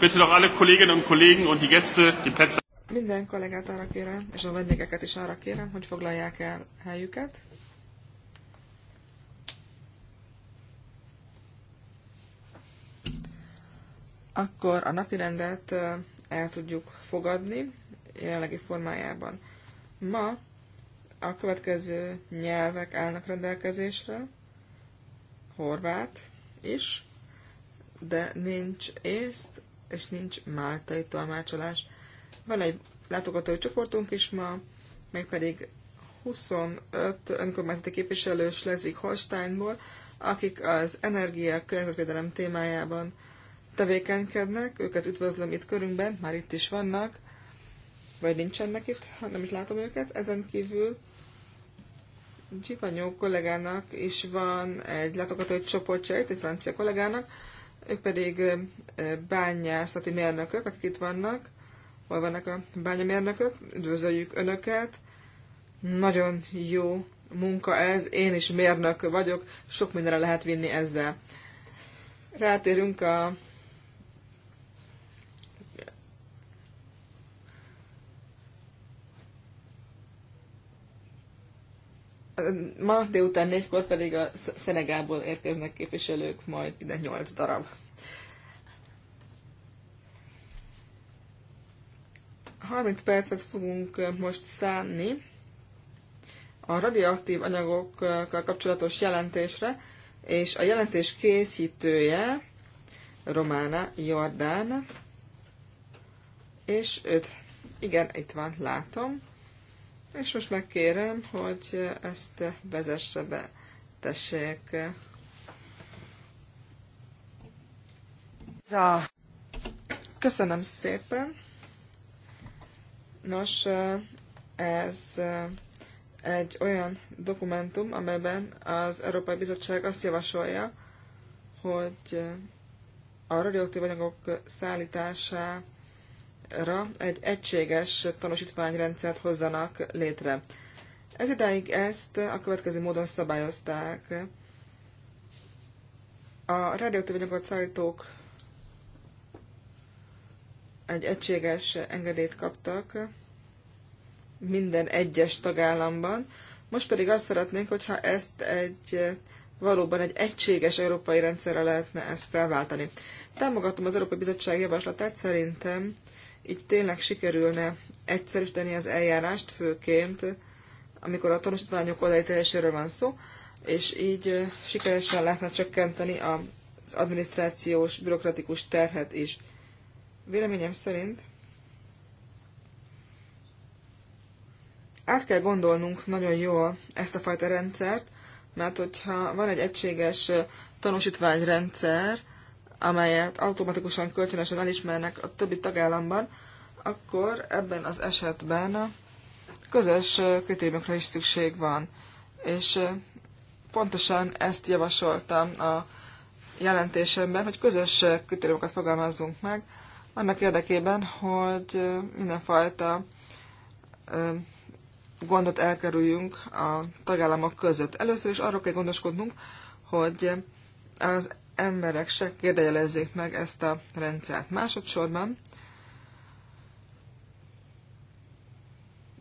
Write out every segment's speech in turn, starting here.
bitte doch alle Kolleginnen und Kollegen und die Gäste, die Plätze. Minden kollégát arra kérem, és a vendégeket is arra kérem, hogy foglalják el helyüket. Akkor a napi rendet el tudjuk fogadni jelenlegi formájában. Ma a következő nyelvek állnak rendelkezésre. Horvát is, de nincs észt, és nincs máltai tolmácsolás. Van egy látogatói csoportunk is ma, meg pedig 25 önkormányzati képviselő Schleswig-Holsteinból, akik az energia környezetvédelem témájában tevékenykednek, őket üdvözlöm itt körünkben, már itt is vannak, vagy nincsenek itt, hanem is látom őket. Ezen kívül Csipanyó kollégának is van egy látogatói csoportja itt, egy francia kollégának, ők pedig bányászati mérnökök, akik itt vannak, hol vannak a bányamérnökök, üdvözöljük Önöket, nagyon jó munka ez, én is mérnök vagyok, sok mindenre lehet vinni ezzel. Rátérünk a Ma délután négykor pedig a Szenegából érkeznek képviselők, majd ide nyolc darab. 30 percet fogunk most szánni a radioaktív anyagokkal kapcsolatos jelentésre, és a jelentés készítője Romána Jordán, és őt, igen, itt van, látom, és most megkérem, hogy ezt vezesse be, tessék. Köszönöm szépen! Nos, ez egy olyan dokumentum, amelyben az Európai Bizottság azt javasolja, hogy a radioaktív anyagok szállítására egy egységes tanúsítványrendszert hozzanak létre. Ez idáig ezt a következő módon szabályozták. A radioaktív anyagot szállítók egy egységes engedélyt kaptak minden egyes tagállamban. Most pedig azt szeretnénk, hogyha ezt egy valóban egy egységes európai rendszerre lehetne ezt felváltani. Támogatom az Európai Bizottság javaslatát, szerintem így tényleg sikerülne egyszerűsíteni az eljárást, főként amikor a tanúsítványok odaítéléséről van szó, és így sikeresen lehetne csökkenteni az adminisztrációs, bürokratikus terhet is véleményem szerint át kell gondolnunk nagyon jól ezt a fajta rendszert, mert hogyha van egy egységes tanúsítványrendszer, amelyet automatikusan kölcsönösen elismernek a többi tagállamban, akkor ebben az esetben közös kritériumokra is szükség van. És pontosan ezt javasoltam a jelentésemben, hogy közös kritériumokat fogalmazzunk meg, annak érdekében, hogy mindenfajta gondot elkerüljünk a tagállamok között. Először is arról kell gondoskodnunk, hogy az emberek se kérdejelezzék meg ezt a rendszert. Másodszorban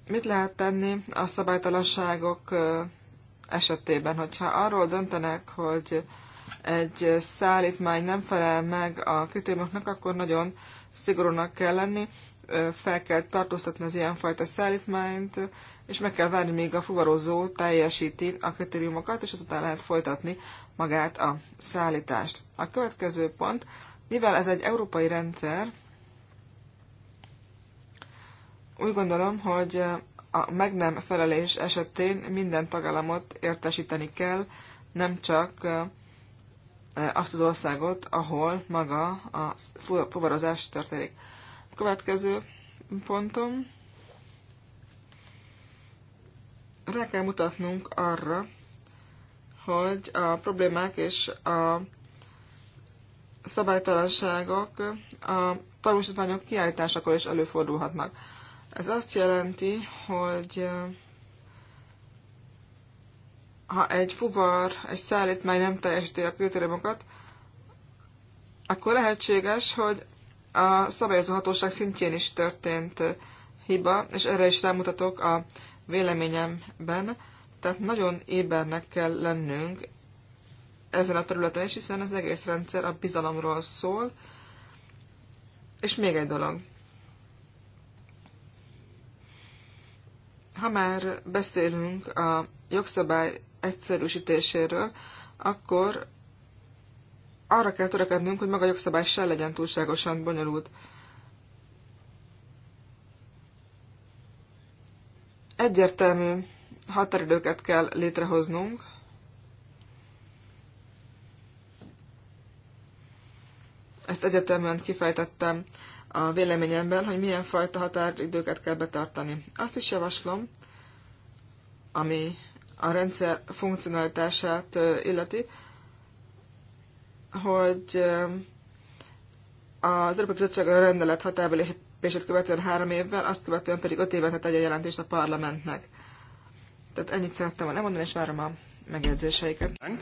mit lehet tenni a szabálytalanságok esetében, hogyha arról döntenek, hogy egy szállítmány nem felel meg a kritériumoknak, akkor nagyon szigorúnak kell lenni, fel kell tartóztatni az ilyenfajta szállítmányt, és meg kell várni, míg a fuvarozó teljesíti a kritériumokat, és azután lehet folytatni magát a szállítást. A következő pont, mivel ez egy európai rendszer, úgy gondolom, hogy a meg nem felelés esetén minden tagállamot értesíteni kell, nem csak azt az országot, ahol maga a fuvarozás történik. Következő pontom. Rá kell mutatnunk arra, hogy a problémák és a szabálytalanságok a tanulmányok kiállításakor is előfordulhatnak. Ez azt jelenti, hogy ha egy fuvar, egy szállítmány nem teljesíti a kritériumokat, akkor lehetséges, hogy a szabályozóhatóság szintjén is történt hiba, és erre is rámutatok a véleményemben. Tehát nagyon ébernek kell lennünk ezen a területen is, hiszen az egész rendszer a bizalomról szól. És még egy dolog. Ha már beszélünk a jogszabály egyszerűsítéséről, akkor arra kell törekednünk, hogy maga a jogszabály se legyen túlságosan bonyolult. Egyértelmű határidőket kell létrehoznunk, ezt egyértelműen kifejtettem a véleményemben, hogy milyen fajta határidőket kell betartani. Azt is javaslom, ami a rendszer funkcionalitását illeti, hogy az Európai Bizottság a rendelet hatábelépését követően három évvel, azt követően pedig öt évente tegye jelentést a parlamentnek. Tehát ennyit szerettem volna mondani és várom a megjegyzéseiket. Nagyon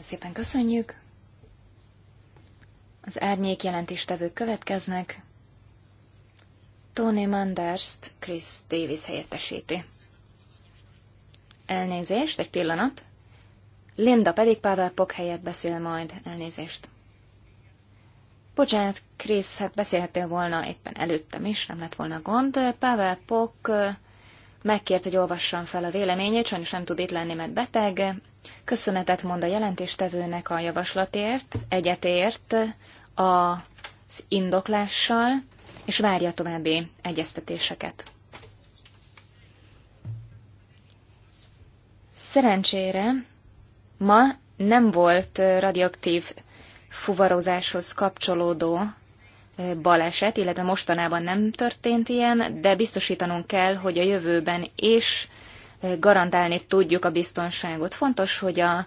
szépen köszönjük. Az árnyék jelentéstevők következnek. Tony Manderst Chris Davis helyettesíti. Elnézést, egy pillanat. Linda pedig Pavel Pok helyett beszél majd. Elnézést. Bocsánat, Krisz, hát beszélhettél volna éppen előttem is, nem lett volna gond. Pavel Pok megkért, hogy olvassam fel a véleményét, sajnos nem tud itt lenni, mert beteg. Köszönetet mond a jelentéstevőnek a javaslatért, egyetért az indoklással, és várja további egyeztetéseket. Szerencsére ma nem volt radioaktív fuvarozáshoz kapcsolódó baleset, illetve mostanában nem történt ilyen, de biztosítanunk kell, hogy a jövőben is garantálni tudjuk a biztonságot. Fontos, hogy a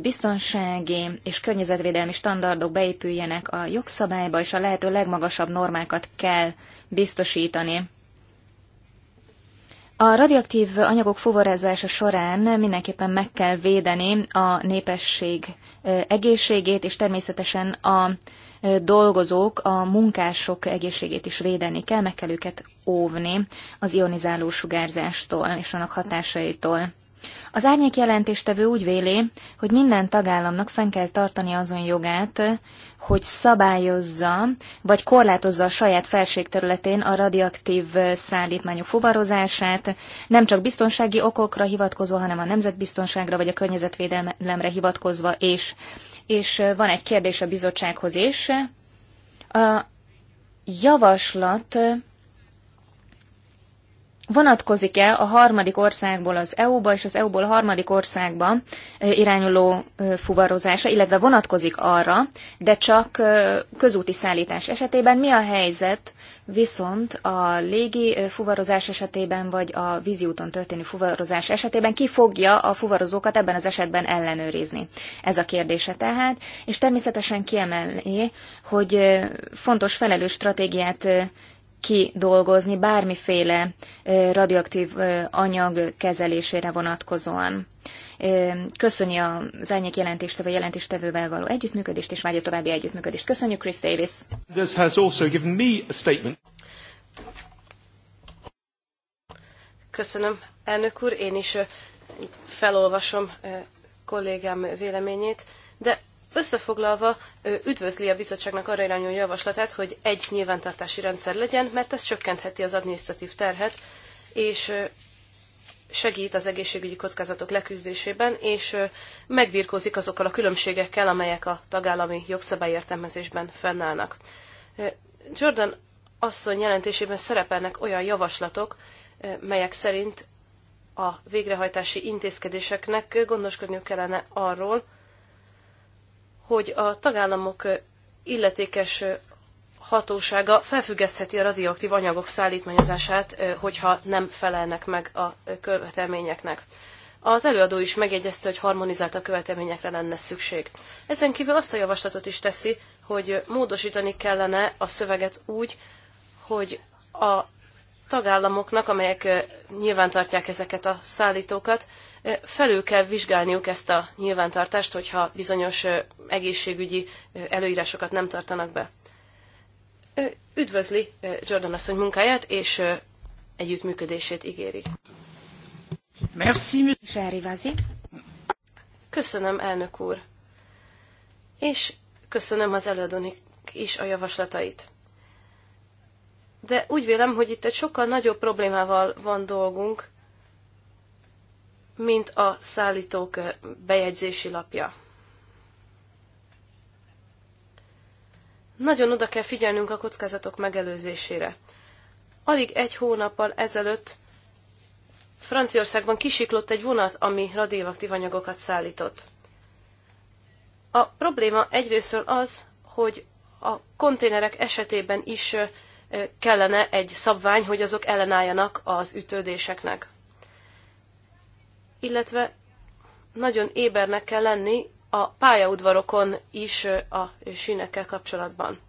biztonsági és környezetvédelmi standardok beépüljenek a jogszabályba, és a lehető legmagasabb normákat kell biztosítani. A radioaktív anyagok fuvarezása során mindenképpen meg kell védeni a népesség egészségét, és természetesen a dolgozók, a munkások egészségét is védeni kell, meg kell őket óvni az ionizáló sugárzástól és annak hatásaitól. Az árnyék jelentéstevő úgy véli, hogy minden tagállamnak fenn kell tartani azon jogát, hogy szabályozza, vagy korlátozza a saját felség területén a radioaktív szállítmányok fuvarozását, nem csak biztonsági okokra hivatkozva, hanem a nemzetbiztonságra vagy a környezetvédelemre hivatkozva, és, és van egy kérdés a bizottsághoz is. A javaslat vonatkozik-e a harmadik országból az EU-ba és az EU-ból a harmadik országba irányuló fuvarozása, illetve vonatkozik arra, de csak közúti szállítás esetében mi a helyzet viszont a légi fuvarozás esetében vagy a úton történő fuvarozás esetében ki fogja a fuvarozókat ebben az esetben ellenőrizni? Ez a kérdése tehát, és természetesen kiemelni, hogy fontos felelős stratégiát kidolgozni bármiféle radioaktív anyag kezelésére vonatkozóan. Köszöni az árnyék jelentéstevő jelentéstevővel való együttműködést, és várja további együttműködést. Köszönjük, Chris Davis! This has also given me a statement. Köszönöm, elnök úr, én is felolvasom kollégám véleményét, de Összefoglalva üdvözli a bizottságnak arra irányuló javaslatát, hogy egy nyilvántartási rendszer legyen, mert ez csökkentheti az adminisztratív terhet, és segít az egészségügyi kockázatok leküzdésében, és megbírkozik azokkal a különbségekkel, amelyek a tagállami jogszabály értelmezésben fennállnak. Jordan asszony jelentésében szerepelnek olyan javaslatok, melyek szerint a végrehajtási intézkedéseknek gondoskodniuk kellene arról, hogy a tagállamok illetékes hatósága felfüggesztheti a radioaktív anyagok szállítmányozását, hogyha nem felelnek meg a követelményeknek. Az előadó is megjegyezte, hogy harmonizált a követelményekre lenne szükség. Ezen kívül azt a javaslatot is teszi, hogy módosítani kellene a szöveget úgy, hogy a tagállamoknak, amelyek nyilván tartják ezeket a szállítókat, felül kell vizsgálniuk ezt a nyilvántartást, hogyha bizonyos egészségügyi előírásokat nem tartanak be. Üdvözli Jordan asszony munkáját, és együttműködését ígéri. Merci, Zsárivázi. Köszönöm, elnök úr. És köszönöm az előadónik is a javaslatait. De úgy vélem, hogy itt egy sokkal nagyobb problémával van dolgunk, mint a szállítók bejegyzési lapja. Nagyon oda kell figyelnünk a kockázatok megelőzésére. Alig egy hónappal ezelőtt Franciaországban kisiklott egy vonat, ami radioaktív anyagokat szállított. A probléma egyrészt az, hogy a konténerek esetében is kellene egy szabvány, hogy azok ellenálljanak az ütődéseknek illetve nagyon ébernek kell lenni a pályaudvarokon is a sínekkel kapcsolatban.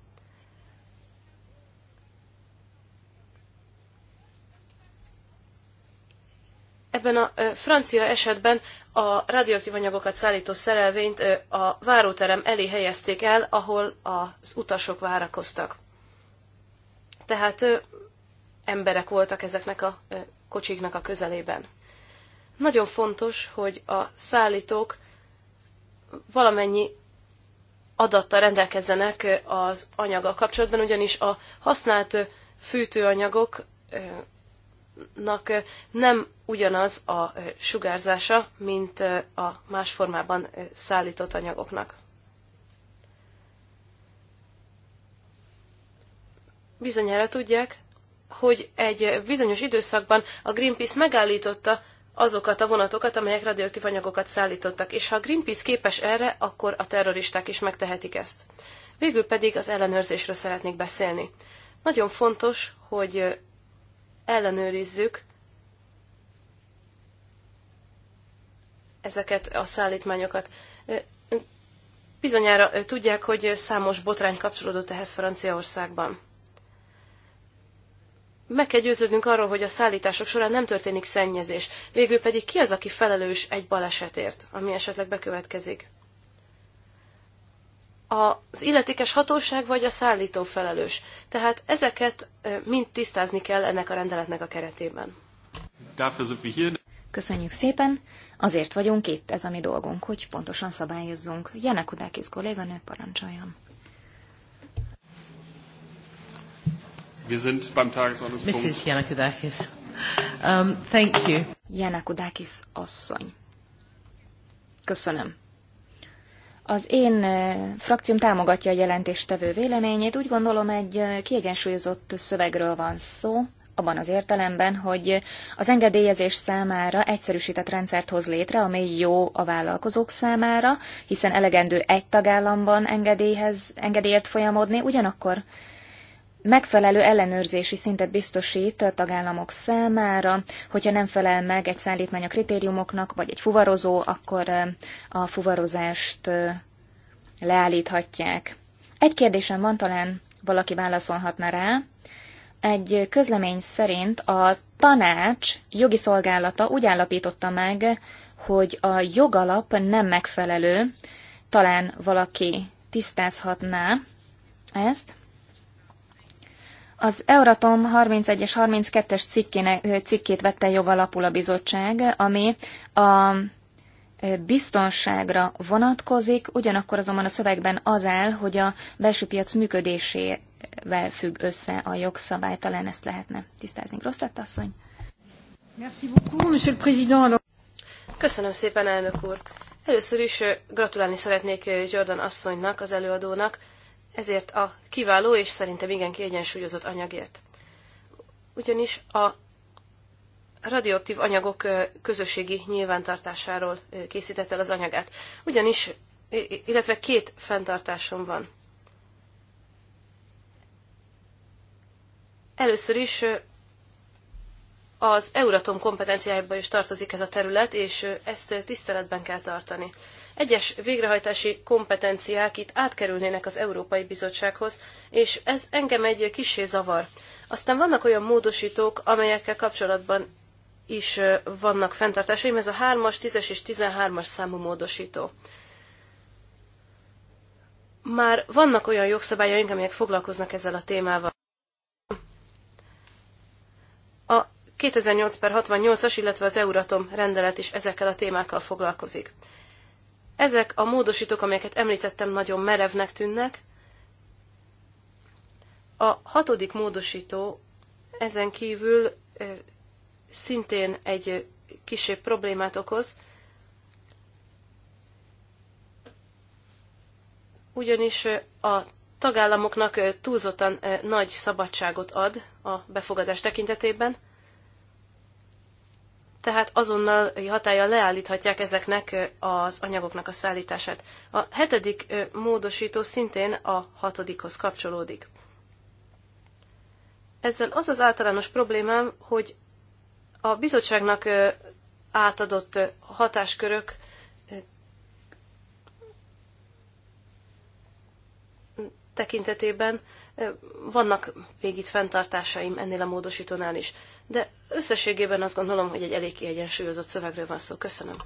Ebben a francia esetben a radioaktív anyagokat szállító szerelvényt a váróterem elé helyezték el, ahol az utasok várakoztak. Tehát emberek voltak ezeknek a kocsiknak a közelében. Nagyon fontos, hogy a szállítók valamennyi adattal rendelkezzenek az anyaggal kapcsolatban, ugyanis a használt fűtőanyagoknak nem ugyanaz a sugárzása, mint a más formában szállított anyagoknak. Bizonyára tudják, hogy egy bizonyos időszakban a Greenpeace megállította azokat a vonatokat, amelyek radioaktív anyagokat szállítottak, és ha a Greenpeace képes erre, akkor a terroristák is megtehetik ezt. Végül pedig az ellenőrzésről szeretnék beszélni. Nagyon fontos, hogy ellenőrizzük ezeket a szállítmányokat. Bizonyára tudják, hogy számos botrány kapcsolódott ehhez Franciaországban meg kell győződnünk arról, hogy a szállítások során nem történik szennyezés. Végül pedig ki az, aki felelős egy balesetért, ami esetleg bekövetkezik? Az illetékes hatóság vagy a szállító felelős. Tehát ezeket mind tisztázni kell ennek a rendeletnek a keretében. Köszönjük szépen! Azért vagyunk itt, ez a mi dolgunk, hogy pontosan szabályozzunk. Janek Udákis kolléganő parancsoljon. Wir sind beim Tagesordnungspunkt. Mrs. Yanakudakis. Um, thank you. Yanakudakis asszony. Köszönöm. Az én uh, frakcióm támogatja a jelentéstevő véleményét. Úgy gondolom, egy uh, kiegyensúlyozott szövegről van szó, abban az értelemben, hogy az engedélyezés számára egyszerűsített rendszert hoz létre, amely jó a vállalkozók számára, hiszen elegendő egy tagállamban engedélyhez, engedélyért folyamodni, ugyanakkor megfelelő ellenőrzési szintet biztosít a tagállamok számára, hogyha nem felel meg egy szállítmány a kritériumoknak, vagy egy fuvarozó, akkor a fuvarozást leállíthatják. Egy kérdésem van, talán valaki válaszolhatna rá. Egy közlemény szerint a tanács jogi szolgálata úgy állapította meg, hogy a jogalap nem megfelelő. Talán valaki tisztázhatná ezt. Az Euratom 31-es 32-es cikkének cikkét vette jogalapul a bizottság, ami a biztonságra vonatkozik, ugyanakkor azonban a szövegben az áll, hogy a belső piac működésével függ össze a jogszabály, talán ezt lehetne tisztázni. Rossz lett asszony? Merci beaucoup, monsieur le président. Köszönöm szépen, elnök úr. Először is gratulálni szeretnék Jordan asszonynak, az előadónak, ezért a kiváló és szerintem igen kiegyensúlyozott anyagért. Ugyanis a radioaktív anyagok közösségi nyilvántartásáról készített el az anyagát. Ugyanis, illetve két fenntartásom van. Először is az Euratom kompetenciájába is tartozik ez a terület, és ezt tiszteletben kell tartani. Egyes végrehajtási kompetenciák itt átkerülnének az Európai Bizottsághoz, és ez engem egy kisé zavar. Aztán vannak olyan módosítók, amelyekkel kapcsolatban is vannak fenntartásaim, ez a 3-as, 10-es és 13-as számú módosító. Már vannak olyan jogszabályaink, amelyek foglalkoznak ezzel a témával. A 2008 68-as, illetve az Euratom rendelet is ezekkel a témákkal foglalkozik. Ezek a módosítók, amelyeket említettem, nagyon merevnek tűnnek. A hatodik módosító ezen kívül szintén egy kisebb problémát okoz, ugyanis a tagállamoknak túlzottan nagy szabadságot ad a befogadás tekintetében, tehát azonnal hatája leállíthatják ezeknek az anyagoknak a szállítását. A hetedik módosító szintén a hatodikhoz kapcsolódik. Ezzel az az általános problémám, hogy a bizottságnak átadott hatáskörök tekintetében vannak még itt fenntartásaim ennél a módosítónál is de összességében azt gondolom, hogy egy elég kiegyensúlyozott szövegről van szó. Köszönöm.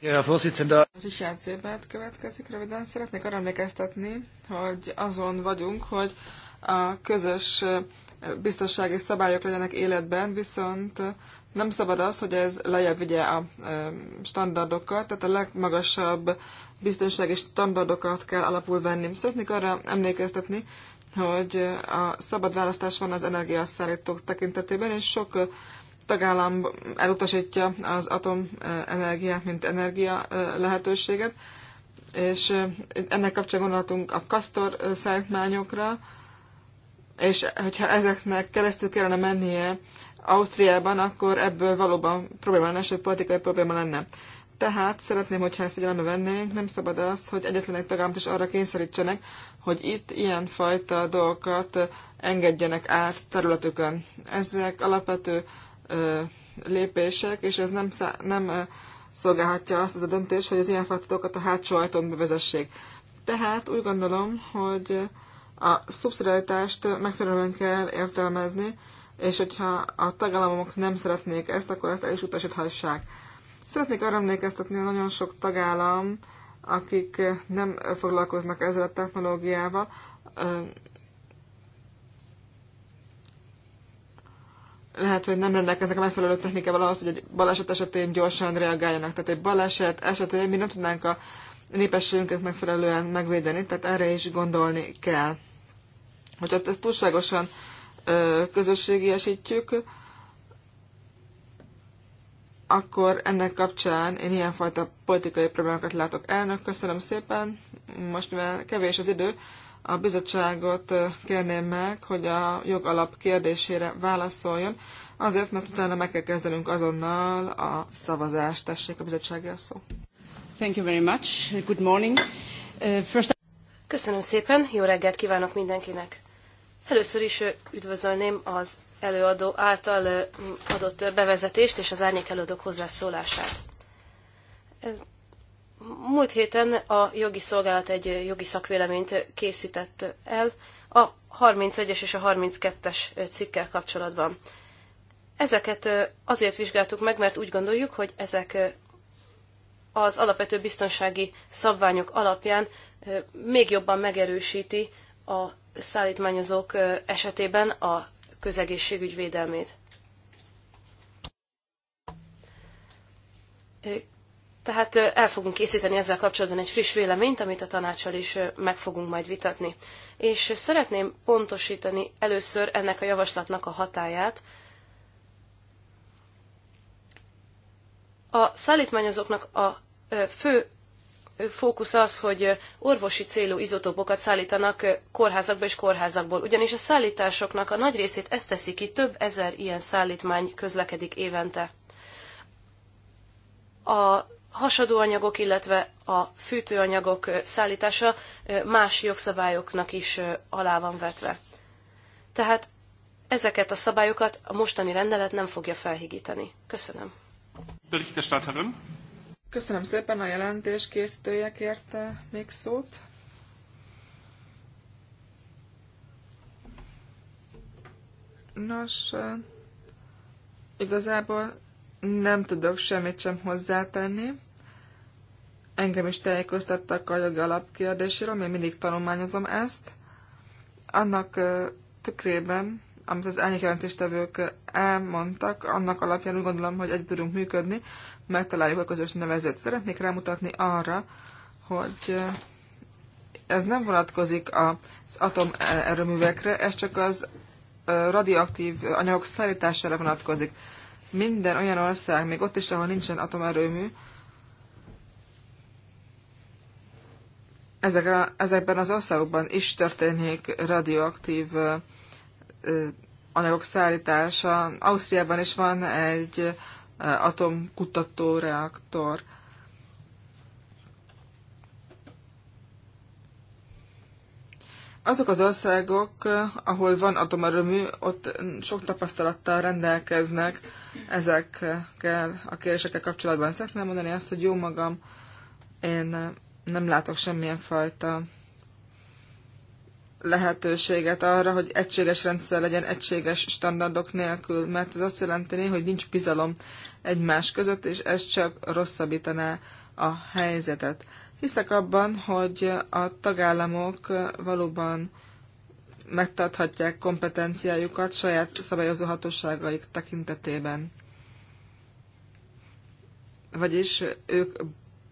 Ja, a Richard Zébert következik röviden. Szeretnék arra emlékeztetni, hogy azon vagyunk, hogy a közös biztonsági szabályok legyenek életben, viszont nem szabad az, hogy ez lejjebb vigye a standardokat, tehát a legmagasabb biztonsági standardokat kell alapul venni. Szeretnék arra emlékeztetni, hogy a szabad választás van az energiaszállítók tekintetében, és sok tagállam elutasítja az atomenergiát, mint energia lehetőséget, és ennek kapcsán gondolhatunk a kasztor szállítmányokra, és hogyha ezeknek keresztül kellene mennie Ausztriában, akkor ebből valóban probléma lenne, sőt politikai probléma lenne. Tehát szeretném, hogyha ezt figyelembe vennénk, nem szabad az, hogy egyetlen egy tagállamt is arra kényszerítsenek, hogy itt ilyenfajta dolgokat engedjenek át területükön. Ezek alapvető ö, lépések, és ez nem, szá- nem ö, szolgálhatja azt az a döntés, hogy az ilyenfajta dolgokat a hátsó ajtón bevezessék. Tehát úgy gondolom, hogy a szubszidiaritást megfelelően kell értelmezni, és hogyha a tagállamok nem szeretnék ezt, akkor ezt el is utasíthassák. Szeretnék arra emlékeztetni, hogy nagyon sok tagállam akik nem foglalkoznak ezzel a technológiával, lehet, hogy nem rendelkeznek a megfelelő technikával ahhoz, hogy egy baleset esetén gyorsan reagáljanak. Tehát egy baleset esetén mi nem tudnánk a népességünket megfelelően megvédeni, tehát erre is gondolni kell. Hogyha ezt túlságosan közösségiesítjük, akkor ennek kapcsán én ilyenfajta politikai problémákat látok. Elnök, köszönöm szépen. Most mivel kevés az idő, a bizottságot kérném meg, hogy a jogalap kérdésére válaszoljon, azért, mert utána meg kell kezdenünk azonnal a szavazást. Tessék a bizottságra szó. Thank you very much. Good morning. Uh, first... Köszönöm szépen, jó reggelt kívánok mindenkinek. Először is üdvözölném az előadó által adott bevezetést és az árnyék előadók hozzászólását. Múlt héten a jogi szolgálat egy jogi szakvéleményt készített el a 31-es és a 32-es cikkel kapcsolatban. Ezeket azért vizsgáltuk meg, mert úgy gondoljuk, hogy ezek az alapvető biztonsági szabványok alapján még jobban megerősíti a szállítmányozók esetében a közegészségügy védelmét. Tehát el fogunk készíteni ezzel kapcsolatban egy friss véleményt, amit a tanácsal is meg fogunk majd vitatni. És szeretném pontosítani először ennek a javaslatnak a hatáját. A szállítmányozóknak a fő fókusz az, hogy orvosi célú izotópokat szállítanak kórházakba és kórházakból, ugyanis a szállításoknak a nagy részét ezt teszi ki, több ezer ilyen szállítmány közlekedik évente. A hasadóanyagok, illetve a fűtőanyagok szállítása más jogszabályoknak is alá van vetve. Tehát ezeket a szabályokat a mostani rendelet nem fogja felhigítani. Köszönöm. Berichterstatterin. Köszönöm szépen a jelentés készítőjekért eh, még szót. Nos, eh, igazából nem tudok semmit sem hozzátenni. Engem is tájékoztattak a jogi alapkérdéséről, én mindig tanulmányozom ezt. Annak eh, tükrében, amit az elnyékjelentéstevők elmondtak, annak alapján úgy gondolom, hogy együtt tudunk működni, megtaláljuk a közös nevezőt. Szeretnék rámutatni arra, hogy ez nem vonatkozik az atomerőművekre, ez csak az radioaktív anyagok szállítására vonatkozik. Minden olyan ország, még ott is, ahol nincsen atomerőmű, ezekben az országokban is történik radioaktív anyagok szállítása. Ausztriában is van egy atomkutató reaktor. Azok az országok, ahol van atomerőmű, ott sok tapasztalattal rendelkeznek ezekkel a kérdésekkel kapcsolatban. Szeretném mondani azt, hogy jó magam, én nem látok semmilyen fajta lehetőséget arra, hogy egységes rendszer legyen egységes standardok nélkül, mert ez azt jelenteni, hogy nincs bizalom egymás között, és ez csak rosszabbítaná a helyzetet. Hiszek abban, hogy a tagállamok valóban megtarthatják kompetenciájukat saját szabályozó hatóságaik tekintetében. Vagyis ők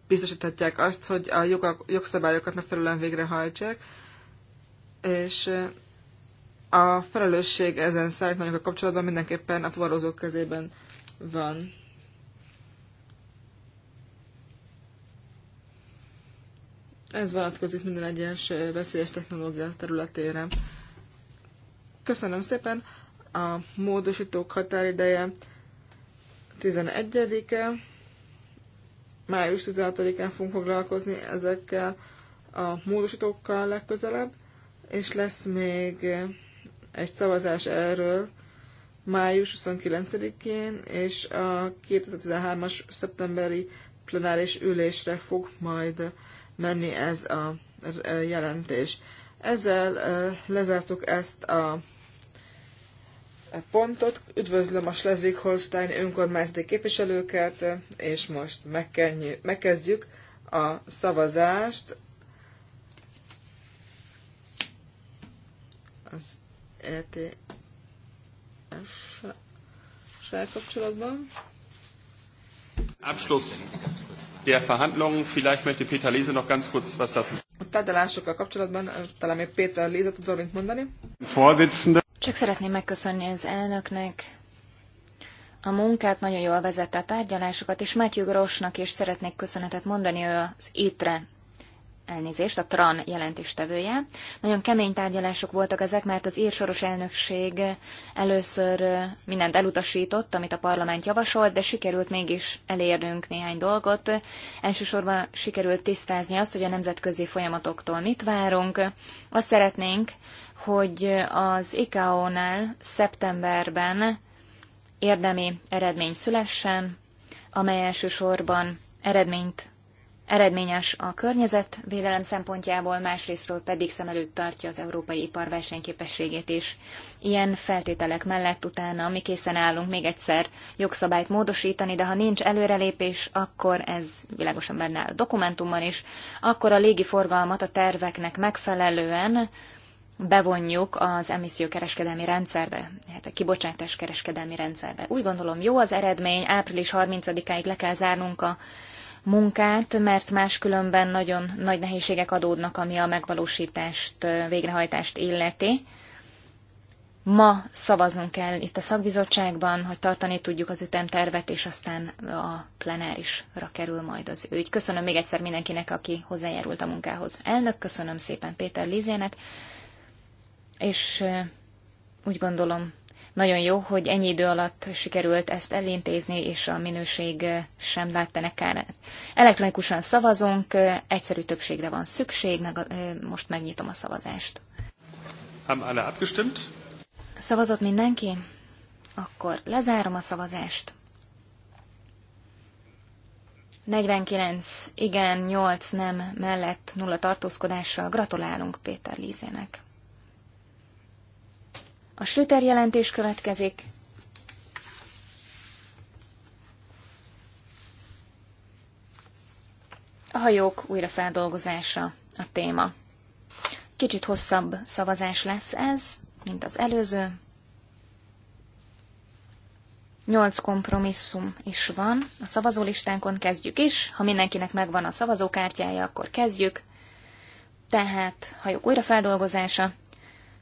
biztosíthatják azt, hogy a jogszabályokat megfelelően végrehajtsák, és a felelősség ezen szállítmányokkal kapcsolatban mindenképpen a fuvarozók kezében van. Ez vonatkozik minden egyes veszélyes technológia területére. Köszönöm szépen! A módosítók határideje 11-e, május 16-án fogunk foglalkozni ezekkel a módosítókkal legközelebb és lesz még egy szavazás erről május 29-én, és a 2013-as szeptemberi plenáris ülésre fog majd menni ez a jelentés. Ezzel lezártuk ezt a e pontot. Üdvözlöm a Schleswig-Holstein önkormányzati képviselőket, és most megkezdjük a szavazást az ETS-sel kapcsolatban. Abschluss der Verhandlungen. Vielleicht möchte Peter Lese noch ganz kurz was dazu. A tárgyalásokkal kapcsolatban talán még Péter Léze tud valamit mondani. Csak szeretném megköszönni az elnöknek a munkát, nagyon jól vezette a tárgyalásokat, és Matthew Grossnak is szeretnék köszönetet mondani, ő az étre elnézést, a TRAN jelentéstevője. Nagyon kemény tárgyalások voltak ezek, mert az írsoros elnökség először mindent elutasított, amit a parlament javasolt, de sikerült mégis elérnünk néhány dolgot. Elsősorban sikerült tisztázni azt, hogy a nemzetközi folyamatoktól mit várunk. Azt szeretnénk, hogy az ICAO-nál szeptemberben érdemi eredmény szülessen, amely elsősorban eredményt eredményes a környezetvédelem szempontjából, másrésztről pedig szem előtt tartja az európai ipar versenyképességét is. Ilyen feltételek mellett utána mi készen állunk még egyszer jogszabályt módosítani, de ha nincs előrelépés, akkor ez világosan benne áll a dokumentumban is, akkor a légiforgalmat a terveknek megfelelően bevonjuk az emissziókereskedelmi rendszerbe, tehát a kibocsátás kereskedelmi rendszerbe. Úgy gondolom jó az eredmény, április 30-áig le kell zárnunk a munkát, mert máskülönben nagyon nagy nehézségek adódnak, ami a megvalósítást, végrehajtást illeti. Ma szavaznunk kell itt a szakbizottságban, hogy tartani tudjuk az ütemtervet, és aztán a plenárisra kerül majd az ügy. Köszönöm még egyszer mindenkinek, aki hozzájárult a munkához. Elnök, köszönöm szépen Péter Lizének, és úgy gondolom, nagyon jó, hogy ennyi idő alatt sikerült ezt elintézni, és a minőség eh, sem látta nekár. Elektronikusan szavazunk, eh, egyszerű többségre van szükség, meg, eh, most megnyitom a szavazást. abgestimmt? Szavazott mindenki? Akkor lezárom a szavazást. 49 igen, 8 nem mellett nulla tartózkodással gratulálunk Péter Lízének. A Schlüter jelentés következik. A hajók újrafeldolgozása a téma. Kicsit hosszabb szavazás lesz ez, mint az előző. Nyolc kompromisszum is van. A szavazólistánkon kezdjük is. Ha mindenkinek megvan a szavazókártyája, akkor kezdjük. Tehát hajók újrafeldolgozása,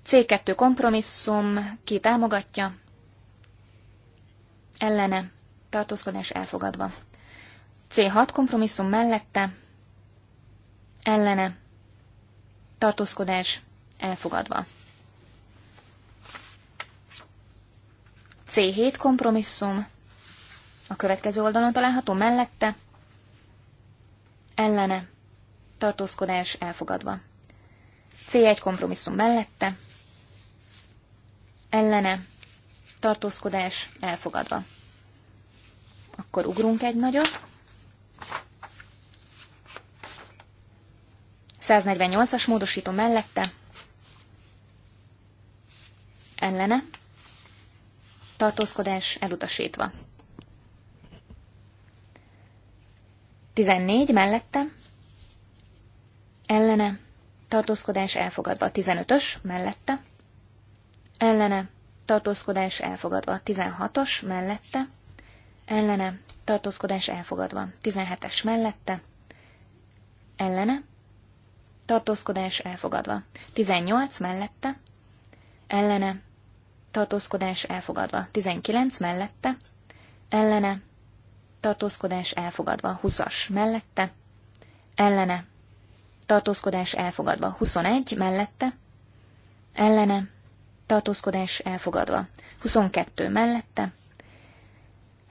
C2 kompromisszum, ki támogatja, ellene, tartózkodás elfogadva. C6 kompromisszum mellette, ellene, tartózkodás elfogadva. C7 kompromisszum, a következő oldalon található mellette, ellene, tartózkodás elfogadva. C1 kompromisszum mellette, ellene tartózkodás elfogadva. Akkor ugrunk egy nagyot. 148-as módosító mellette ellene tartózkodás elutasítva. 14 mellette ellene tartózkodás elfogadva. 15-ös mellette ellene, tartózkodás elfogadva. 16-os mellette, ellene, tartózkodás elfogadva. 17-es mellette, ellene, tartózkodás elfogadva. 18 mellette, ellene, tartózkodás elfogadva. 19 mellette, ellene, tartózkodás elfogadva. 20-as mellette, ellene, tartózkodás elfogadva. 21 mellette, ellene, tartózkodás elfogadva. 22 mellette,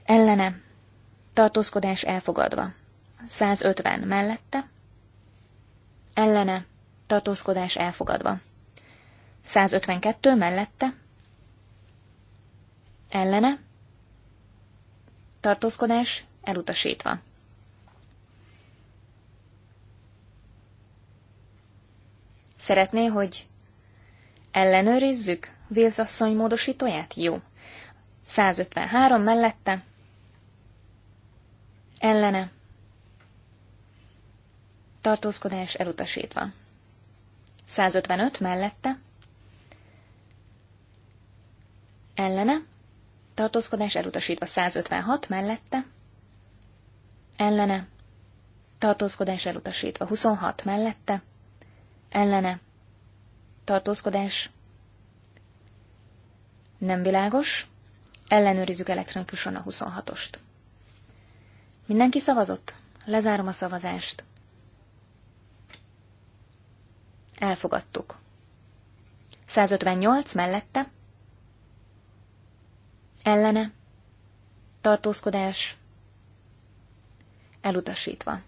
ellene, tartózkodás elfogadva. 150 mellette, ellene, tartózkodás elfogadva. 152 mellette, ellene, tartózkodás elutasítva. Szeretné, hogy Ellenőrizzük Wills asszony módosítóját? Jó. 153 mellette. Ellene. Tartózkodás elutasítva. 155 mellette. Ellene. Tartózkodás elutasítva. 156 mellette. Ellene. Tartózkodás elutasítva. 26 mellette. Ellene tartózkodás nem világos, ellenőrizzük elektronikusan a 26-ost. Mindenki szavazott? Lezárom a szavazást. Elfogadtuk. 158 mellette. Ellene. Tartózkodás. Elutasítva.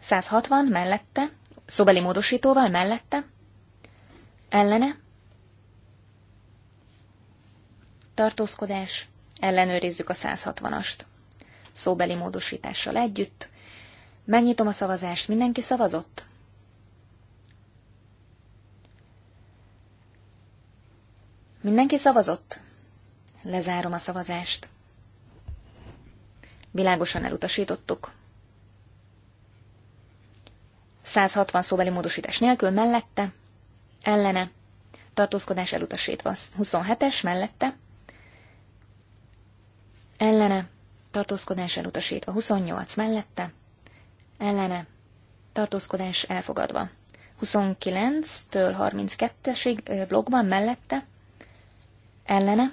160 mellette. Szóbeli módosítóval mellette? Ellene? Tartózkodás. Ellenőrizzük a 160-ast. Szóbeli módosítással együtt. Megnyitom a szavazást. Mindenki szavazott? Mindenki szavazott? Lezárom a szavazást. Világosan elutasítottuk. 160 szóbeli módosítás nélkül, mellette, ellene, tartózkodás elutasítva. 27-es, mellette, ellene, tartózkodás elutasítva. 28 mellette, ellene, tartózkodás elfogadva. 29-től 32-esig blogban mellette, ellene,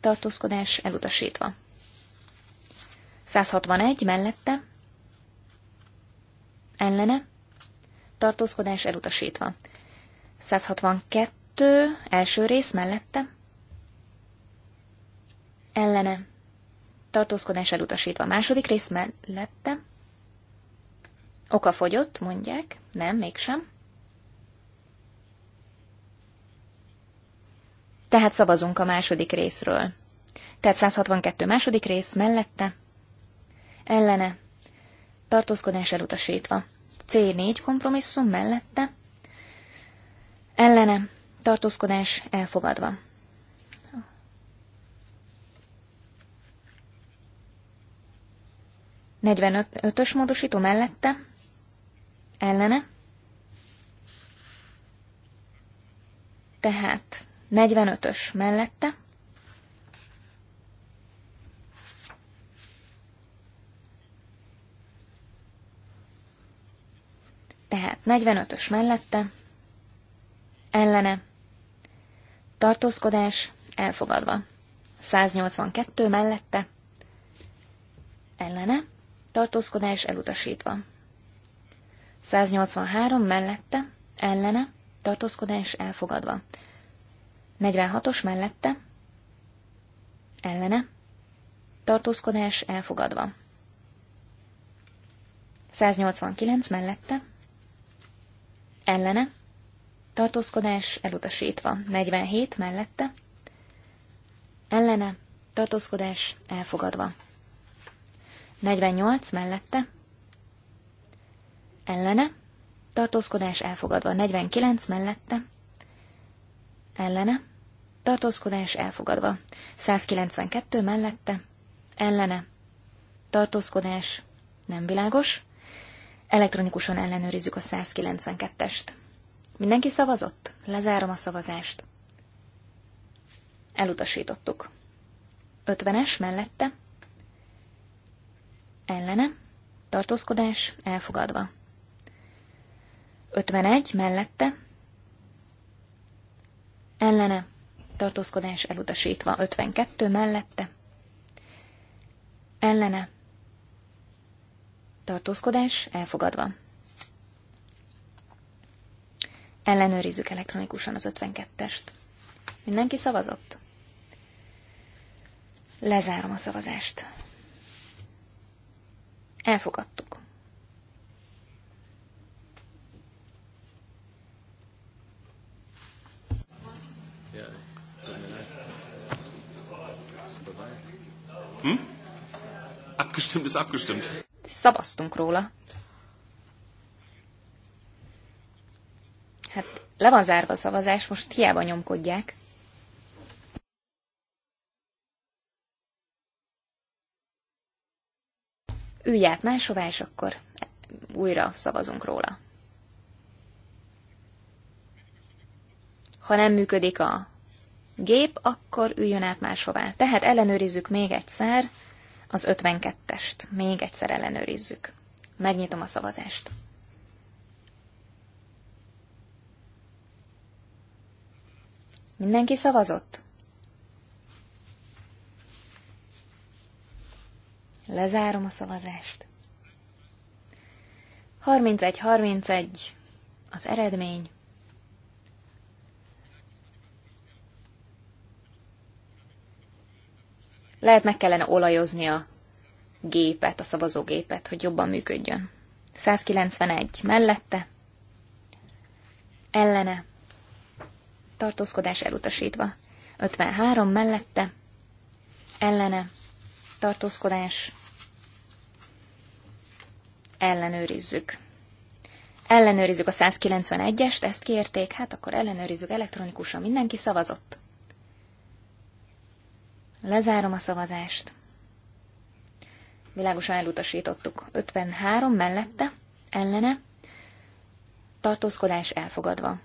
tartózkodás elutasítva. 161 mellette, ellene, tartózkodás elutasítva. 162 első rész mellette, ellene, tartózkodás elutasítva. Második rész mellette, oka fogyott, mondják, nem, mégsem. Tehát szavazunk a második részről. Tehát 162 második rész mellette, ellene, tartózkodás elutasítva. C4 kompromisszum mellette, ellene tartózkodás elfogadva. Negyvenötös módosító mellette, ellene, tehát 45-ös mellette, 45-ös mellette, ellene, tartózkodás, elfogadva. 182 mellette, ellene, tartózkodás elutasítva. 183 mellette, ellene, tartózkodás elfogadva. 46-os mellette, ellene, tartózkodás elfogadva. 189 mellette, ellene, tartózkodás elutasítva. 47 mellette, ellene, tartózkodás elfogadva. 48 mellette, ellene, tartózkodás elfogadva. 49 mellette, ellene, tartózkodás elfogadva. 192 mellette, ellene, tartózkodás nem világos, Elektronikusan ellenőrizzük a 192-est. Mindenki szavazott? Lezárom a szavazást. Elutasítottuk. 50-es mellette. Ellene. Tartózkodás elfogadva. 51 mellette. Ellene. Tartózkodás elutasítva. 52 mellette. Ellene tartózkodás elfogadva. Ellenőrizzük elektronikusan az 52-est. Mindenki szavazott? Lezárom a szavazást. Elfogadtuk. Hm? Abgestimmt ist abgestimmt szavaztunk róla. Hát le van zárva a szavazás, most hiába nyomkodják. Ülj át máshová, és akkor újra szavazunk róla. Ha nem működik a gép, akkor üljön át máshová. Tehát ellenőrizzük még egyszer, az 52-est. Még egyszer ellenőrizzük. Megnyitom a szavazást. Mindenki szavazott? Lezárom a szavazást. 31-31 az eredmény. Lehet meg kellene olajozni a gépet, a szavazógépet, hogy jobban működjön. 191 mellette, ellene, tartózkodás elutasítva. 53 mellette, ellene, tartózkodás, ellenőrizzük. Ellenőrizzük a 191-est, ezt kérték, hát akkor ellenőrizzük elektronikusan, mindenki szavazott. Lezárom a szavazást. Világosan elutasítottuk. 53 mellette, ellene, tartózkodás elfogadva.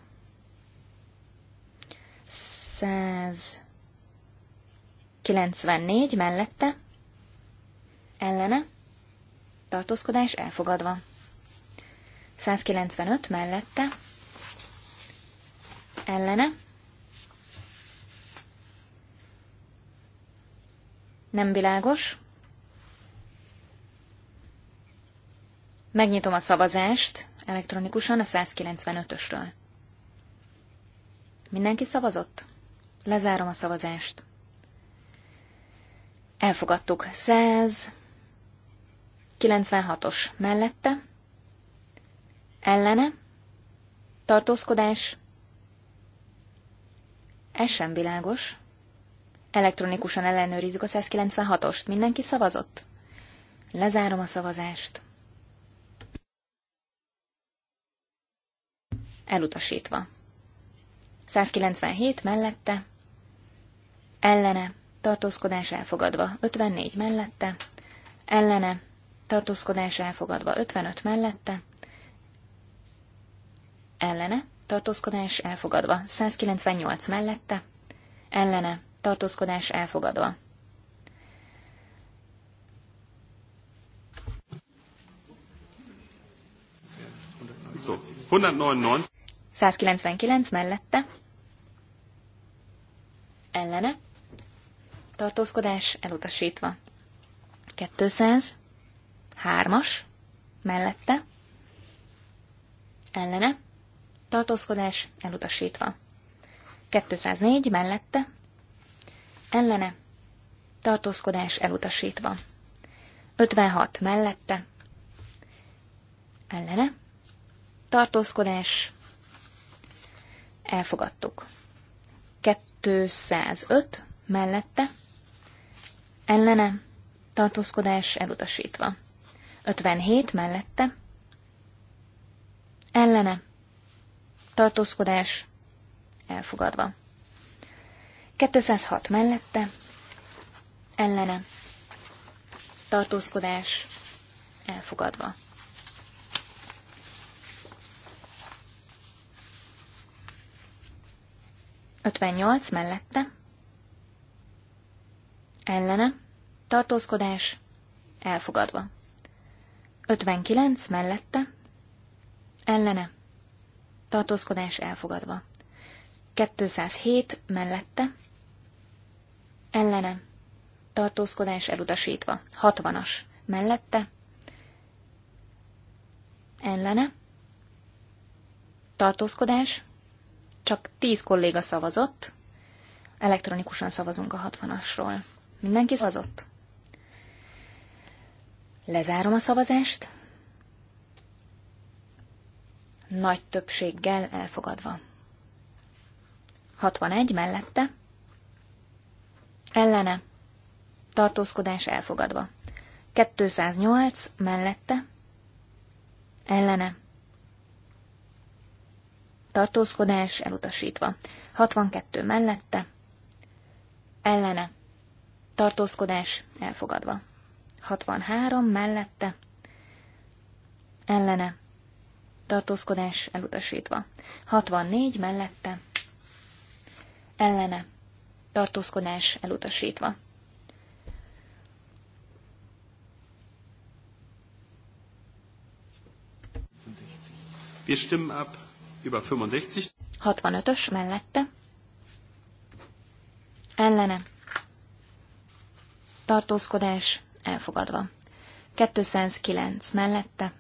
194 mellette, ellene, tartózkodás elfogadva. 195 mellette, ellene, Nem világos. Megnyitom a szavazást elektronikusan a 195-ösről. Mindenki szavazott? Lezárom a szavazást. Elfogadtuk. 196-os mellette. Ellene. Tartózkodás. Ez sem világos. Elektronikusan ellenőrizzük a 196-ost. Mindenki szavazott? Lezárom a szavazást. Elutasítva. 197 mellette, ellene, tartózkodás elfogadva, 54 mellette, ellene, tartózkodás elfogadva, 55 mellette, ellene, tartózkodás elfogadva, 198 mellette, ellene, tartózkodás elfogadva. So, 199. 199 mellette. Ellene. Tartózkodás elutasítva. 200. 3-as. Mellette. Ellene. Tartózkodás elutasítva. 204 mellette ellene, tartózkodás elutasítva. 56 mellette, ellene, tartózkodás, elfogadtuk. 205 mellette, ellene, tartózkodás elutasítva. 57 mellette, ellene, tartózkodás elfogadva. 206 mellette, ellene, tartózkodás, elfogadva. Ötvennyolc mellette, ellene, tartózkodás, elfogadva. Ötvenkilenc mellette, ellene, tartózkodás elfogadva. 207 mellette, ellene, tartózkodás elutasítva, 60-as mellette, ellene, tartózkodás, csak 10 kolléga szavazott, elektronikusan szavazunk a 60-asról. Mindenki szavazott? Lezárom a szavazást. Nagy többséggel elfogadva. 61 mellette, ellene, tartózkodás elfogadva. 208 mellette, ellene, tartózkodás elutasítva. 62 mellette, ellene, tartózkodás elfogadva. 63 mellette, ellene, tartózkodás elutasítva. 64 mellette, ellene, tartózkodás elutasítva. Wir stimmen ab über 65. 65-ös mellette. Ellene. Tartózkodás elfogadva. 209 mellette.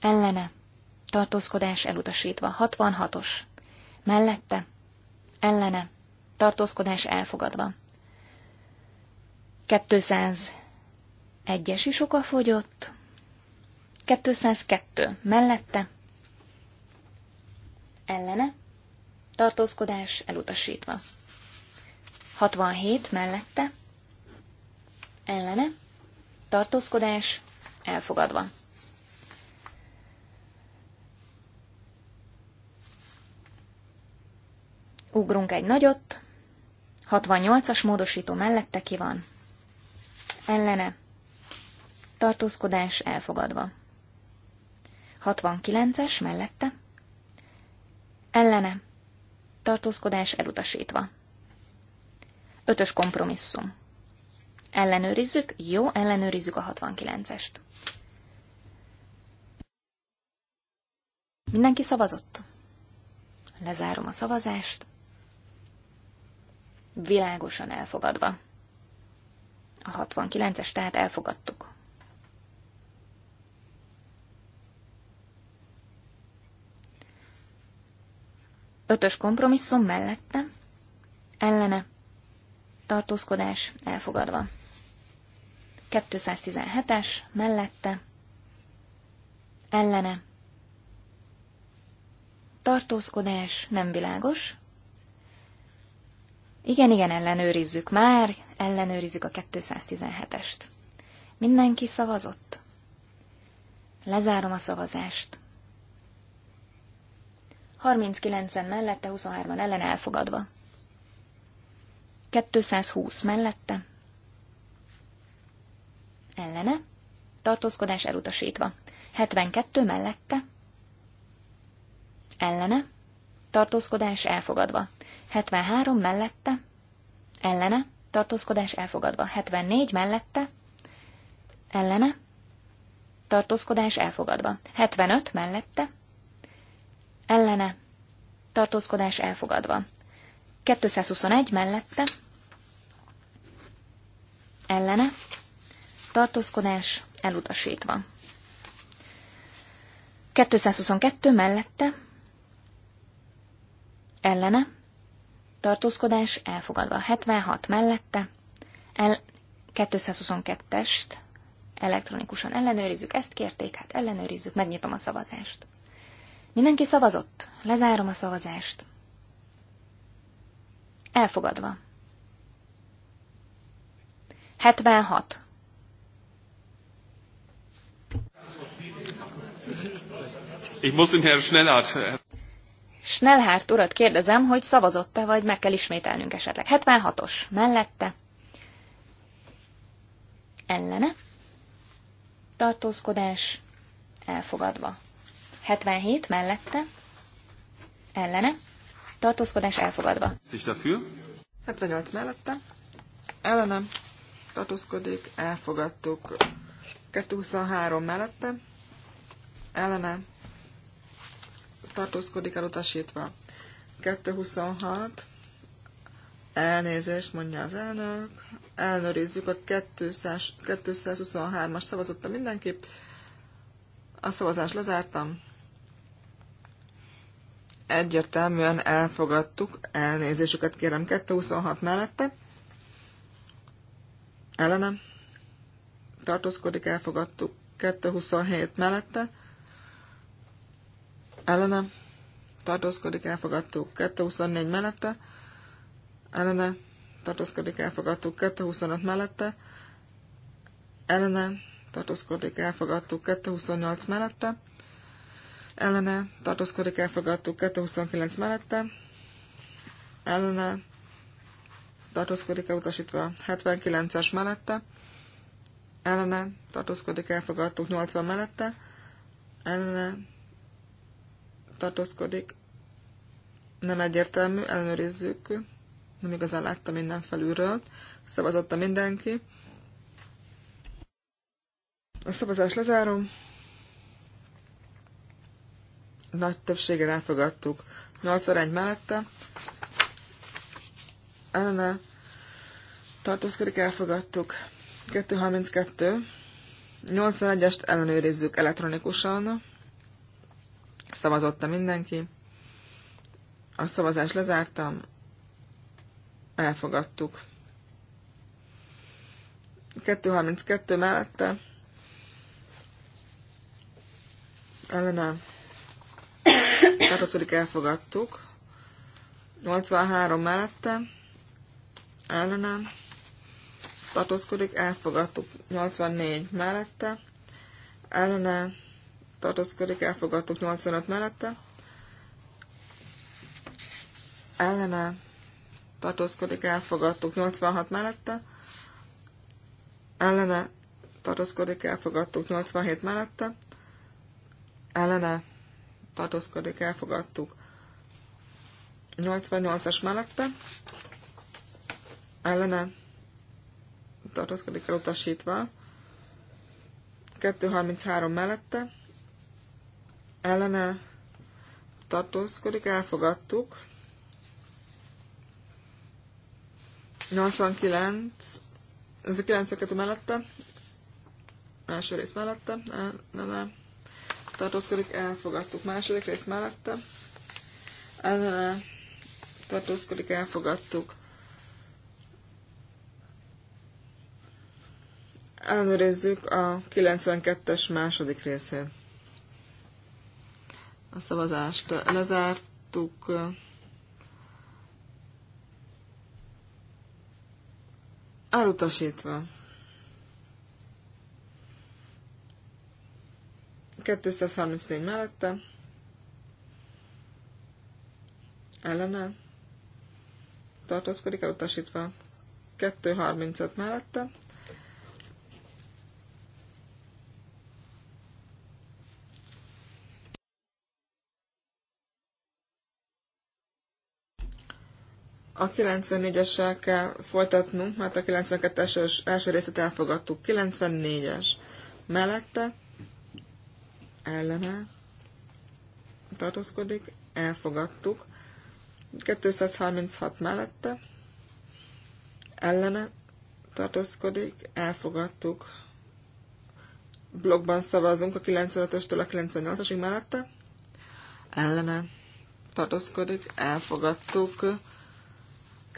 Ellene. Tartózkodás elutasítva. 66-os. Mellette. Ellene tartózkodás elfogadva. 201-es is fogyott, 202 mellette, ellene, tartózkodás elutasítva. 67 mellette, ellene, tartózkodás elfogadva. Ugrunk egy nagyot, 68-as módosító mellette ki van. Ellene. Tartózkodás elfogadva. 69-es mellette. Ellene. Tartózkodás elutasítva. Ötös kompromisszum. Ellenőrizzük? Jó, ellenőrizzük a 69-est. Mindenki szavazott? Lezárom a szavazást világosan elfogadva. A 69-es tehát elfogadtuk. Ötös kompromisszum mellette, ellene, tartózkodás elfogadva. 217-es mellette, ellene, tartózkodás nem világos, igen, igen, ellenőrizzük már, ellenőrizzük a 217-est. Mindenki szavazott. Lezárom a szavazást. 39-en mellette, 23-an ellen elfogadva. 220 mellette. Ellene. Tartózkodás elutasítva. 72 mellette. Ellene. Tartózkodás elfogadva. 73 mellette, ellene, tartózkodás elfogadva. 74 mellette, ellene, tartózkodás elfogadva. 75 mellette, ellene, tartózkodás elfogadva. 221 mellette, ellene, tartózkodás elutasítva. 222 mellette, ellene, tartózkodás elfogadva. 76 mellette, el, 222-est elektronikusan ellenőrizzük, ezt kérték, hát ellenőrizzük, megnyitom a szavazást. Mindenki szavazott, lezárom a szavazást. Elfogadva. 76. Ich muss den Herrn Schnellart Snellhárt urat kérdezem, hogy szavazott-e, vagy meg kell ismételnünk esetleg. 76-os mellette. Ellene. Tartózkodás. Elfogadva. 77 mellette. Ellene. Tartózkodás elfogadva. Dafür. 78 mellette. Ellenem. Tartózkodik. Elfogadtuk. 223 mellette. Ellenem tartózkodik elutasítva. 226. Elnézést, mondja az elnök. Elnőrizzük a 223-as szavazotta mindenki. A szavazást lezártam. Egyértelműen elfogadtuk. Elnézésüket kérem 226 mellette. Ellenem. Tartózkodik, elfogadtuk. 227 mellette ellene tartózkodik, elfogadtuk 224 mellette, ellene tartózkodik, elfogadtuk 225 mellette, ellene tartózkodik, elfogadtuk 228 mellette, ellene tartózkodik, elfogadtuk 229 mellette, ellene tartózkodik, elutasítva 79-es mellette, ellene tartózkodik, elfogadtuk 80 mellette, ellene tartózkodik. Nem egyértelmű, ellenőrizzük. Nem igazán láttam minden felülről. Szavazotta mindenki. A szavazás lezárom. Nagy többséggel elfogadtuk. 8 arány mellette. Ellene tartózkodik, elfogadtuk. 232. 81-est ellenőrizzük elektronikusan. Szavazotta mindenki. A szavazást lezártam. Elfogadtuk. 232 mellette. Ellenem. Tartozkodik, elfogadtuk. 83 mellette. Ellenem. Tartózkodik, elfogadtuk. 84 mellette. Ellenem tartózkodik, elfogadtuk 85 mellette. Ellene tartózkodik, elfogadtuk 86 mellette. Ellene tartózkodik, elfogadtuk 87 mellette. Ellene tartózkodik, elfogadtuk 88-as mellette. Ellene tartózkodik elutasítva. 233 mellette ellene tartózkodik, elfogadtuk. 89, 92 mellette, első rész mellette, ellene tartózkodik, elfogadtuk. Második rész mellette, ellene tartózkodik, elfogadtuk. Ellenőrizzük a 92-es második részét. A szavazást lezártuk. Elutasítva. 234 mellette. Ellene. Tartózkodik elutasítva. 235 mellette A 94-essel kell folytatnunk, mert a 92-es első részét elfogadtuk. 94-es mellette ellene tartózkodik, elfogadtuk. 236 mellette ellene tartózkodik, elfogadtuk. Blogban szavazunk a 95-östől a 98-asig mellette. Ellene tartózkodik, elfogadtuk.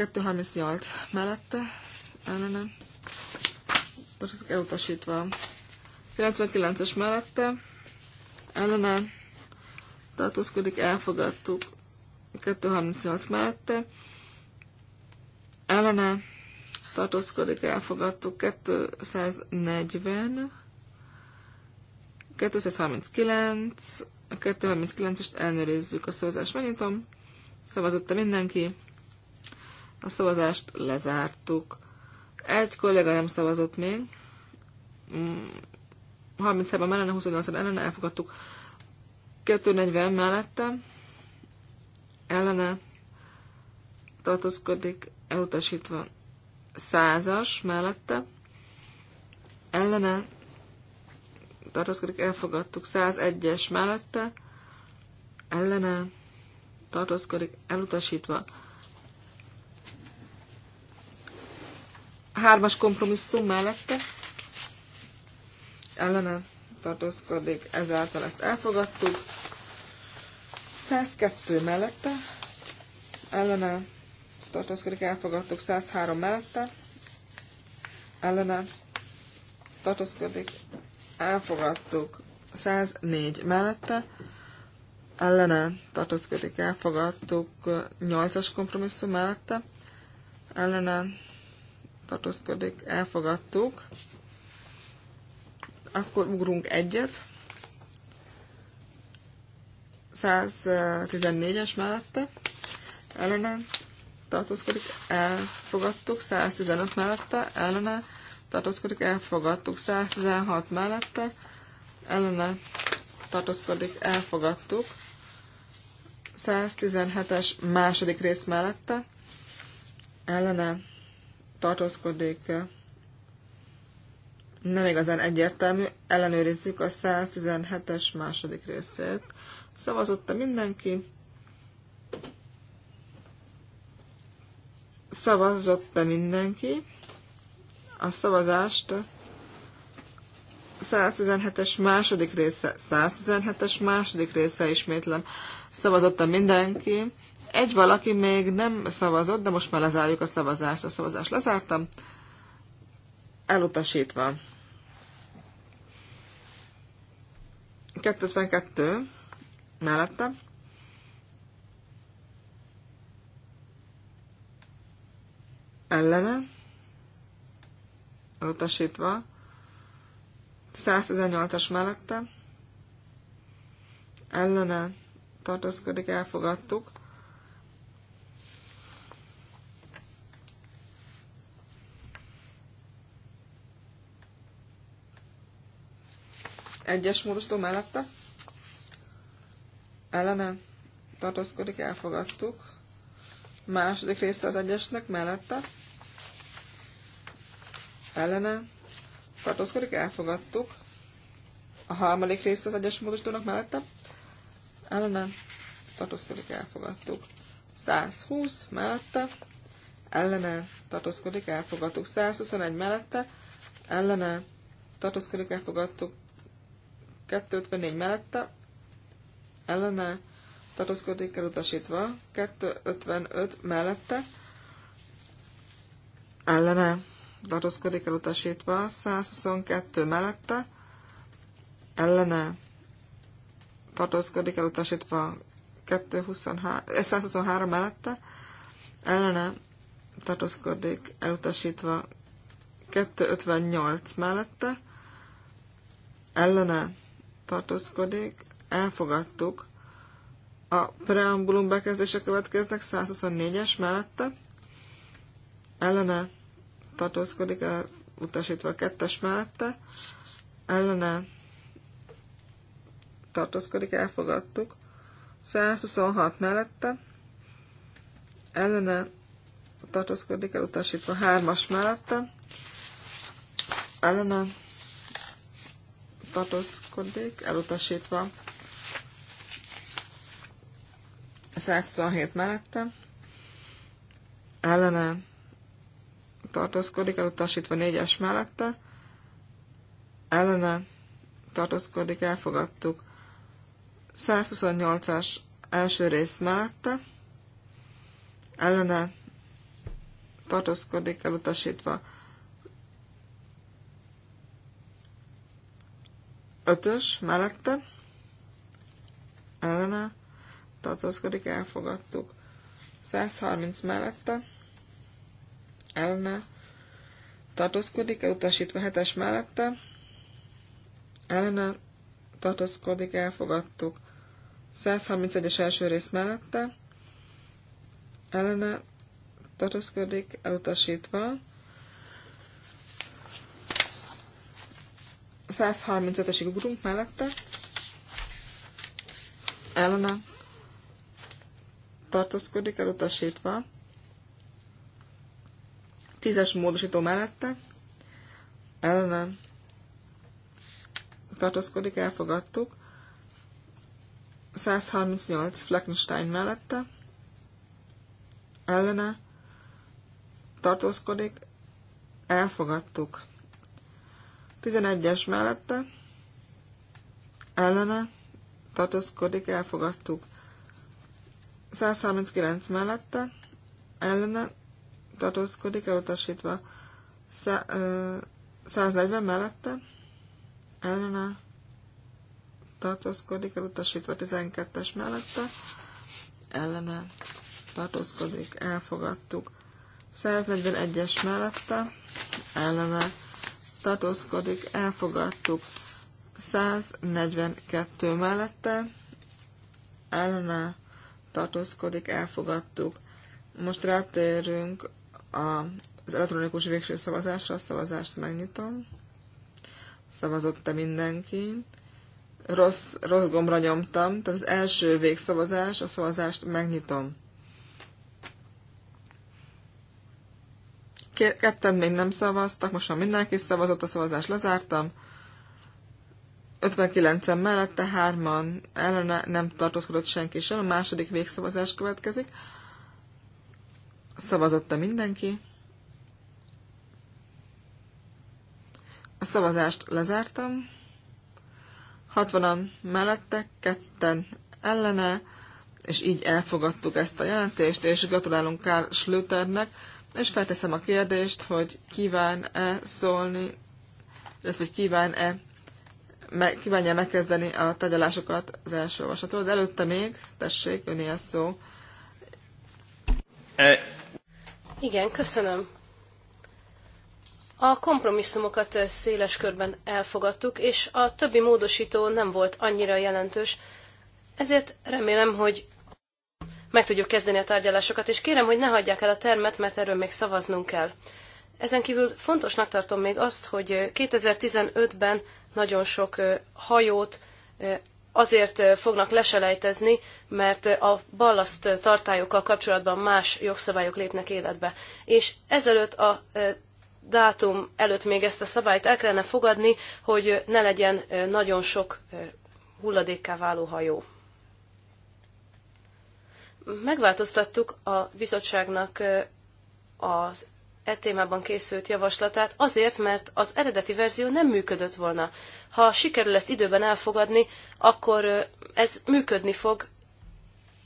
238 mellette ellene tartozik elutasítva. 99-es mellette ellene tartózkodik, elfogadtuk. 238 mellette ellene tartózkodik, elfogadtuk. 240 239 a 239-est elnőrizzük a szavazást, megnyitom. Szavazotta mindenki. A szavazást lezártuk. Egy kolléga nem szavazott még. 37-ben mm, mellene, 28-ban ellene elfogadtuk. 240 mellette ellene tartózkodik, elutasítva. Százas mellette ellene tartózkodik, elfogadtuk. 101-es mellette ellene tartózkodik, elutasítva. hármas kompromisszum mellette ellene tartózkodik, ezáltal ezt elfogadtuk. 102 mellette ellene tartózkodik, elfogadtuk 103 mellette ellene tartózkodik, elfogadtuk 104 mellette ellene tartózkodik, elfogadtuk 8-as kompromisszum mellette ellene tartózkodik, elfogadtuk. Akkor ugrunk egyet. 114-es mellette ellene tartózkodik, elfogadtuk. 115 mellette ellene tartózkodik, elfogadtuk. 116 mellette ellene tartózkodik, elfogadtuk. 117-es második rész mellette ellene tartózkodik, nem igazán egyértelmű, ellenőrizzük a 117-es második részét. Szavazott-e mindenki? Szavazott-e mindenki? A szavazást 117-es második része, 117-es második része ismétlem. Szavazott-e mindenki? Egy valaki még nem szavazott, de most már lezárjuk a szavazást. A szavazást lezártam. Elutasítva. 252 mellette. Ellene. Elutasítva. 118-as mellette. Ellene tartózkodik, elfogadtuk. Egyes módosító mellette ellene tartózkodik, elfogadtuk. Második része az egyesnek mellette ellene tartózkodik, elfogadtuk. A harmadik része az egyes módosítónak mellette ellene tartózkodik, elfogadtuk. 120 mellette ellene tartózkodik, elfogadtuk. 121 mellette ellene tartózkodik, elfogadtuk. 254 mellette ellene tartózkodik elutasítva, 255 mellette ellene tartózkodik elutasítva, 122 mellette ellene tartózkodik elutasítva, 223, 123 eh, mellette ellene tartózkodik elutasítva, 258 mellette ellene tartózkodik, elfogadtuk. A preambulum bekezdése következnek 124-es mellette, ellene tartózkodik, utasítva a kettes mellette, ellene tartózkodik, elfogadtuk. 126 mellette, ellene tartózkodik, elutasítva hármas mellette, ellene tartózkodik, elutasítva. 127 mellette, ellene tartózkodik, elutasítva 4-es mellette, ellene tartózkodik, elfogadtuk. 128-as első rész mellette, ellene tartózkodik, elutasítva Ötös mellette ellene tartózkodik, elfogadtuk. 130 mellette ellene tartózkodik, elutasítva 7-es mellette ellene tartózkodik, elfogadtuk. 131-es első rész mellette ellene tartózkodik, elutasítva 135 esig ugrunk mellette. Ellene tartózkodik, elutasítva. 10-es módosító mellette. Ellene tartózkodik, elfogadtuk. 138 Fleckenstein mellette. Ellene tartózkodik, elfogadtuk. 11-es mellette ellene tartózkodik, elfogadtuk. 139 mellette ellene tartózkodik, elutasítva. 140 mellette ellene tartózkodik, elutasítva 12-es mellette, ellene tartózkodik, elfogadtuk. 141-es mellette, ellene tartózkodik, elfogadtuk. 142 mellette ellene tartózkodik, elfogadtuk. Most rátérünk a, az elektronikus végső szavazásra, a szavazást megnyitom. Szavazott-e mindenki? Rossz, rossz gombra nyomtam, tehát az első végszavazás, a szavazást megnyitom. ketten még nem szavaztak, most már mindenki szavazott, a szavazást lezártam. 59-en mellette, hárman ellene nem tartózkodott senki sem, a második végszavazás következik. szavazott mindenki? A szavazást lezártam. 60-an mellette, ketten ellene, és így elfogadtuk ezt a jelentést, és gratulálunk Karl Schlüternek, és felteszem a kérdést, hogy kíván-e szólni, illetve hogy kíván-e meg, kívánja megkezdeni a tagyalásokat az első olvasatról, de előtte még, tessék, öné a szó. E- Igen, köszönöm. A kompromisszumokat széles körben elfogadtuk, és a többi módosító nem volt annyira jelentős, ezért remélem, hogy meg tudjuk kezdeni a tárgyalásokat, és kérem, hogy ne hagyják el a termet, mert erről még szavaznunk kell. Ezen kívül fontosnak tartom még azt, hogy 2015-ben nagyon sok hajót azért fognak leselejtezni, mert a ballaszt tartályokkal kapcsolatban más jogszabályok lépnek életbe. És ezelőtt a dátum előtt még ezt a szabályt el kellene fogadni, hogy ne legyen nagyon sok hulladékká váló hajó megváltoztattuk a bizottságnak az e témában készült javaslatát azért, mert az eredeti verzió nem működött volna. Ha sikerül ezt időben elfogadni, akkor ez működni fog,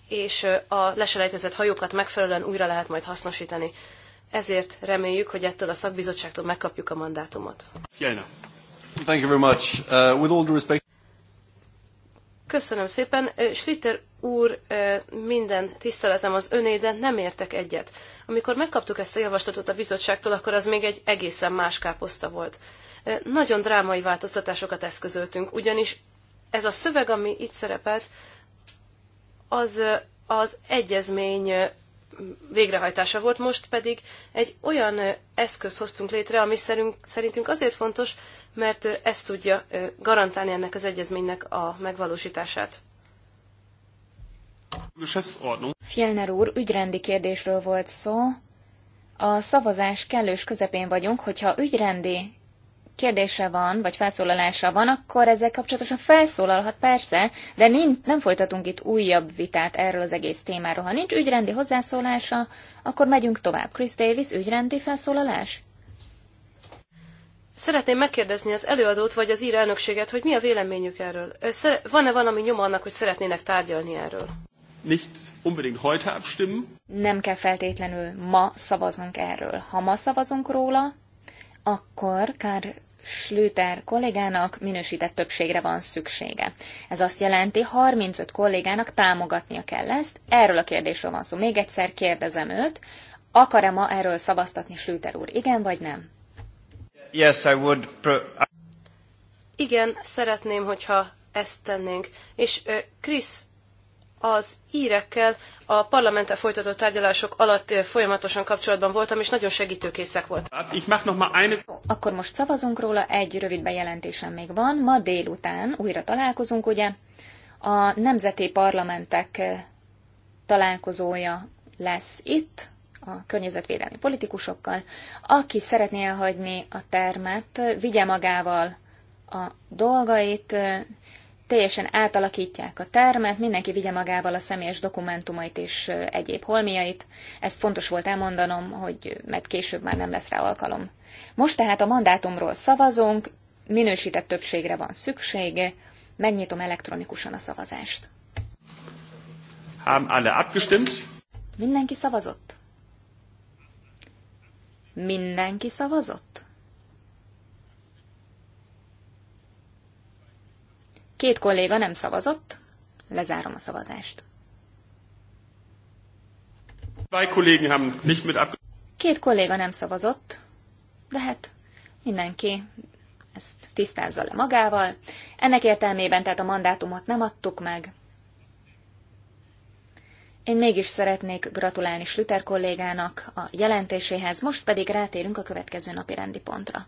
és a leselejtezett hajókat megfelelően újra lehet majd hasznosítani. Ezért reméljük, hogy ettől a szakbizottságtól megkapjuk a mandátumot. Jajna. Thank you very much. Uh, with all due respect... Köszönöm szépen. Schlitter úr, minden tiszteletem az öné, de nem értek egyet. Amikor megkaptuk ezt a javaslatot a bizottságtól, akkor az még egy egészen más káposzta volt. Nagyon drámai változtatásokat eszközöltünk, ugyanis ez a szöveg, ami itt szerepelt, az az egyezmény végrehajtása volt, most pedig egy olyan eszköz hoztunk létre, ami szerintünk azért fontos, mert ez tudja garantálni ennek az egyezménynek a megvalósítását. Fjellner úr, ügyrendi kérdésről volt szó. A szavazás kellős közepén vagyunk, hogyha ügyrendi kérdése van, vagy felszólalása van, akkor ezzel kapcsolatosan felszólalhat persze, de nincs, nem folytatunk itt újabb vitát erről az egész témáról. Ha nincs ügyrendi hozzászólása, akkor megyünk tovább. Chris Davis, ügyrendi felszólalás? Szeretném megkérdezni az előadót vagy az ír elnökséget, hogy mi a véleményük erről. Van-e valami nyoma annak, hogy szeretnének tárgyalni erről? Nicht unbedingt heute abstimmen. Nem kell feltétlenül ma szavaznunk erről. Ha ma szavazunk róla, akkor Kár Schlüter kollégának minősített többségre van szüksége. Ez azt jelenti, 35 kollégának támogatnia kell ezt. Erről a kérdésről van szó. Még egyszer kérdezem őt, akar-e ma erről szavaztatni Schlüter úr, igen vagy nem? yes, I would Igen, szeretném, hogyha ezt tennénk. És Krisz, az írekkel a parlamenttel folytatott tárgyalások alatt folyamatosan kapcsolatban voltam, és nagyon segítőkészek volt. Hát, akkor most szavazunk róla, egy rövid bejelentésem még van. Ma délután újra találkozunk, ugye? A nemzeti parlamentek találkozója lesz itt, a környezetvédelmi politikusokkal. Aki szeretné elhagyni a termet, vigye magával a dolgait, teljesen átalakítják a termet, mindenki vigye magával a személyes dokumentumait és egyéb holmiait. Ezt fontos volt elmondanom, hogy mert később már nem lesz rá alkalom. Most tehát a mandátumról szavazunk, minősített többségre van szüksége, megnyitom elektronikusan a szavazást. Haben alle abgestimmt? Mindenki szavazott? Mindenki szavazott? Két kolléga nem szavazott, lezárom a szavazást. Két kolléga nem szavazott, de hát mindenki ezt tisztázza le magával. Ennek értelmében tehát a mandátumot nem adtuk meg, én mégis szeretnék gratulálni Slüter kollégának a jelentéséhez, most pedig rátérünk a következő napi rendi pontra.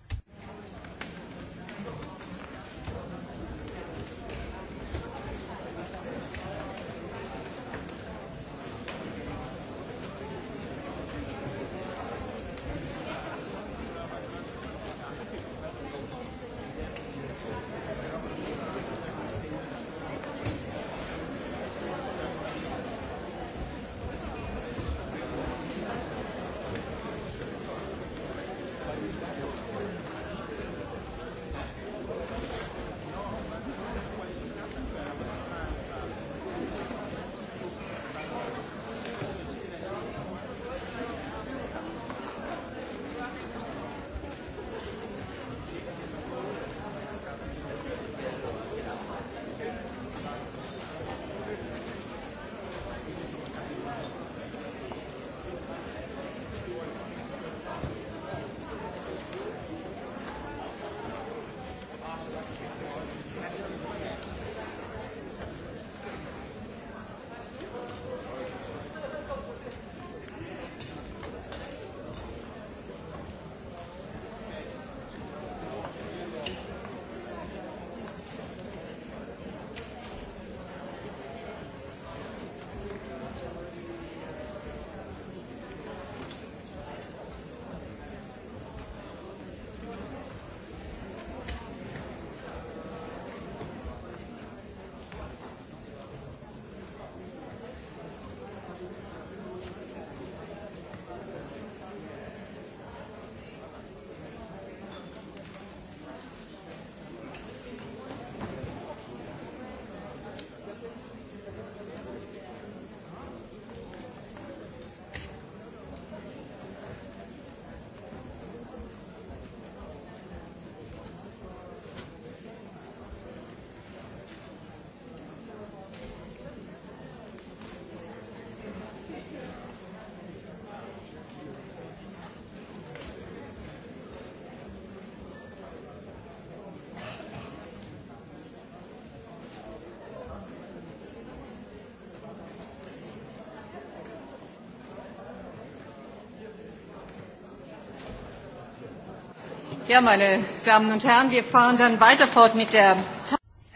Ja, meine Damen und Herren, wir fahren dann weiter fort mit der...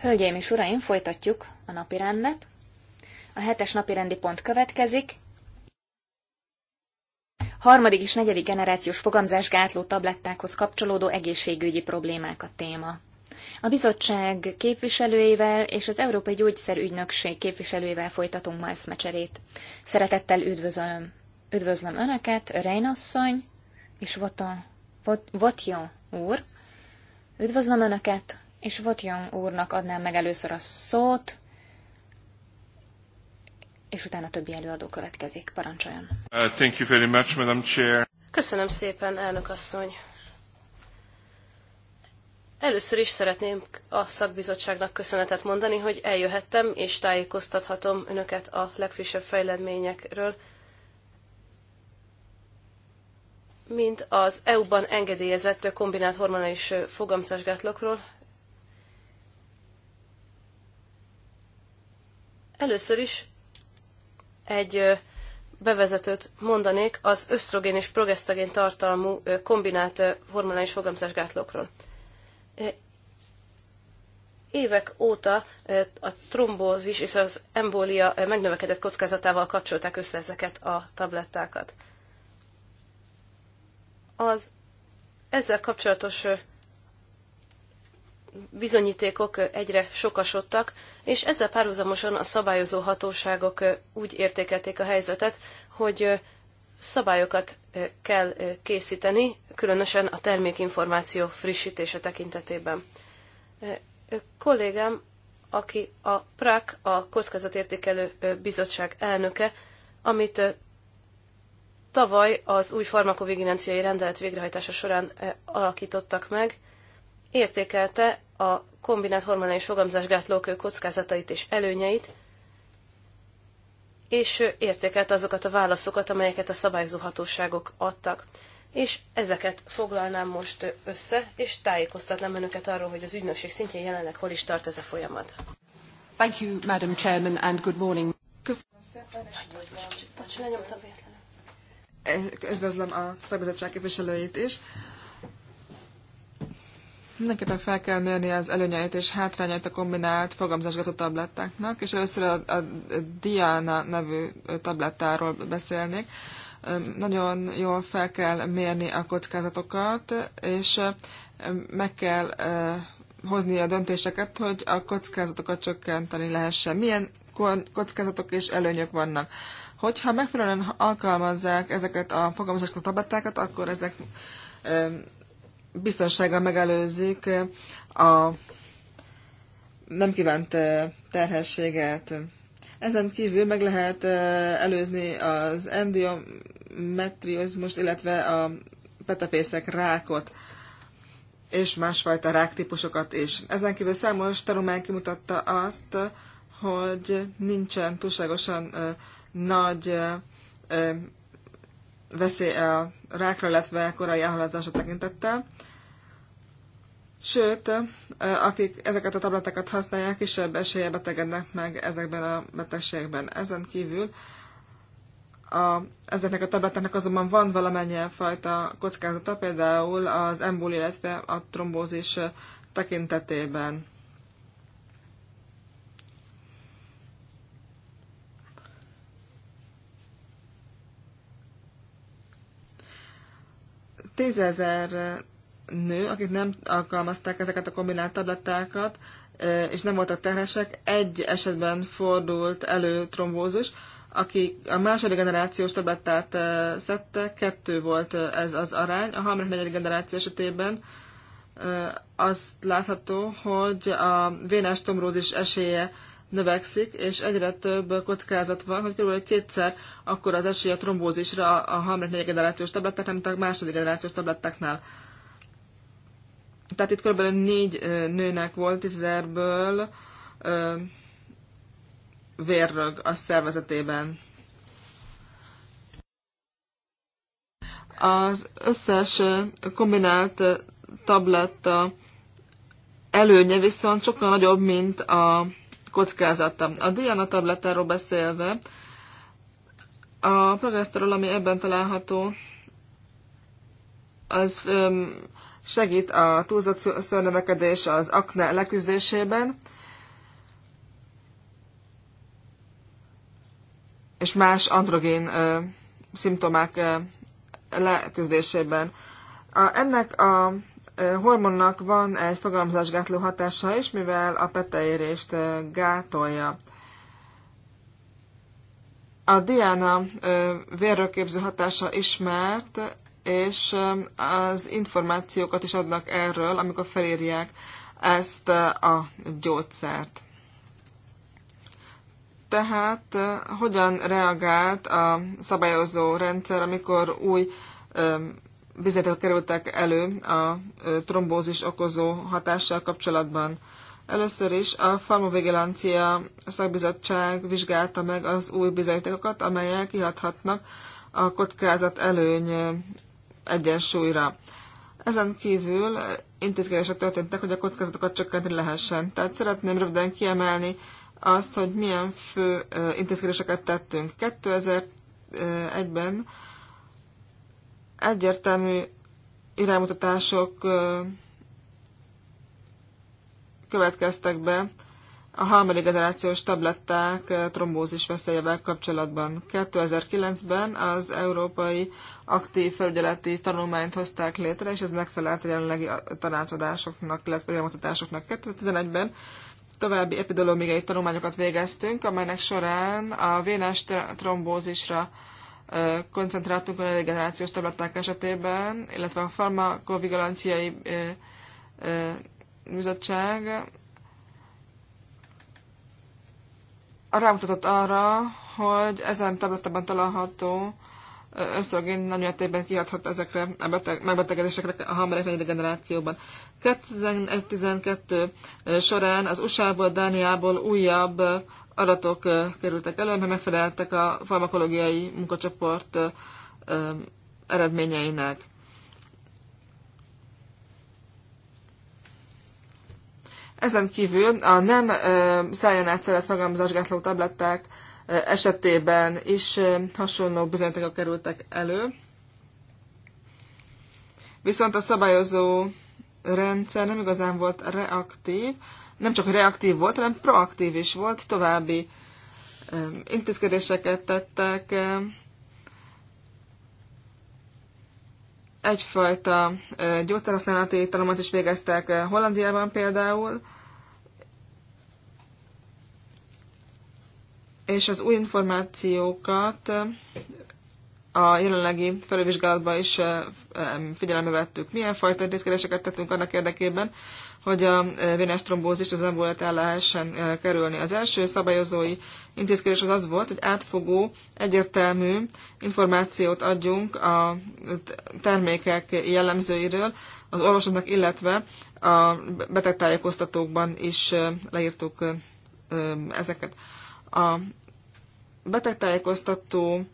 Hölgyeim és uraim, folytatjuk a napi rendet. A hetes napi rendi pont következik. Harmadik és negyedik generációs fogamzásgátló tablettákhoz kapcsolódó egészségügyi problémák a téma. A bizottság képviselőivel és az Európai Gyógyszerügynökség képviselőivel folytatunk ma eszmecserét. Szeretettel üdvözlöm. Üdvözlöm Önöket, Reinasszony és Vata Votjon úr. Üdvözlöm Önöket, és Votjon úrnak adnám meg először a szót, és utána a többi előadó következik. Parancsoljon. Uh, thank you very much, Madam Chair. Köszönöm szépen, elnök asszony. Először is szeretném a szakbizottságnak köszönetet mondani, hogy eljöhettem és tájékoztathatom önöket a legfrissebb fejleményekről mint az EU-ban engedélyezett kombinált hormonális fogamzásgátlókról. Először is egy bevezetőt mondanék az ösztrogén és progesztagén tartalmú kombinált hormonális fogamzásgátlókról. Évek óta a trombózis és az embólia megnövekedett kockázatával kapcsolták össze ezeket a tablettákat az ezzel kapcsolatos bizonyítékok egyre sokasodtak, és ezzel párhuzamosan a szabályozó hatóságok úgy értékelték a helyzetet, hogy szabályokat kell készíteni, különösen a termékinformáció frissítése tekintetében. Kollégám, aki a PRAK, a Kockázatértékelő Bizottság elnöke, amit tavaly az új farmakovigilenciai rendelet végrehajtása során eh, alakítottak meg, értékelte a kombinált hormonális fogamzásgátlók kockázatait és előnyeit, és eh, értékelte azokat a válaszokat, amelyeket a szabályozó hatóságok adtak. És ezeket foglalnám most eh, össze, és tájékoztatnám önöket arról, hogy az ügynökség szintjén jelenleg hol is tart ez a folyamat. Thank you, Madam Chairman, and good morning. Köszönöm szépen, és üdvözlöm a szakbizottság képviselőit is. Mindenképpen fel kell mérni az előnyeit és hátrányait a kombinált fogamzásgató tablettáknak, és először a, a Diana nevű tablettáról beszélnék. Nagyon jól fel kell mérni a kockázatokat, és meg kell hozni a döntéseket, hogy a kockázatokat csökkenteni lehessen. Milyen kockázatok és előnyök vannak? Hogyha megfelelően alkalmazzák ezeket a fogalmazásokat, a tablettákat, akkor ezek biztonsággal megelőzik a nem kívánt eh, terhességet. Ezen kívül meg lehet eh, előzni az endiometriózmust, illetve a petefészek rákot és másfajta ráktípusokat is. Ezen kívül számos tanulmány kimutatta azt, hogy nincsen túlságosan eh, nagy veszély a rákra, illetve korai elhalázásra tekintettel. Sőt, akik ezeket a tableteket használják, kisebb esélye betegednek meg ezekben a betegségekben. Ezen kívül a, ezeknek a tableteknek azonban van valamennyien fajta kockázata, például az embol, illetve a trombózis tekintetében. tízezer nő, akik nem alkalmazták ezeket a kombinált tablettákat, és nem voltak terhesek, egy esetben fordult elő trombózus, aki a második generációs tablettát szedte, kettő volt ez az arány. A harmadik, negyedik generáció esetében azt látható, hogy a vénás trombózis esélye növekszik, és egyre több kockázat van, hogy körülbelül kétszer akkor az esély a trombózisra a harmadik negyedik generációs tabletteknél, mint a második generációs tabletteknél. Tehát itt körülbelül négy nőnek volt tízezerből vérrög a szervezetében. Az összes kombinált tabletta előnye viszont sokkal nagyobb, mint a kockázata. A Diana tablettáról beszélve, a progeszterol, ami ebben található, az segít a túlzott szőrnövekedés az akne leküzdésében, és más androgén ö, szimptomák ö, leküzdésében. A, ennek a hormonnak van egy fogamzásgátló hatása is, mivel a peteérést gátolja. A diána vérrőképző hatása ismert, és az információkat is adnak erről, amikor felírják ezt a gyógyszert. Tehát hogyan reagált a szabályozó rendszer, amikor új vizetek kerültek elő a trombózis okozó hatással kapcsolatban. Először is a farmovigilancia szakbizottság vizsgálta meg az új bizonyítékokat, amelyek kihathatnak a kockázat előny egyensúlyra. Ezen kívül intézkedések történtek, hogy a kockázatokat csökkenteni lehessen. Tehát szeretném röviden kiemelni azt, hogy milyen fő intézkedéseket tettünk. 2001-ben Egyértelmű iránymutatások következtek be a harmadik generációs tabletták trombózis veszélyevel kapcsolatban. 2009-ben az Európai Aktív Felügyeleti Tanulmányt hozták létre, és ez megfelelt a jelenlegi tanácsadásoknak, illetve iránymutatásoknak. 2011-ben további epidemiológiai tanulmányokat végeztünk, amelynek során a vénás trombózisra koncentráltunk a regenerációs tabletták esetében, illetve a farmakovigilanciai bizottság rámutatott arra, hogy ezen tablettában található ösztrogén nagy mértékben kihathat ezekre a beteg, megbetegedésekre a hamarekre generációban. 2012 során az USA-ból, Dániából újabb adatok kerültek elő, mert megfeleltek a farmakológiai munkacsoport eredményeinek. Ezen kívül a nem szájon átszerelt fogalmazásgátló tabletták esetében is hasonló bizonyítékok kerültek elő. Viszont a szabályozó rendszer nem igazán volt reaktív, nem csak reaktív volt, hanem proaktív is volt, további intézkedéseket tettek, egyfajta gyógyszerhasználati tanulmányt is végeztek Hollandiában például, és az új információkat a jelenlegi felülvizsgálatban is figyelembe vettük. Milyen fajta intézkedéseket tettünk annak érdekében, hogy a vénás trombózist az embolát el lehessen kerülni. Az első szabályozói intézkedés az az volt, hogy átfogó, egyértelmű információt adjunk a termékek jellemzőiről, az orvosoknak, illetve a betegtájékoztatókban is leírtuk ezeket. A betegtájékoztató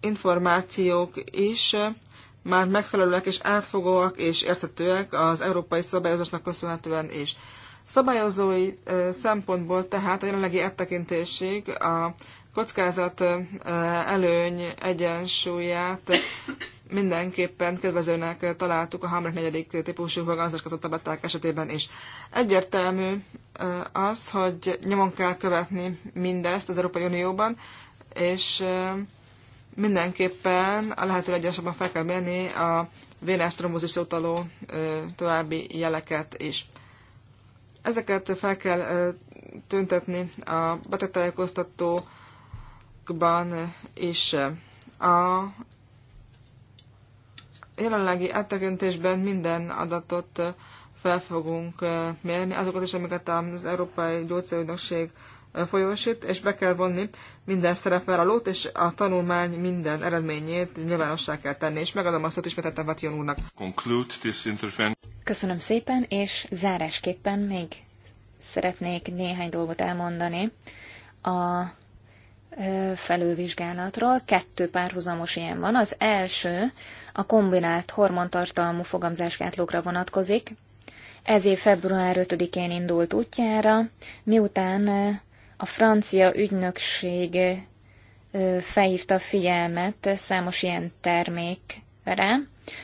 információk is már megfelelőek és átfogóak és érthetőek az európai szabályozásnak köszönhetően is. Szabályozói szempontból tehát a jelenlegi áttekintésig a kockázat előny egyensúlyát mindenképpen kedvezőnek találtuk a harmadik negyedik típusú fogalmazásokat a tabletták esetében is. Egyértelmű az, hogy nyomon kell követni mindezt az Európai Unióban, és mindenképpen a lehető leggyorsabban fel kell mérni a vénás trombózis utaló további jeleket is. Ezeket fel kell tüntetni a betegtájékoztatókban is. A jelenlegi áttekintésben minden adatot fel fogunk mérni, azokat is, amiket az Európai Gyógyszerügynökség folyósít, és be kell vonni minden szerepvállalót, és a tanulmány minden eredményét nyilvánossá kell tenni, és megadom azt, hogy ismertettem Vation úrnak. Köszönöm szépen, és zárásképpen még szeretnék néhány dolgot elmondani a felülvizsgálatról. Kettő párhuzamos ilyen van. Az első a kombinált hormontartalmú fogamzásgátlókra vonatkozik, ez év február 5-én indult útjára, miután a francia ügynökség felhívta a figyelmet számos ilyen termékre,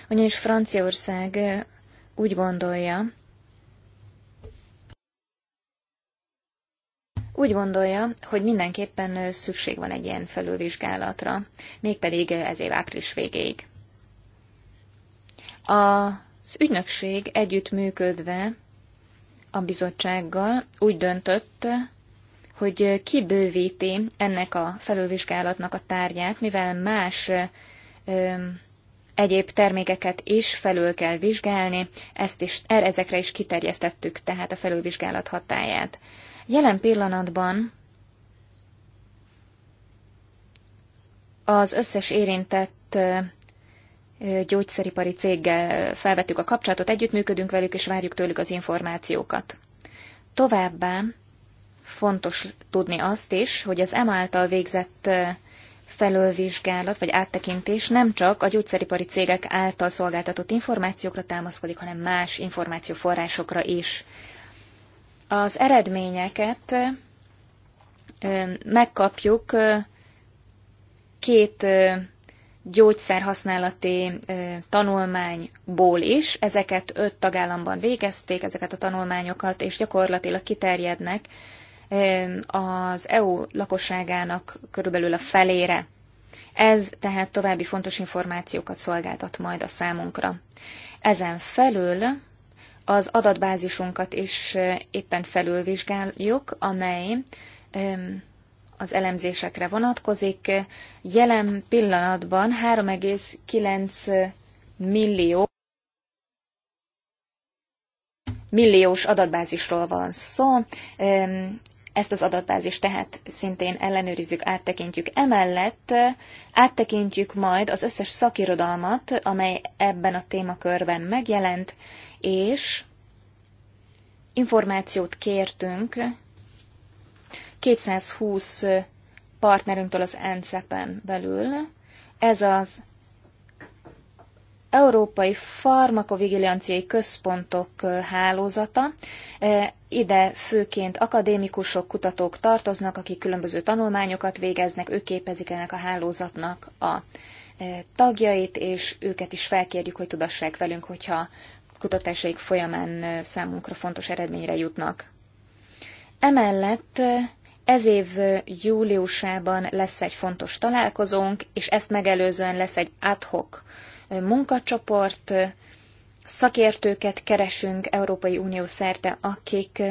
ugyanis Franciaország úgy gondolja, úgy gondolja, hogy mindenképpen szükség van egy ilyen felülvizsgálatra, mégpedig ez év április végéig. Az ügynökség együttműködve a bizottsággal úgy döntött, hogy kibővíti ennek a felülvizsgálatnak a tárgyát, mivel más ö, egyéb termékeket is felül kell vizsgálni, ezt is, er, ezekre is kiterjesztettük tehát a felülvizsgálat hatáját. Jelen pillanatban az összes érintett gyógyszeripari céggel felvettük a kapcsolatot, együttműködünk velük, és várjuk tőlük az információkat. Továbbá fontos tudni azt is, hogy az EMA által végzett felülvizsgálat vagy áttekintés nem csak a gyógyszeripari cégek által szolgáltatott információkra támaszkodik, hanem más információforrásokra is. Az eredményeket megkapjuk két gyógyszerhasználati tanulmányból is. Ezeket öt tagállamban végezték, ezeket a tanulmányokat, és gyakorlatilag kiterjednek az EU lakosságának körülbelül a felére. Ez tehát további fontos információkat szolgáltat majd a számunkra. Ezen felül az adatbázisunkat is éppen felülvizsgáljuk, amely az elemzésekre vonatkozik. Jelen pillanatban 3,9 millió milliós adatbázisról van szó. Ezt az adatbázist tehát szintén ellenőrizzük, áttekintjük. Emellett eh, áttekintjük majd az összes szakirodalmat, amely ebben a témakörben megjelent, és információt kértünk 220 partnerünktől az ENCEP-en belül. Ez az Európai Farmakovigilanciai Központok hálózata. Ide főként akadémikusok, kutatók tartoznak, akik különböző tanulmányokat végeznek, ők képezik ennek a hálózatnak a tagjait, és őket is felkérjük, hogy tudassák velünk, hogyha kutatásaik folyamán számunkra fontos eredményre jutnak. Emellett ez év júliusában lesz egy fontos találkozónk, és ezt megelőzően lesz egy hoc munkacsoport, szakértőket keresünk Európai Unió szerte, akik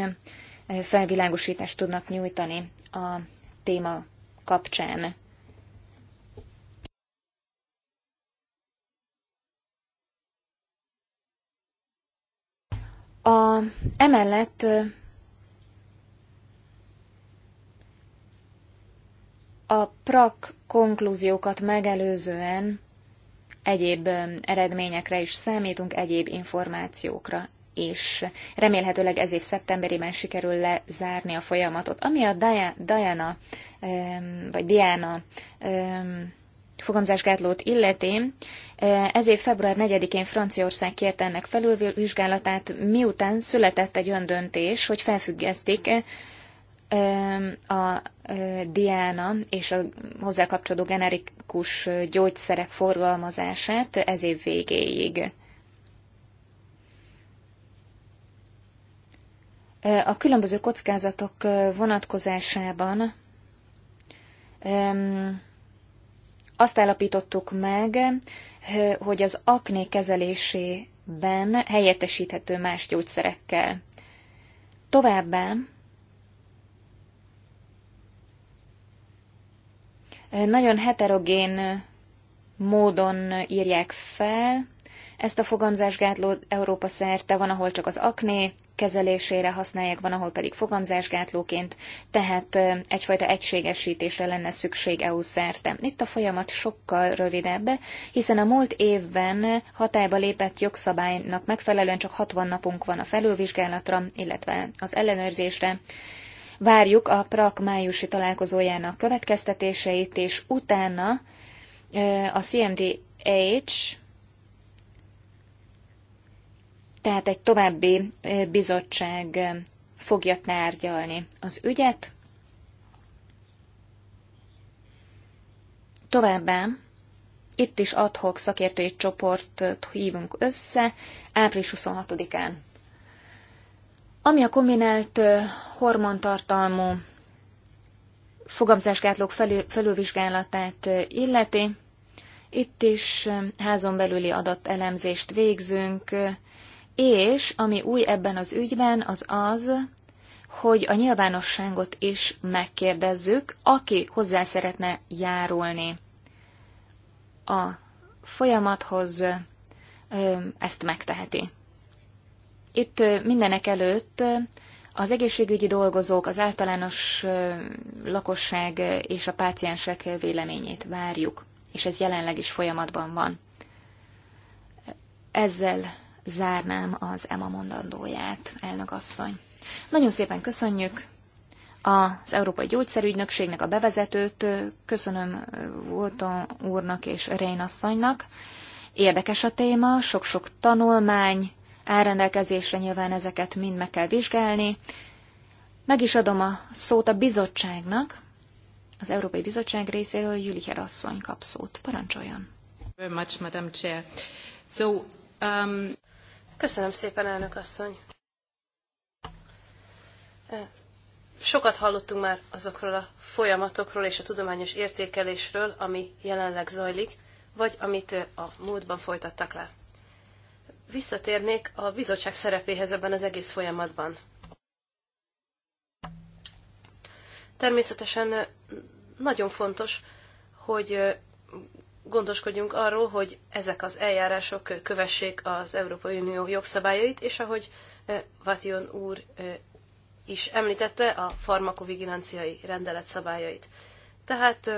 felvilágosítást tudnak nyújtani a téma kapcsán. A, emellett a PRAK konklúziókat megelőzően egyéb eredményekre is számítunk, egyéb információkra és remélhetőleg ez év szeptemberében sikerül lezárni a folyamatot. Ami a Diana, vagy Diana fogamzásgátlót illeti, ez év február 4-én Franciaország kérte ennek felülvizsgálatát, miután született egy olyan döntés, hogy felfüggesztik a Diana és a hozzá kapcsolódó generikus gyógyszerek forgalmazását ez év végéig. A különböző kockázatok vonatkozásában azt állapítottuk meg, hogy az akné kezelésében helyettesíthető más gyógyszerekkel. Továbbá nagyon heterogén módon írják fel. Ezt a fogamzásgátlót Európa szerte van, ahol csak az akné kezelésére használják, van, ahol pedig fogamzásgátlóként, tehát egyfajta egységesítésre lenne szükség EU szerte. Itt a folyamat sokkal rövidebb, hiszen a múlt évben hatályba lépett jogszabálynak megfelelően csak 60 napunk van a felülvizsgálatra, illetve az ellenőrzésre, Várjuk a PRAK májusi találkozójának következtetéseit, és utána a CMDH, tehát egy további bizottság fogja tárgyalni az ügyet. Továbbá itt is adhok szakértői csoportot hívunk össze április 26-án. Ami a kombinált hormontartalmú fogamzásgátlók felül, felülvizsgálatát illeti, itt is házon belüli adatelemzést végzünk, és ami új ebben az ügyben, az az, hogy a nyilvánosságot is megkérdezzük, aki hozzá szeretne járulni a folyamathoz, ezt megteheti. Itt mindenek előtt az egészségügyi dolgozók, az általános lakosság és a páciensek véleményét várjuk, és ez jelenleg is folyamatban van. Ezzel zárnám az EMA mondandóját, elnök asszony. Nagyon szépen köszönjük az Európai Gyógyszerügynökségnek a bevezetőt, köszönöm Volton úrnak és Rén asszonynak. Érdekes a téma, sok-sok tanulmány, elrendelkezésre nyilván ezeket mind meg kell vizsgálni. Meg is adom a szót a bizottságnak, az Európai Bizottság részéről Jülicher asszony kap szót. Parancsoljon! Very much, Madam So, um, Köszönöm szépen, elnök asszony! Eh, sokat hallottunk már azokról a folyamatokról és a tudományos értékelésről, ami jelenleg zajlik, vagy amit eh, a múltban folytattak le visszatérnék a bizottság szerepéhez ebben az egész folyamatban. Természetesen nagyon fontos, hogy gondoskodjunk arról, hogy ezek az eljárások kövessék az Európai Unió jogszabályait, és ahogy Vation úr is említette, a farmakovigilanciai rendelet szabályait. Tehát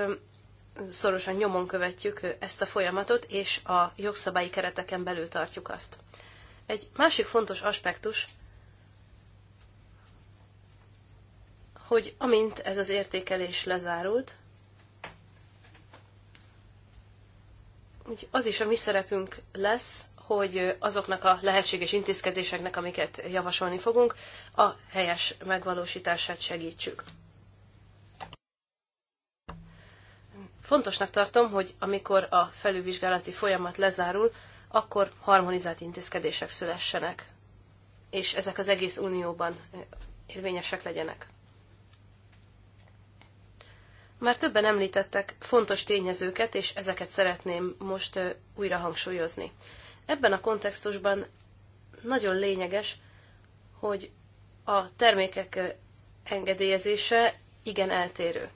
szorosan nyomon követjük ezt a folyamatot, és a jogszabályi kereteken belül tartjuk azt. Egy másik fontos aspektus, hogy amint ez az értékelés lezárult, az is a mi szerepünk lesz, hogy azoknak a lehetséges intézkedéseknek, amiket javasolni fogunk, a helyes megvalósítását segítsük. Fontosnak tartom, hogy amikor a felülvizsgálati folyamat lezárul, akkor harmonizált intézkedések szülessenek, és ezek az egész unióban eh, érvényesek legyenek. Már többen említettek fontos tényezőket, és ezeket szeretném most eh, újra hangsúlyozni. Ebben a kontextusban nagyon lényeges, hogy a termékek eh, engedélyezése igen eltérő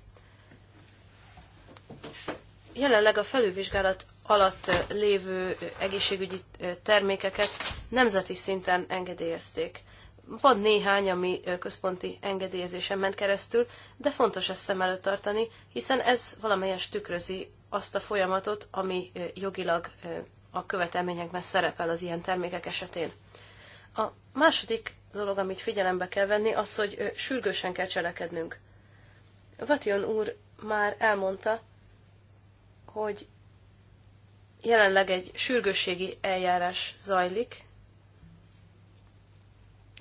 jelenleg a felülvizsgálat alatt lévő egészségügyi termékeket nemzeti szinten engedélyezték. Van néhány, ami központi engedélyezésen ment keresztül, de fontos ezt szem előtt tartani, hiszen ez valamelyest tükrözi azt a folyamatot, ami jogilag a követelményekben szerepel az ilyen termékek esetén. A második dolog, amit figyelembe kell venni, az, hogy sürgősen kell cselekednünk. Vation úr már elmondta, hogy jelenleg egy sürgősségi eljárás zajlik,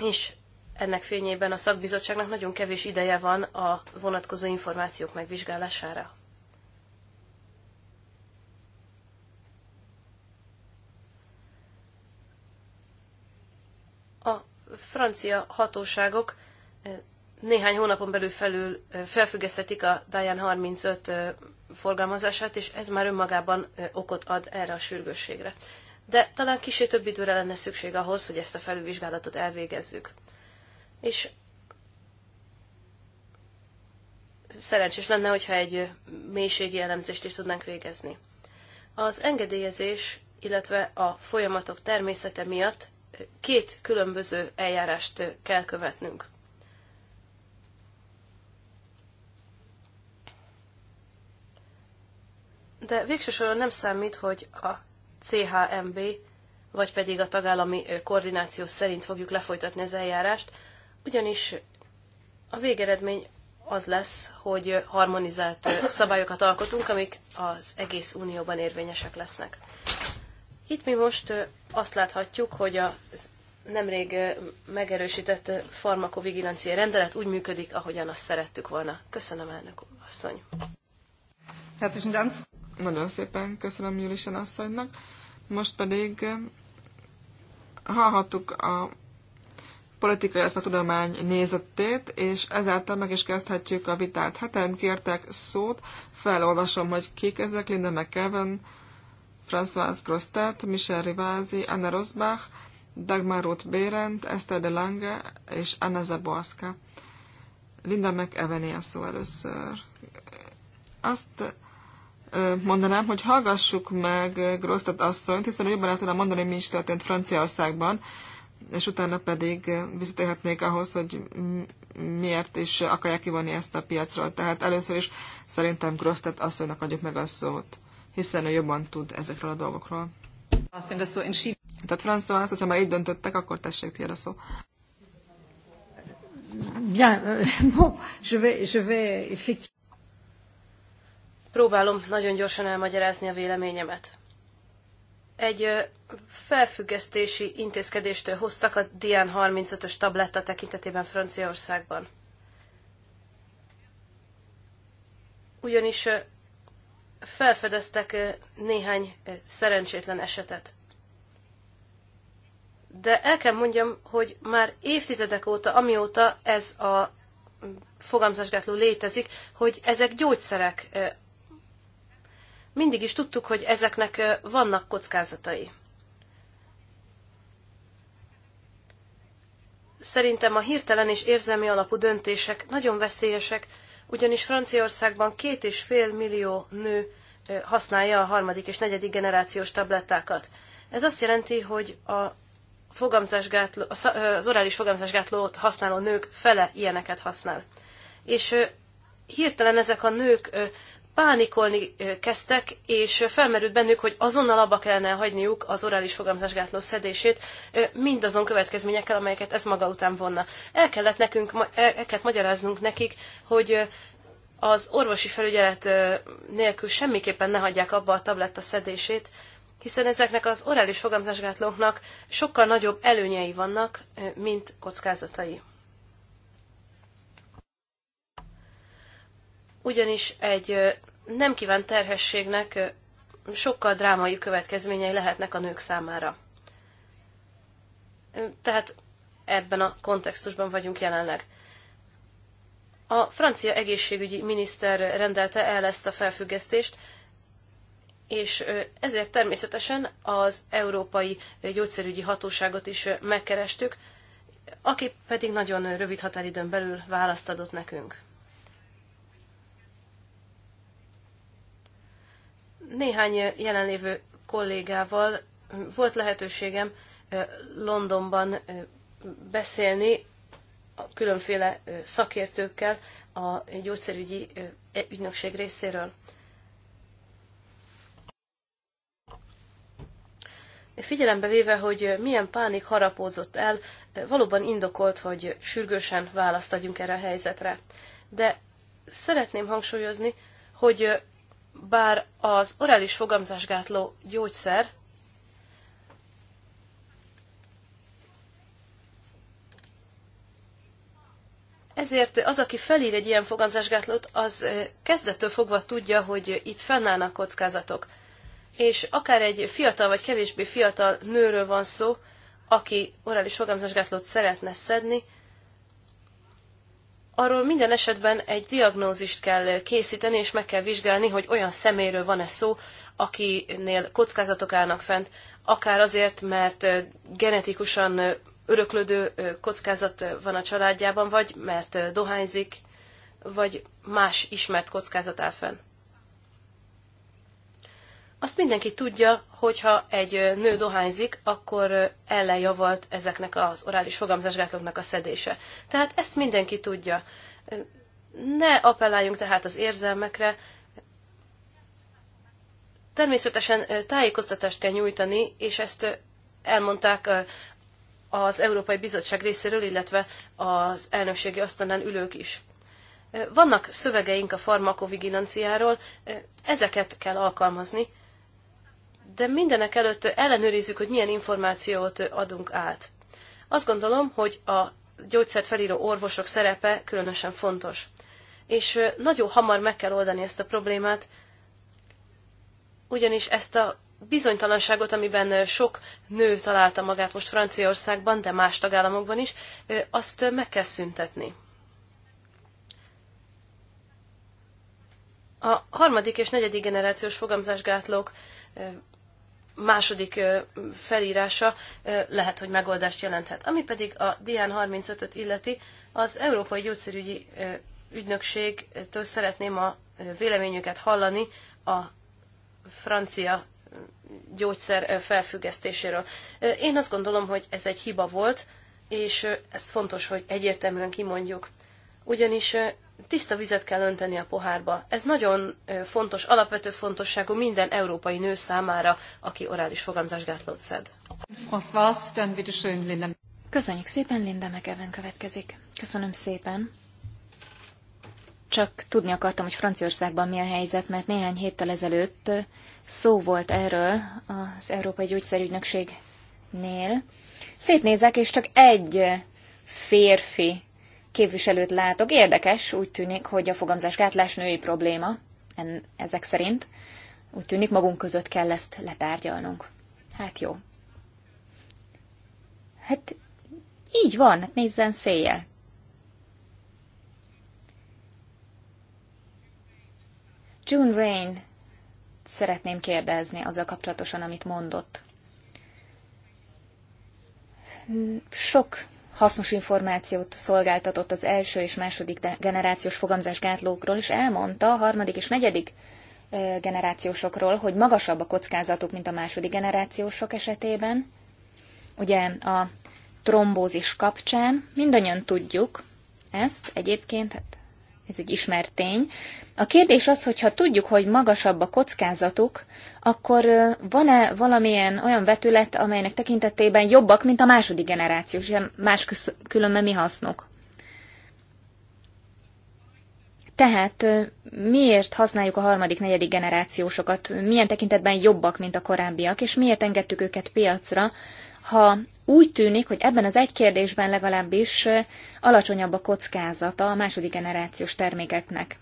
és ennek fényében a szakbizottságnak nagyon kevés ideje van a vonatkozó információk megvizsgálására. A francia hatóságok eh, néhány hónapon belül felül eh, felfüggeszthetik a Diane eh, 35 forgalmazását, és ez már önmagában okot ad erre a sürgősségre. De talán kicsit több időre lenne szükség ahhoz, hogy ezt a felülvizsgálatot elvégezzük. És szerencsés lenne, hogyha egy mélységi elemzést is tudnánk végezni. Az engedélyezés, illetve a folyamatok természete miatt két különböző eljárást kell követnünk. de végső soron nem számít, hogy a CHMB, vagy pedig a tagállami koordináció szerint fogjuk lefolytatni az eljárást, ugyanis a végeredmény az lesz, hogy harmonizált szabályokat alkotunk, amik az egész unióban érvényesek lesznek. Itt mi most azt láthatjuk, hogy a nemrég megerősített farmakovigilancia rendelet úgy működik, ahogyan azt szerettük volna. Köszönöm, elnök asszony! Nagyon szépen köszönöm Jülisen asszonynak. Most pedig eh, hallhattuk a politikai, illetve a tudomány nézetét, és ezáltal meg is kezdhetjük a vitát. Heten kértek szót, felolvasom, hogy kik ezek, Linda McKeven, François Grostet, Michel Rivázi, Anna Rosbach, Dagmar Ruth Bérent, Esther de Lange és Anna Zaborska. Linda McEvené a szó először. Azt mondanám, hogy hallgassuk meg Grosztat asszonyt, hiszen jobban el tudnám mondani, mi is történt Franciaországban, és utána pedig visszatérhetnék ahhoz, hogy miért is akarják kivonni ezt a piacról. Tehát először is szerintem Grosztat asszonynak adjuk meg a szót, hiszen ő jobban tud ezekről a dolgokról. Tehát François, hogyha már így döntöttek, akkor tessék ti a szó. Bien, euh, bon, je vais, je vais effectivement Próbálom nagyon gyorsan elmagyarázni a véleményemet. Egy felfüggesztési intézkedést hoztak a Dian 35-ös tabletta tekintetében Franciaországban. Ugyanis felfedeztek néhány szerencsétlen esetet. De el kell mondjam, hogy már évtizedek óta, amióta ez a fogamzásgátló létezik, hogy ezek gyógyszerek, mindig is tudtuk, hogy ezeknek vannak kockázatai. Szerintem a hirtelen és érzelmi alapú döntések nagyon veszélyesek, ugyanis Franciaországban két és fél millió nő használja a harmadik és negyedik generációs tablettákat. Ez azt jelenti, hogy a fogamzásgátló, az orális fogamzásgátlót használó nők fele ilyeneket használ. És hirtelen ezek a nők pánikolni kezdtek, és felmerült bennük, hogy azonnal abba kellene hagyniuk az orális fogamzásgátló szedését, mindazon következményekkel, amelyeket ez maga után vonna. El kellett nekünk, el e kellett magyaráznunk nekik, hogy az orvosi felügyelet nélkül semmiképpen ne hagyják abba a tabletta szedését, hiszen ezeknek az orális fogamzásgátlóknak sokkal nagyobb előnyei vannak, mint kockázatai. ugyanis egy nem kívánt terhességnek sokkal drámai következményei lehetnek a nők számára. Tehát ebben a kontextusban vagyunk jelenleg. A francia egészségügyi miniszter rendelte el ezt a felfüggesztést, és ezért természetesen az Európai Gyógyszerügyi Hatóságot is megkerestük, aki pedig nagyon rövid határidőn belül választ adott nekünk. Néhány jelenlévő kollégával volt lehetőségem Londonban beszélni a különféle szakértőkkel a gyógyszerügyi e, ügynökség részéről. Figyelembe véve, hogy milyen pánik harapózott el, valóban indokolt, hogy sürgősen választ adjunk erre a helyzetre. De szeretném hangsúlyozni, hogy bár az orális fogamzásgátló gyógyszer Ezért az, aki felír egy ilyen fogamzásgátlót, az kezdettől fogva tudja, hogy itt fennállnak kockázatok. És akár egy fiatal vagy kevésbé fiatal nőről van szó, aki orális fogamzásgátlót szeretne szedni, arról minden esetben egy diagnózist kell készíteni, és meg kell vizsgálni, hogy olyan szeméről van-e szó, akinél kockázatok állnak fent, akár azért, mert genetikusan öröklődő kockázat van a családjában, vagy mert dohányzik, vagy más ismert kockázat áll fenn. Azt mindenki tudja, hogyha egy nő dohányzik, akkor ellenjavalt ezeknek az orális fogamzásgátlóknak a szedése. Tehát ezt mindenki tudja. Ne appelláljunk tehát az érzelmekre, Természetesen tájékoztatást kell nyújtani, és ezt elmondták az Európai Bizottság részéről, illetve az elnökségi asztalán ülők is. Vannak szövegeink a farmakovigilanciáról, ezeket kell alkalmazni, de mindenek előtt ellenőrizzük, hogy milyen információt adunk át. Azt gondolom, hogy a gyógyszert felíró orvosok szerepe különösen fontos. És nagyon hamar meg kell oldani ezt a problémát, ugyanis ezt a bizonytalanságot, amiben sok nő találta magát most Franciaországban, de más tagállamokban is, azt meg kell szüntetni. A harmadik és negyedik generációs fogamzásgátlók második felírása lehet, hogy megoldást jelenthet. Ami pedig a Dián 35-öt illeti, az Európai Gyógyszerügyi Ügynökségtől szeretném a véleményüket hallani a francia gyógyszer felfüggesztéséről. Én azt gondolom, hogy ez egy hiba volt, és ez fontos, hogy egyértelműen kimondjuk. Ugyanis tiszta vizet kell önteni a pohárba. Ez nagyon fontos, alapvető fontosságú minden európai nő számára, aki orális fogamzásgátlót szed. Köszönjük szépen, Linda McEwen következik. Köszönöm szépen. Csak tudni akartam, hogy Franciaországban mi a helyzet, mert néhány héttel ezelőtt szó volt erről az Európai Gyógyszerügynökségnél. Szétnézek, és csak egy férfi képviselőt látok. Érdekes, úgy tűnik, hogy a fogamzásgátlás női probléma, en, ezek szerint. Úgy tűnik, magunk között kell ezt letárgyalnunk. Hát jó. Hát így van, hát nézzen széjjel. June Rain szeretném kérdezni azzal kapcsolatosan, amit mondott. Sok hasznos információt szolgáltatott az első és második generációs fogamzásgátlókról, és elmondta a harmadik és negyedik generációsokról, hogy magasabb a kockázatuk, mint a második generációsok esetében. Ugye a trombózis kapcsán mindannyian tudjuk ezt egyébként, hát ez egy ismert tény. A kérdés az, hogy ha tudjuk, hogy magasabb a kockázatuk, akkor van-e valamilyen olyan vetület, amelynek tekintetében jobbak, mint a második generáció, és más különben mi hasznuk? Tehát miért használjuk a harmadik, negyedik generációsokat, milyen tekintetben jobbak, mint a korábbiak, és miért engedtük őket piacra, ha úgy tűnik, hogy ebben az egy kérdésben legalábbis alacsonyabb a kockázata a második generációs termékeknek.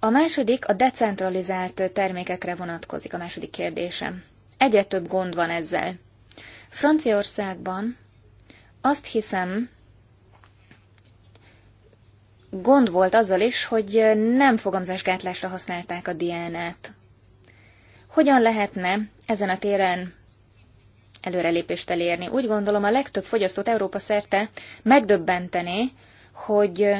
A második a decentralizált termékekre vonatkozik a második kérdésem. Egyre több gond van ezzel. Franciaországban azt hiszem, gond volt azzal is, hogy nem fogamzásgátlásra használták a DNA-t. Hogyan lehetne ezen a téren előrelépést elérni. Úgy gondolom, a legtöbb fogyasztót Európa szerte megdöbbentené, hogy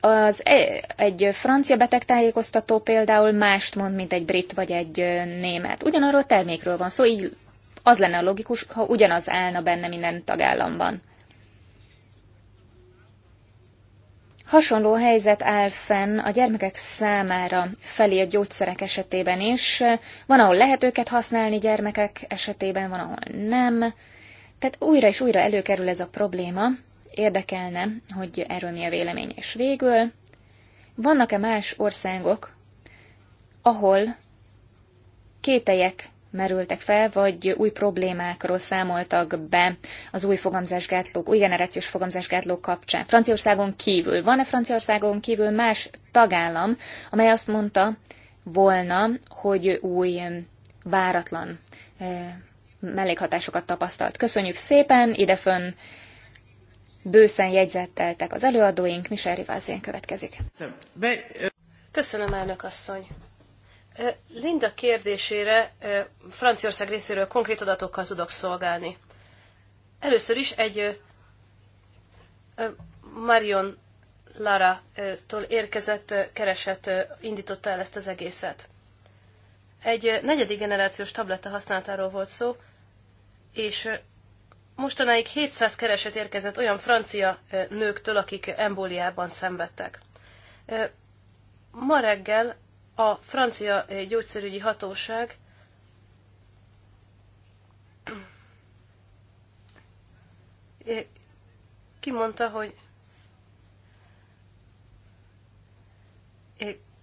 az e- egy francia betegtájékoztató például mást mond, mint egy brit vagy egy német. Ugyanarról termékről van szó, így az lenne a logikus, ha ugyanaz állna benne minden tagállamban. Hasonló helyzet áll fenn a gyermekek számára felírt gyógyszerek esetében is. Van, ahol lehet őket használni gyermekek esetében, van, ahol nem. Tehát újra és újra előkerül ez a probléma. Érdekelne, hogy erről mi a vélemény. És végül, vannak-e más országok, ahol kételyek merültek fel, vagy új problémákról számoltak be az új fogamzásgátlók, új generációs fogamzásgátlók kapcsán. Franciaországon kívül. Van-e Franciaországon kívül más tagállam, amely azt mondta volna, hogy új váratlan eh, mellékhatásokat tapasztalt. Köszönjük szépen, idefön bőszen jegyzetteltek az előadóink, Michel Rivázien következik. Köszönöm, elnök asszony! Linda kérdésére Franciaország részéről konkrét adatokkal tudok szolgálni. Először is egy Marion Lara-tól érkezett kereset indította el ezt az egészet. Egy negyedik generációs tabletta használatáról volt szó, és mostanáig 700 kereset érkezett olyan francia nőktől, akik embóliában szenvedtek. Ma reggel a francia gyógyszerügyi hatóság kimondta, hogy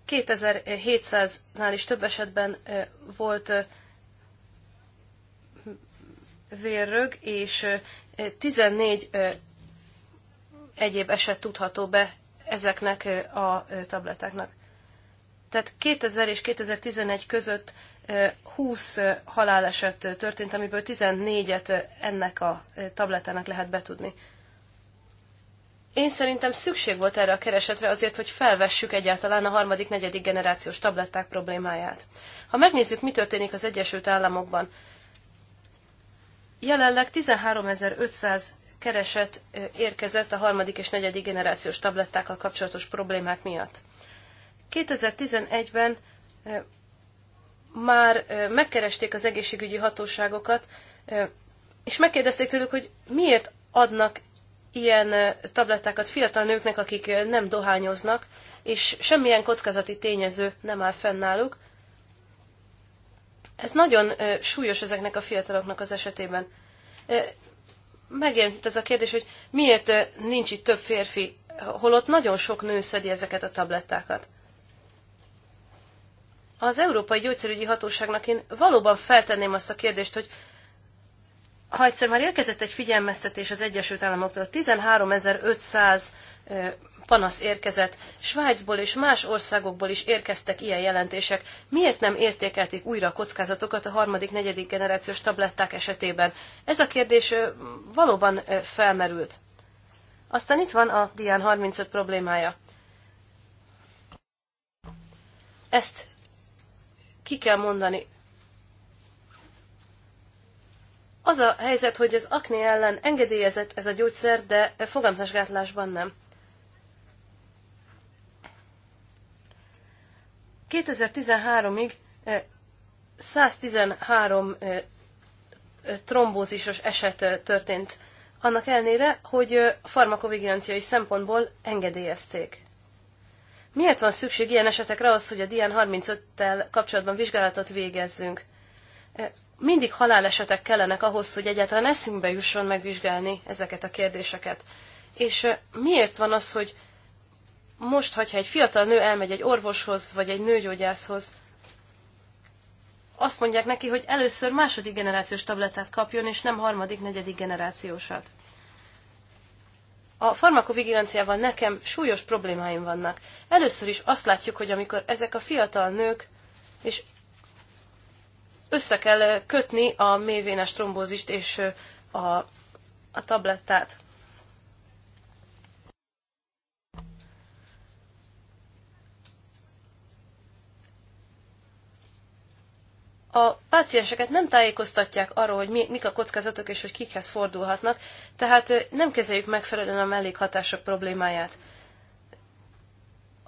2700-nál is több esetben volt vérrög, és 14 egyéb eset tudható be ezeknek a tabletáknak. Tehát 2000 és 2011 között 20 haláleset történt, amiből 14-et ennek a tabletának lehet betudni. Én szerintem szükség volt erre a keresetre azért, hogy felvessük egyáltalán a harmadik, negyedik generációs tabletták problémáját. Ha megnézzük, mi történik az Egyesült Államokban, jelenleg 13.500 kereset érkezett a harmadik és negyedik generációs tablettákkal kapcsolatos problémák miatt. 2011-ben eh, már eh, megkeresték az egészségügyi hatóságokat, eh, és megkérdezték tőlük, hogy miért adnak ilyen tablettákat fiatal nőknek, akik nem dohányoznak, és semmilyen kockázati tényező nem áll fenn náluk. Ez nagyon súlyos ezeknek a fiataloknak az esetében. Megjelent itt ez a kérdés, hogy miért nincs itt több férfi, holott nagyon sok nő szedi ezeket a tablettákat az Európai Gyógyszerügyi Hatóságnak én valóban feltenném azt a kérdést, hogy ha egyszer már érkezett egy figyelmeztetés az Egyesült Államoktól, 13500 panasz érkezett, Svájcból és más országokból is érkeztek ilyen jelentések. Miért nem értékelték újra a kockázatokat a harmadik, negyedik generációs tabletták esetében? Ez a kérdés valóban felmerült. Aztán itt van a Dián 35 problémája. Ezt ki kell mondani. Az a helyzet, hogy az akné ellen engedélyezett ez a gyógyszer, de fogamzásgátlásban nem. 2013-ig 113 eh, eh, eh, trombózisos eset történt. Annak ellenére, hogy farmakovigilanciai szempontból engedélyezték. Miért van szükség ilyen esetekre az, hogy a DN 35-tel kapcsolatban vizsgálatot végezzünk? E, mindig halálesetek kellenek ahhoz, hogy egyáltalán eszünkbe jusson megvizsgálni ezeket a kérdéseket. És e, miért van az, hogy most, hogyha egy fiatal nő elmegy egy orvoshoz, vagy egy nőgyógyászhoz, azt mondják neki, hogy először második generációs tablettát kapjon, és nem harmadik, negyedik generációsat. A farmakovigilanciával nekem súlyos problémáim vannak. Először is azt látjuk, hogy amikor ezek a fiatal nők, és össze kell kötni a mélyvénás trombózist és a, a tablettát. A pácienseket nem tájékoztatják arról, hogy mi, mik a kockázatok és hogy kikhez fordulhatnak, tehát nem kezeljük megfelelően a mellékhatások problémáját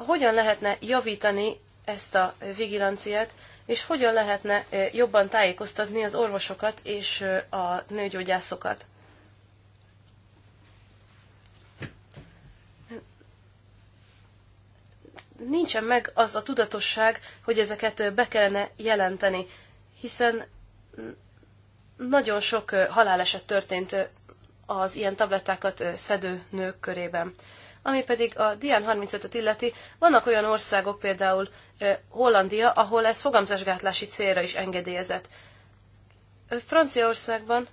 hogyan lehetne javítani ezt a vigilanciát, és hogyan lehetne jobban tájékoztatni az orvosokat és a nőgyógyászokat. Nincsen meg az a tudatosság, hogy ezeket be kellene jelenteni, hiszen nagyon sok haláleset történt az ilyen tablettákat szedő nők körében. Ami pedig a Dián 35-öt illeti, vannak olyan országok, például Hollandia, ahol ez fogamzásgátlási célra is engedélyezett. Franciaországban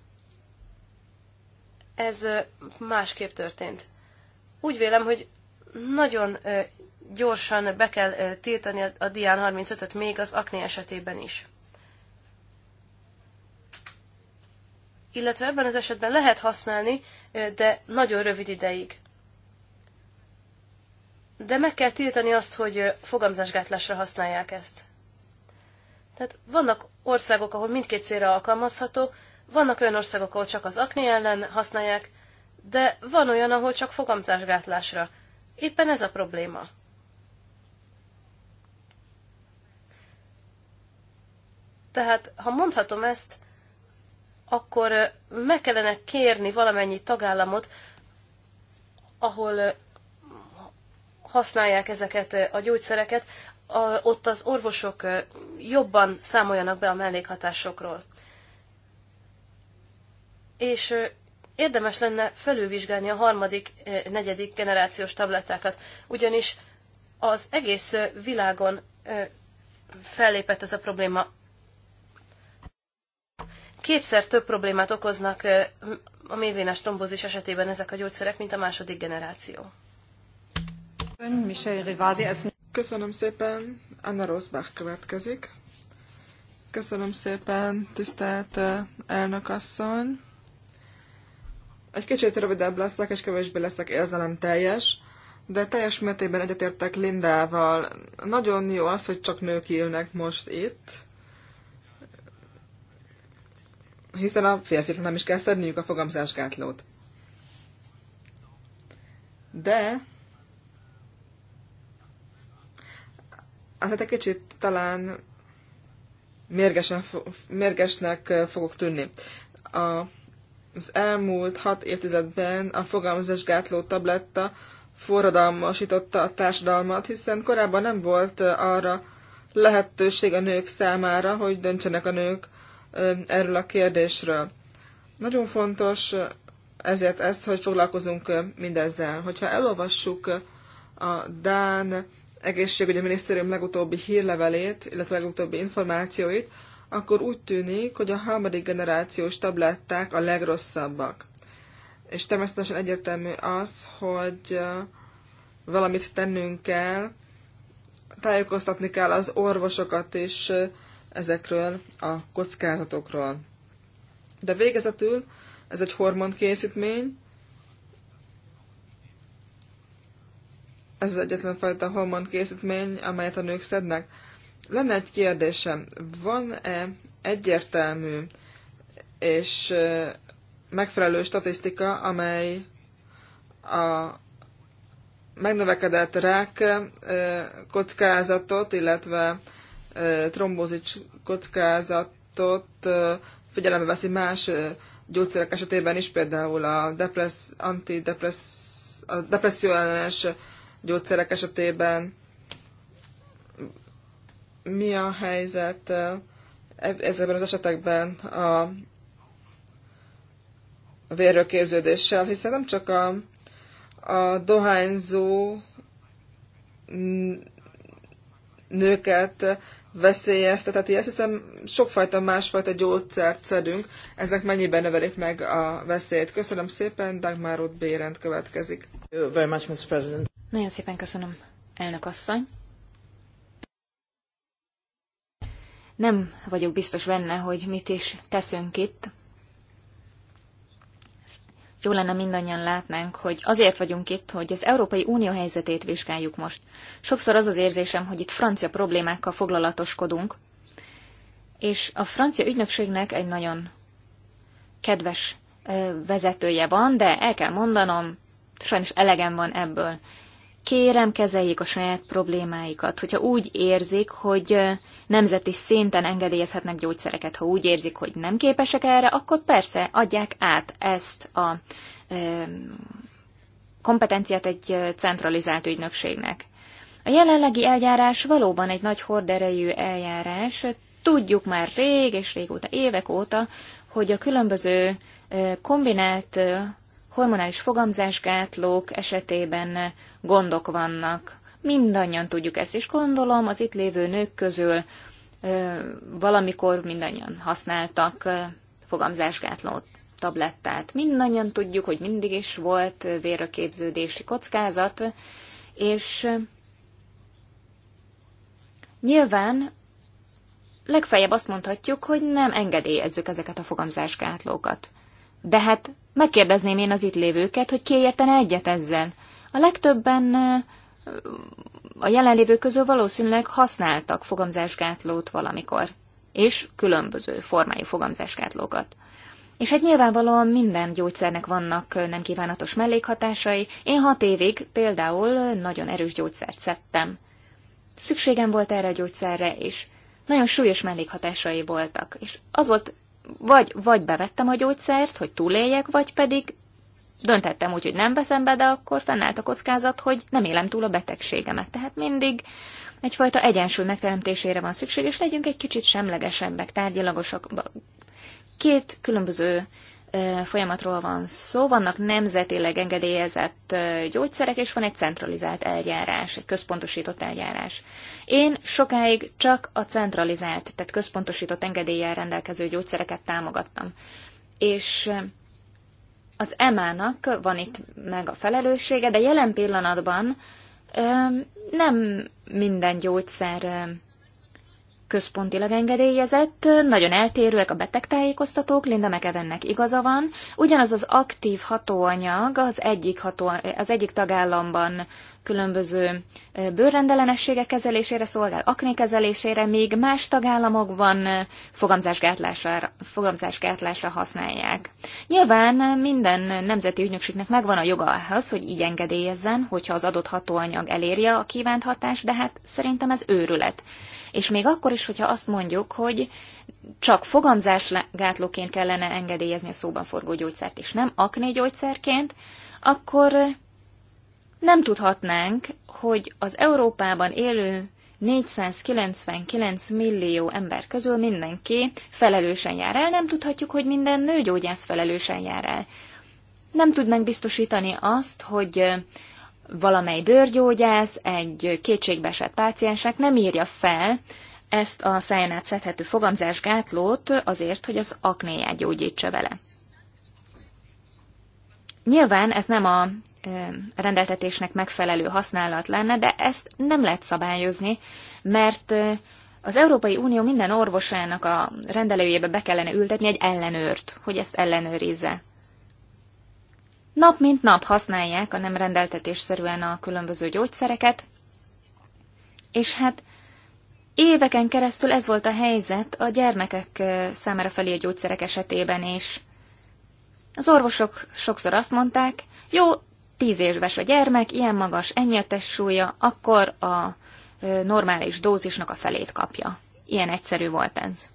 ez másképp történt. Úgy vélem, hogy nagyon gyorsan be kell tiltani a Dián 35-öt még az akné esetében is. Illetve ebben az esetben lehet használni, de nagyon rövid ideig de meg kell tiltani azt, hogy fogamzásgátlásra használják ezt. Tehát vannak országok, ahol mindkét célra alkalmazható, vannak olyan országok, ahol csak az akné ellen használják, de van olyan, ahol csak fogamzásgátlásra. Éppen ez a probléma. Tehát, ha mondhatom ezt, akkor meg kellene kérni valamennyi tagállamot, ahol használják ezeket a gyógyszereket, a, ott az orvosok jobban számoljanak be a mellékhatásokról. És érdemes lenne felülvizsgálni a harmadik, negyedik generációs tablettákat, ugyanis az egész világon fellépett ez a probléma. Kétszer több problémát okoznak a mévénes trombózis esetében ezek a gyógyszerek, mint a második generáció. Köszönöm szépen, Anna Rosbach következik. Köszönöm szépen, tisztelt elnök asszony. Egy kicsit rövidebb leszek, és kevésbé leszek teljes, de teljes mértékben egyetértek Lindával. Nagyon jó az, hogy csak nők élnek most itt, hiszen a férfiak nem is kell szedniük a fogamzásgátlót. De hát egy kicsit talán mérgesen, mérgesnek fogok tűnni. A, az elmúlt hat évtizedben a fogalmazásgátló tabletta forradalmasította a társadalmat, hiszen korábban nem volt arra lehetőség a nők számára, hogy döntsenek a nők erről a kérdésről. Nagyon fontos ezért ez, hogy foglalkozunk mindezzel. Hogyha elolvassuk a Dán egészségügyi minisztérium legutóbbi hírlevelét, illetve legutóbbi információit, akkor úgy tűnik, hogy a harmadik generációs tabletták a legrosszabbak. És természetesen egyértelmű az, hogy valamit tennünk kell, tájékoztatni kell az orvosokat is ezekről a kockázatokról. De végezetül ez egy hormonkészítmény, ez az egyetlen fajta hormon készítmény, amelyet a nők szednek. Lenne egy kérdésem, van-e egyértelmű és megfelelő statisztika, amely a megnövekedett rák kockázatot, illetve trombózis kockázatot figyelembe veszi más gyógyszerek esetében is, például a, depressz, antidepressz, a depresszió ellenes gyógyszerek esetében. Mi a helyzet eh, e- ezekben az esetekben a vérről képződéssel, hiszen nem csak a, a dohányzó nőket veszélyezteteti ezt, hiszem sokfajta másfajta gyógyszert szedünk, ezek mennyiben növelik meg a veszélyt. Köszönöm szépen, Dagmar ott Bérend következik. Very much, Mr. President. Nagyon szépen köszönöm, elnök asszony. Nem vagyok biztos benne, hogy mit is teszünk itt. Jó lenne mindannyian látnánk, hogy azért vagyunk itt, hogy az Európai Unió helyzetét vizsgáljuk most. Sokszor az az érzésem, hogy itt francia problémákkal foglalatoskodunk, és a francia ügynökségnek egy nagyon kedves vezetője van, de el kell mondanom, sajnos elegem van ebből. Kérem, kezeljék a saját problémáikat. Hogyha úgy érzik, hogy nemzeti szinten engedélyezhetnek gyógyszereket, ha úgy érzik, hogy nem képesek erre, akkor persze adják át ezt a kompetenciát egy centralizált ügynökségnek. A jelenlegi eljárás valóban egy nagy horderejű eljárás. Tudjuk már rég és régóta, évek óta, hogy a különböző kombinált hormonális fogamzásgátlók esetében gondok vannak. Mindannyian tudjuk ezt, és gondolom az itt lévő nők közül ö, valamikor mindannyian használtak ö, fogamzásgátló tablettát. Mindannyian tudjuk, hogy mindig is volt véröképződési kockázat, és nyilván legfeljebb azt mondhatjuk, hogy nem engedélyezzük ezeket a fogamzásgátlókat. De hát Megkérdezném én az itt lévőket, hogy ki értene egyet ezzel. A legtöbben a jelenlévők közül valószínűleg használtak fogamzásgátlót valamikor, és különböző formájú fogamzásgátlókat. És hát nyilvánvalóan minden gyógyszernek vannak nem kívánatos mellékhatásai. Én hat évig például nagyon erős gyógyszert szedtem. Szükségem volt erre a gyógyszerre, és nagyon súlyos mellékhatásai voltak. És az volt vagy, vagy bevettem a gyógyszert, hogy túléljek, vagy pedig döntettem úgy, hogy nem veszem be, de akkor fennállt a kockázat, hogy nem élem túl a betegségemet. Tehát mindig egyfajta egyensúly megteremtésére van szükség, és legyünk egy kicsit semlegesebbek, tárgyalagosak. Két különböző folyamatról van szó. Vannak nemzetileg engedélyezett gyógyszerek, és van egy centralizált eljárás, egy központosított eljárás. Én sokáig csak a centralizált, tehát központosított engedéllyel rendelkező gyógyszereket támogattam. És az EMA-nak van itt meg a felelőssége, de jelen pillanatban nem minden gyógyszer központilag engedélyezett, nagyon eltérőek a betegtájékoztatók, Linda McEvennek igaza van, ugyanaz az aktív hatóanyag az egyik, hatóanyag, az egyik tagállamban különböző bőrrendellenességek kezelésére szolgál, akné kezelésére, még más tagállamokban fogamzásgátlásra, fogamzásgátlásra használják. Nyilván minden nemzeti ügynökségnek megvan a joga ahhoz, hogy így engedélyezzen, hogyha az adott hatóanyag elérje a kívánt hatást, de hát szerintem ez őrület. És még akkor is, hogyha azt mondjuk, hogy csak fogamzásgátlóként kellene engedélyezni a szóban forgó gyógyszert, és nem akné gyógyszerként, akkor nem tudhatnánk, hogy az Európában élő 499 millió ember közül mindenki felelősen jár el, nem tudhatjuk, hogy minden nőgyógyász felelősen jár el. Nem tudnánk biztosítani azt, hogy valamely bőrgyógyász egy kétségbeesett páciensnek nem írja fel ezt a száján szedhető fogamzásgátlót azért, hogy az aknéját gyógyítsa vele. Nyilván ez nem a rendeltetésnek megfelelő használat lenne, de ezt nem lehet szabályozni, mert az Európai Unió minden orvosának a rendelőjébe be kellene ültetni egy ellenőrt, hogy ezt ellenőrizze. Nap mint nap használják a nem rendeltetésszerűen a különböző gyógyszereket, és hát éveken keresztül ez volt a helyzet a gyermekek számára felírt gyógyszerek esetében is. Az orvosok sokszor azt mondták, jó, tíz éves a gyermek, ilyen magas, ennyi a testsúlya, akkor a normális dózisnak a felét kapja. Ilyen egyszerű volt ez.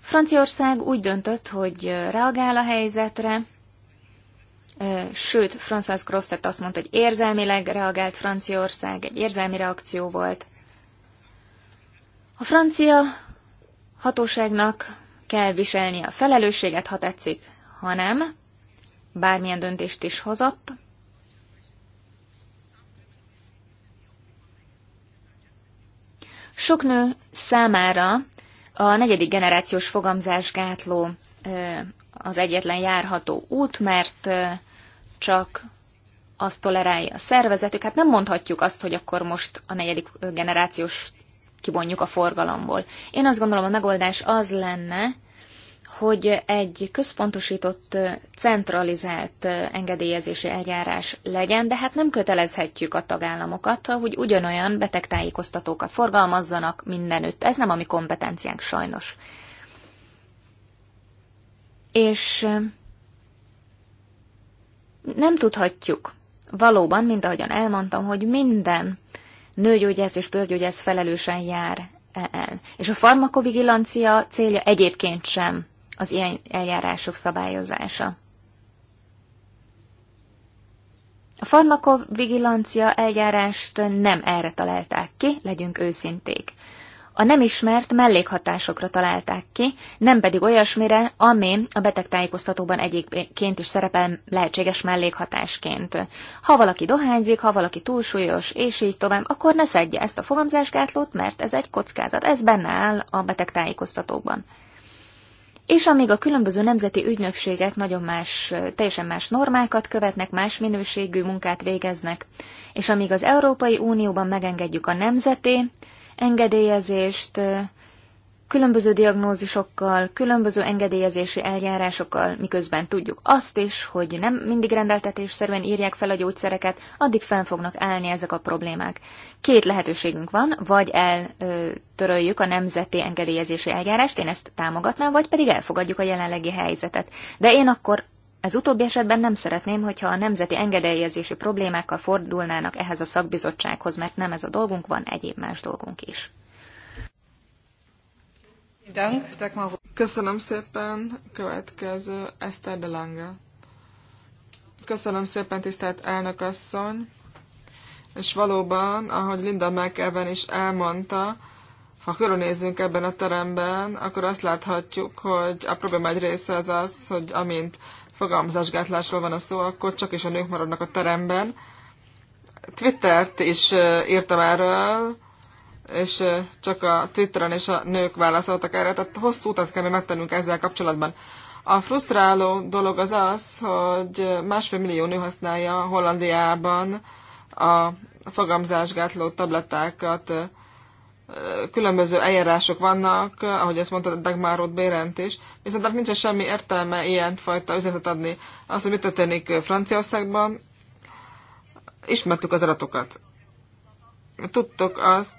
Franciaország úgy döntött, hogy reagál a helyzetre, sőt, François Grosset azt mondta, hogy érzelmileg reagált Franciaország, egy érzelmi reakció volt. A francia hatóságnak kell viselni a felelősséget, ha tetszik, hanem bármilyen döntést is hozott, Sok nő számára a negyedik generációs fogamzásgátló az egyetlen járható út, mert csak azt tolerálja a szervezetük. Hát nem mondhatjuk azt, hogy akkor most a negyedik generációs kivonjuk a forgalomból. Én azt gondolom, a megoldás az lenne, hogy egy központosított, centralizált engedélyezési eljárás legyen, de hát nem kötelezhetjük a tagállamokat, hogy ugyanolyan betegtájékoztatókat forgalmazzanak mindenütt. Ez nem a mi kompetenciánk sajnos. És nem tudhatjuk valóban, mint ahogyan elmondtam, hogy minden nőgyógyász és bőrgyógyász felelősen jár el. És a farmakovigilancia célja egyébként sem az ilyen eljárások szabályozása. A farmakovigilancia eljárást nem erre találták ki, legyünk őszinték. A nem ismert mellékhatásokra találták ki, nem pedig olyasmire, ami a betegtájékoztatóban egyébként is szerepel lehetséges mellékhatásként. Ha valaki dohányzik, ha valaki túlsúlyos, és így tovább, akkor ne szedje ezt a fogamzásgátlót, mert ez egy kockázat, ez benne áll a betegtájékoztatóban. És amíg a különböző nemzeti ügynökségek nagyon más, teljesen más normákat követnek, más minőségű munkát végeznek, és amíg az Európai Unióban megengedjük a nemzeti engedélyezést, különböző diagnózisokkal, különböző engedélyezési eljárásokkal, miközben tudjuk azt is, hogy nem mindig rendeltetésszerűen írják fel a gyógyszereket, addig fenn fognak állni ezek a problémák. Két lehetőségünk van, vagy eltöröljük a nemzeti engedélyezési eljárást, én ezt támogatnám, vagy pedig elfogadjuk a jelenlegi helyzetet. De én akkor ez utóbbi esetben nem szeretném, hogyha a nemzeti engedélyezési problémákkal fordulnának ehhez a szakbizottsághoz, mert nem ez a dolgunk, van egyéb más dolgunk is. Köszönöm szépen, következő Eszter de Lange. Köszönöm szépen, tisztelt elnök asszony. És valóban, ahogy Linda McEwen is elmondta, ha körülnézünk ebben a teremben, akkor azt láthatjuk, hogy a probléma egy része az az, hogy amint fogalmazásgátlásról van a szó, akkor csak is a nők maradnak a teremben. Twittert is írtam erről, és csak a Twitteren és a nők válaszoltak erre, tehát hosszú utat kell megtennünk ezzel kapcsolatban. A frusztráló dolog az az, hogy másfél millió nő használja Hollandiában a fogamzásgátló tablettákat. Különböző eljárások vannak, ahogy ezt mondta Dagmar Roth Bérent is, viszont nincsen semmi értelme ilyenfajta üzletet adni. Az, hogy mit történik Franciaországban, ismertük az adatokat tudtok azt,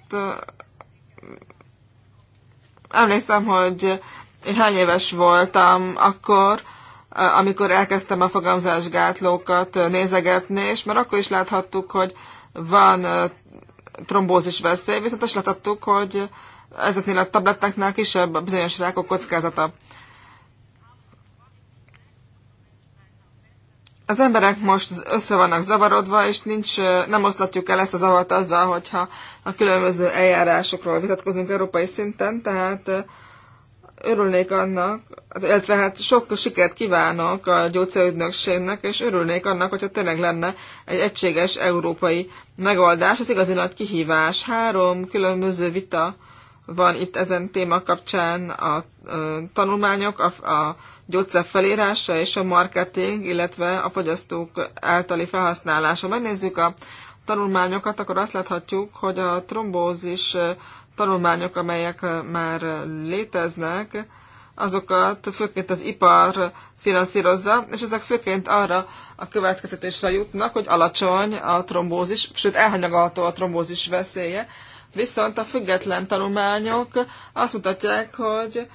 emlékszem, hogy én hány éves voltam akkor, amikor elkezdtem a fogamzásgátlókat nézegetni, és már akkor is láthattuk, hogy van trombózis veszély, viszont azt láthattuk, hogy ezeknél a tabletteknál kisebb a bizonyos rákok kockázata. az emberek most össze vannak zavarodva, és nincs, nem oszlatjuk el ezt a zavart azzal, hogyha a különböző eljárásokról vitatkozunk európai szinten, tehát örülnék annak, illetve hát sok sikert kívánok a gyógyszerügynökségnek, és örülnék annak, hogyha tényleg lenne egy egységes európai megoldás. Ez igazi nagy kihívás. Három különböző vita van itt ezen téma kapcsán a, a tanulmányok, a, a gyógyszer felírása és a marketing, illetve a fogyasztók általi felhasználása. Megnézzük a tanulmányokat, akkor azt láthatjuk, hogy a trombózis tanulmányok, amelyek már léteznek, azokat főként az ipar finanszírozza, és ezek főként arra a következtetésre jutnak, hogy alacsony a trombózis, sőt elhanyagolható a trombózis veszélye, viszont a független tanulmányok azt mutatják, hogy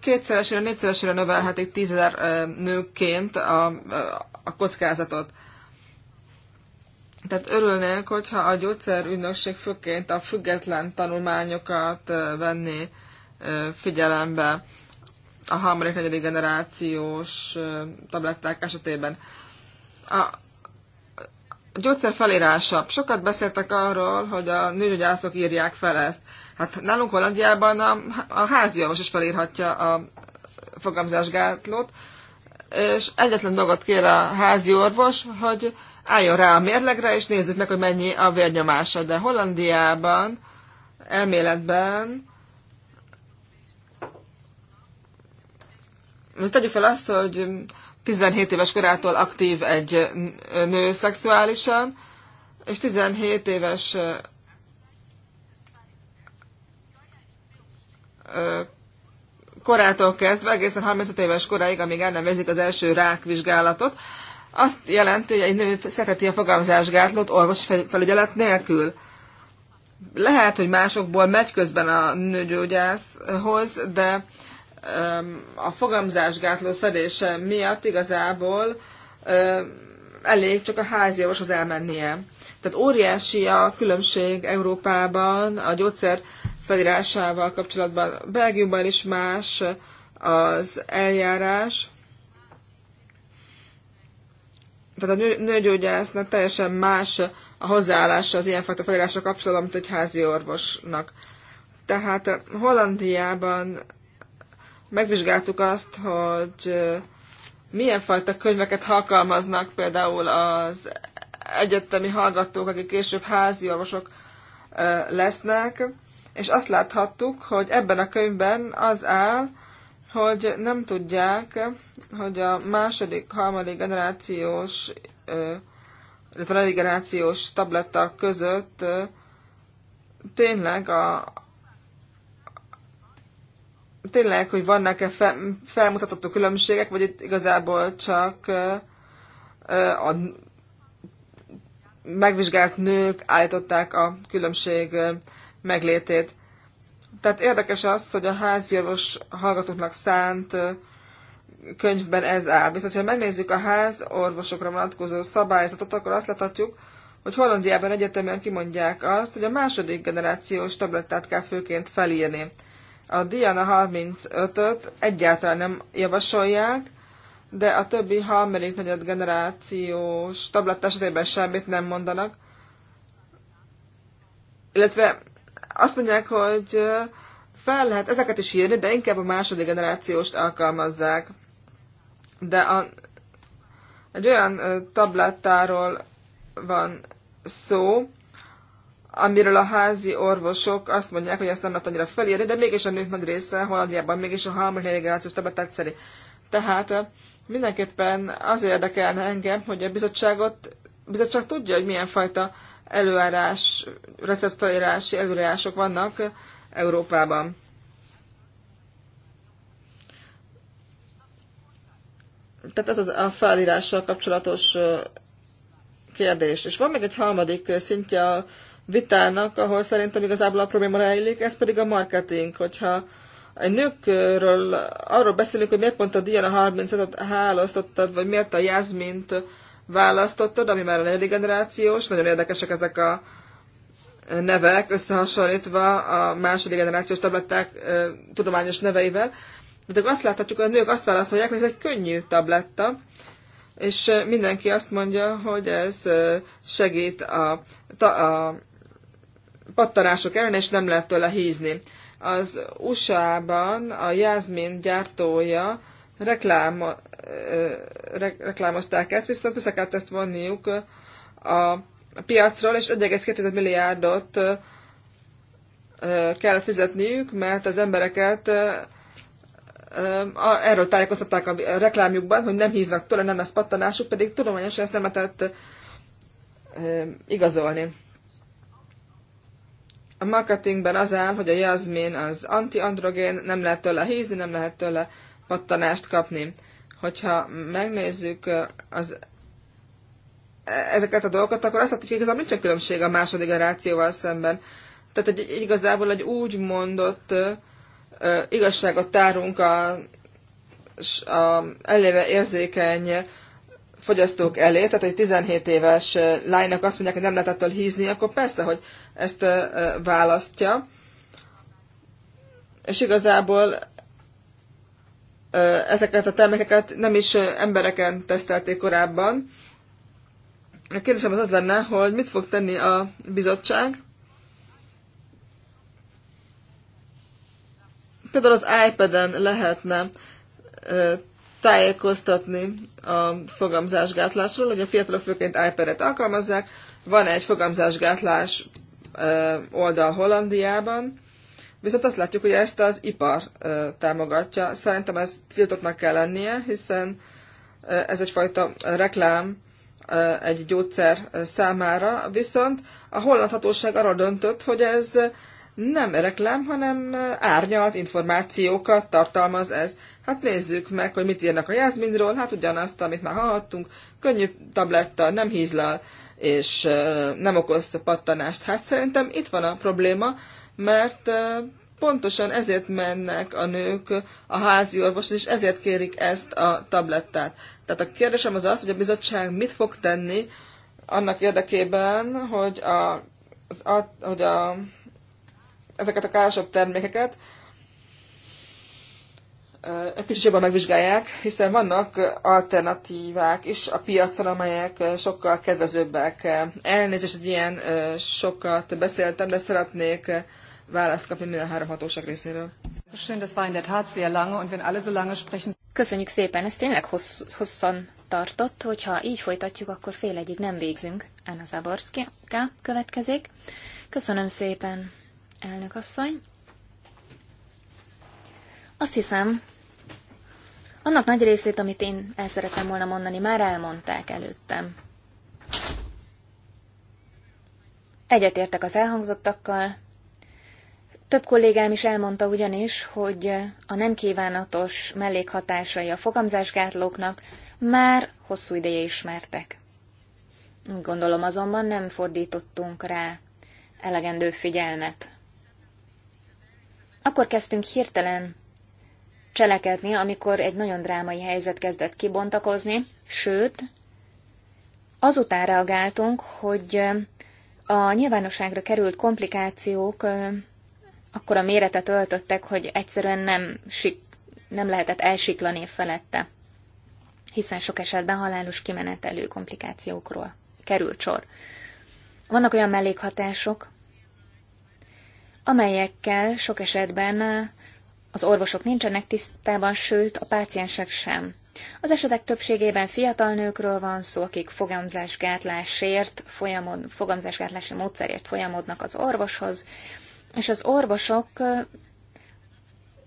kétszeresére, négyszeresére növelhetik tízezer nőként a, a kockázatot. Tehát örülnék, hogyha a gyógyszerügynökség főként a független tanulmányokat venni figyelembe a harmadik, negyedik generációs tabletták esetében. A gyógyszer felírása. Sokat beszéltek arról, hogy a nőgyógyászok írják fel ezt. Hát nálunk Hollandiában a, a házi orvos is felírhatja a fogamzásgátlót, és egyetlen dolgot kér a házi orvos, hogy álljon rá a mérlegre, és nézzük meg, hogy mennyi a vérnyomása. De Hollandiában elméletben tegyük fel azt, hogy 17 éves korától aktív egy nő szexuálisan, és 17 éves korától kezdve, egészen 35 éves koráig, amíg el nem vezik az első rákvizsgálatot, azt jelenti, hogy egy nő szereti a fogalmazásgátlót orvos felügyelet nélkül. Lehet, hogy másokból megy közben a nőgyógyászhoz, de a fogamzásgátló szedése miatt igazából elég csak a házi orvoshoz elmennie. Tehát óriási a különbség Európában a gyógyszer felírásával kapcsolatban. Belgiumban is más az eljárás. Tehát a nőgyógyásznak teljesen más a hozzáállása az ilyenfajta felírásra kapcsolatban, mint egy házi orvosnak. Tehát Hollandiában megvizsgáltuk azt, hogy milyen fajta könyveket alkalmaznak például az egyetemi hallgatók, akik később házi orvosok lesznek, és azt láthattuk, hogy ebben a könyvben az áll, hogy nem tudják, hogy a második, harmadik generációs, illetve negyedik generációs tabletta között tényleg a tényleg, hogy vannak-e fel, felmutatható különbségek, vagy itt igazából csak a megvizsgált nők állították a különbség meglétét. Tehát érdekes az, hogy a házjogos hallgatóknak szánt könyvben ez áll. Viszont, ha megnézzük a ház orvosokra vonatkozó szabályzatot, akkor azt láthatjuk, hogy Hollandiában egyetemen kimondják azt, hogy a második generációs tablettát kell főként felírni. A Diana 35-öt egyáltalán nem javasolják, de a többi harmadik negyed generációs tabletta esetében semmit nem mondanak. Illetve azt mondják, hogy fel lehet ezeket is írni, de inkább a második generációst alkalmazzák. De a, egy olyan tablettáról van szó, amiről a házi orvosok azt mondják, hogy ezt nem lehet annyira felírni, de mégis a nők nagy része Hollandiában mégis a harmadik generációs tablettát szeri. Tehát mindenképpen az érdekelne engem, hogy a bizottságot, bizottság tudja, hogy milyen fajta előárás, receptfelírási előírások vannak Európában. Tehát ez az a felírással kapcsolatos kérdés. És van még egy harmadik szintje a vitának, ahol szerintem igazából a probléma rejlik, ez pedig a marketing. Hogyha egy nőkről arról beszélünk, hogy miért pont a Diana 35 et hálóztattad, vagy miért a Jászmint választottad, ami már a negyedik generációs. Nagyon érdekesek ezek a nevek, összehasonlítva a második generációs tabletták e, tudományos neveivel. De azt láthatjuk, hogy a nők azt válaszolják, hogy ez egy könnyű tabletta, és mindenki azt mondja, hogy ez segít a, a pattanások ellen, és nem lehet tőle hízni. Az USA-ban a Jászmin gyártója reklám, reklámozták ezt, viszont vissza kellett ezt vonniuk a piacról, és 1,2 milliárdot kell fizetniük, mert az embereket erről tájékoztatták a reklámjukban, hogy nem híznak tőle, nem lesz pattanásuk, pedig tudományosan ezt nem lehetett igazolni. A marketingben az áll, hogy a jazmin az antiandrogén, nem lehet tőle hízni, nem lehet tőle pattanást kapni. Hogyha megnézzük az, e, ezeket a dolgokat, akkor azt látjuk, hogy igazából nincsen különbség a második generációval szemben. Tehát egy, igazából egy úgy mondott uh, igazságot tárunk a, a eléve érzékeny fogyasztók elé, tehát egy 17 éves lánynak azt mondják, hogy nem lehet attól hízni, akkor persze, hogy ezt választja. És igazából ezeket a termékeket nem is embereken tesztelték korábban. A kérdésem az az lenne, hogy mit fog tenni a bizottság? Például az iPad-en lehetne tájékoztatni a fogamzásgátlásról, hogy a fiatalok főként iPad-et alkalmazzák. Van egy fogamzásgátlás oldal Hollandiában, Viszont azt látjuk, hogy ezt az ipar támogatja. Szerintem ez tiltottnak kell lennie, hiszen ez egyfajta reklám egy gyógyszer számára, viszont a holland hatóság arra döntött, hogy ez nem reklám, hanem árnyalt információkat tartalmaz ez. Hát nézzük meg, hogy mit írnak a jászminról, hát ugyanazt, amit már hallhattunk, könnyű tabletta, nem hízlal, és nem okoz pattanást. Hát szerintem itt van a probléma, mert pontosan ezért mennek a nők a házi orvoshoz, és ezért kérik ezt a tablettát. Tehát a kérdésem az az, hogy a bizottság mit fog tenni annak érdekében, hogy, a, az, a, hogy a, ezeket a károsabb termékeket egy kicsit jobban megvizsgálják, hiszen vannak alternatívák is a piacon, amelyek sokkal kedvezőbbek. Elnézést, hogy ilyen sokat beszéltem, de szeretnék választ kapni mind a három hatóság részéről. Köszönjük szépen, ez tényleg hossz, hosszan tartott, hogyha így folytatjuk, akkor fél egyig nem végzünk. Anna Zaborszka következik. Köszönöm szépen, elnök asszony. Azt hiszem, annak nagy részét, amit én el szeretem volna mondani, már elmondták előttem. Egyetértek az elhangzottakkal, több kollégám is elmondta ugyanis, hogy a nem kívánatos mellékhatásai a fogamzásgátlóknak már hosszú ideje ismertek. Gondolom azonban nem fordítottunk rá elegendő figyelmet. Akkor kezdtünk hirtelen cselekedni, amikor egy nagyon drámai helyzet kezdett kibontakozni, sőt, azután reagáltunk, hogy a nyilvánosságra került komplikációk akkor a méretet öltöttek, hogy egyszerűen nem, sik, nem lehetett elsiklani felette, hiszen sok esetben halálos kimenetelő komplikációkról kerül sor. Vannak olyan mellékhatások, amelyekkel sok esetben az orvosok nincsenek tisztában, sőt, a páciensek sem. Az esetek többségében fiatal nőkről van szó, akik fogamzásgátlásért, folyamod, fogamzásgátlási módszerért folyamodnak az orvoshoz, és az orvosok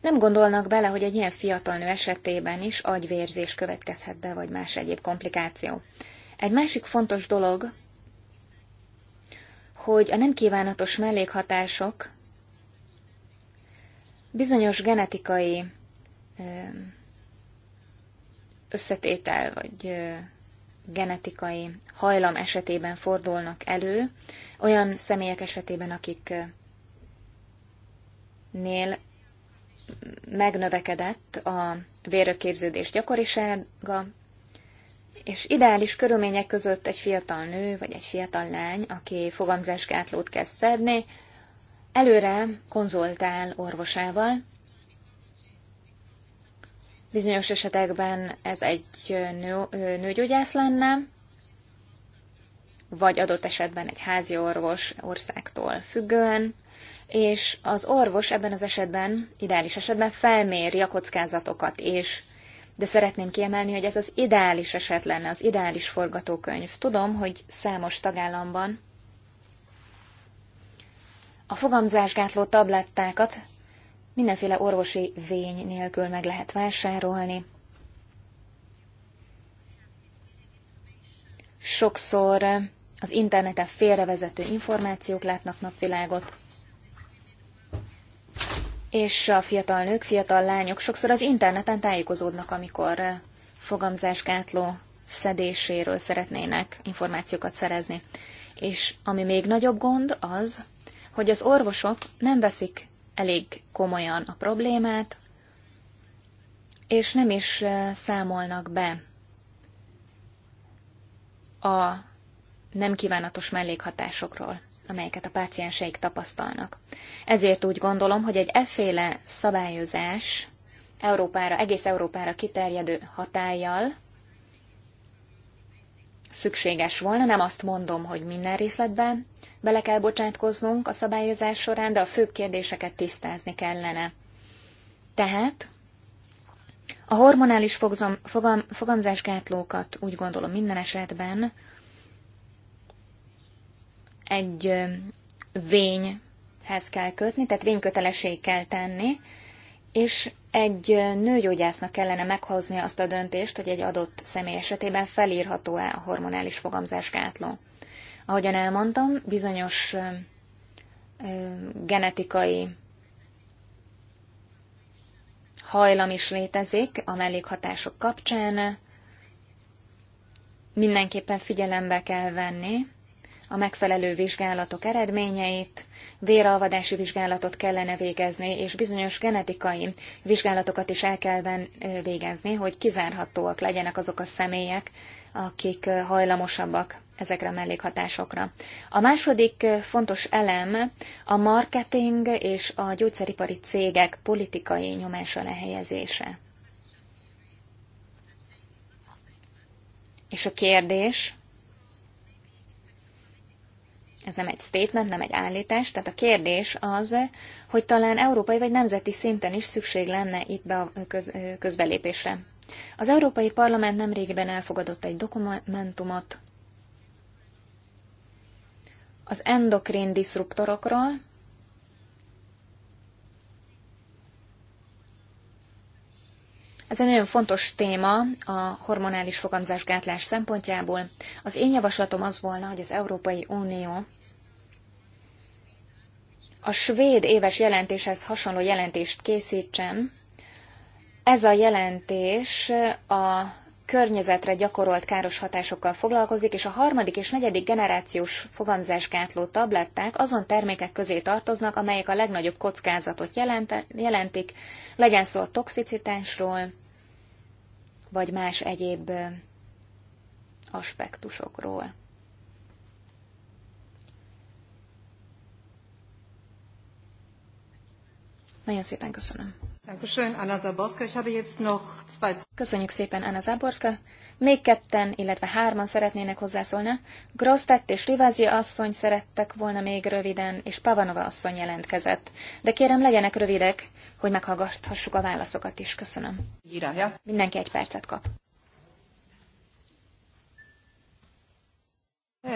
nem gondolnak bele, hogy egy ilyen fiatal nő esetében is agyvérzés következhet be, vagy más egyéb komplikáció. Egy másik fontos dolog, hogy a nem kívánatos mellékhatások bizonyos genetikai összetétel, vagy genetikai hajlam esetében fordulnak elő, olyan személyek esetében, akik nél megnövekedett a vérökképződés gyakorisága, és ideális körülmények között egy fiatal nő vagy egy fiatal lány, aki fogamzásgátlót kezd szedni, előre konzultál orvosával. Bizonyos esetekben ez egy nő, nőgyógyász lenne, vagy adott esetben egy házi orvos országtól függően, és az orvos ebben az esetben, ideális esetben felméri a kockázatokat és de szeretném kiemelni, hogy ez az ideális eset lenne, az ideális forgatókönyv. Tudom, hogy számos tagállamban a fogamzásgátló tablettákat mindenféle orvosi vény nélkül meg lehet vásárolni. Sokszor az interneten félrevezető információk látnak napvilágot, és a fiatal nők, fiatal lányok sokszor az interneten tájékozódnak, amikor eh, fogamzásgátló szedéséről szeretnének információkat szerezni. És ami még nagyobb gond az, hogy az orvosok nem veszik elég komolyan a problémát, és nem is eh, számolnak be a nem kívánatos mellékhatásokról amelyeket a pácienseik tapasztalnak. Ezért úgy gondolom, hogy egy efféle szabályozás Európára, egész Európára kiterjedő hatállyal szükséges volna. Nem azt mondom, hogy minden részletben bele kell bocsátkoznunk a szabályozás során, de a fő kérdéseket tisztázni kellene. Tehát a hormonális fogzom, fogam, fogamzásgátlókat úgy gondolom minden esetben egy vényhez kell kötni, tehát vénykötelesség kell tenni, és egy nőgyógyásznak kellene meghozni azt a döntést, hogy egy adott személy esetében felírható-e a hormonális fogamzás gátló. Ahogyan elmondtam, bizonyos genetikai hajlam is létezik a mellékhatások kapcsán, mindenképpen figyelembe kell venni, a megfelelő vizsgálatok eredményeit, véralvadási vizsgálatot kellene végezni, és bizonyos genetikai vizsgálatokat is el kell végezni, hogy kizárhatóak legyenek azok a személyek, akik hajlamosabbak ezekre a mellékhatásokra. A második fontos elem a marketing és a gyógyszeripari cégek politikai nyomása lehelyezése. És a kérdés, ez nem egy statement, nem egy állítás, tehát a kérdés az, hogy talán európai vagy nemzeti szinten is szükség lenne itt be a köz, közbelépésre. Az Európai Parlament nemrégiben elfogadott egy dokumentumot az endokrin diszruptorokról, Ez egy nagyon fontos téma a hormonális fogamzásgátlás szempontjából. Az én javaslatom az volna, hogy az Európai Unió a svéd éves jelentéshez hasonló jelentést készítsen. Ez a jelentés a környezetre gyakorolt káros hatásokkal foglalkozik, és a harmadik és negyedik generációs fogamzásgátló tabletták azon termékek közé tartoznak, amelyek a legnagyobb kockázatot jelentik, legyen szó a toxicitásról, vagy más egyéb aspektusokról. Nagyon szépen köszönöm. Köszönjük szépen, Anna Zaborska. Még ketten, illetve hárman szeretnének hozzászólni. Grosztett és Rivázi asszony szerettek volna még röviden, és Pavanova asszony jelentkezett. De kérem, legyenek rövidek, hogy meghallgathassuk a válaszokat is. Köszönöm. Mindenki egy percet kap.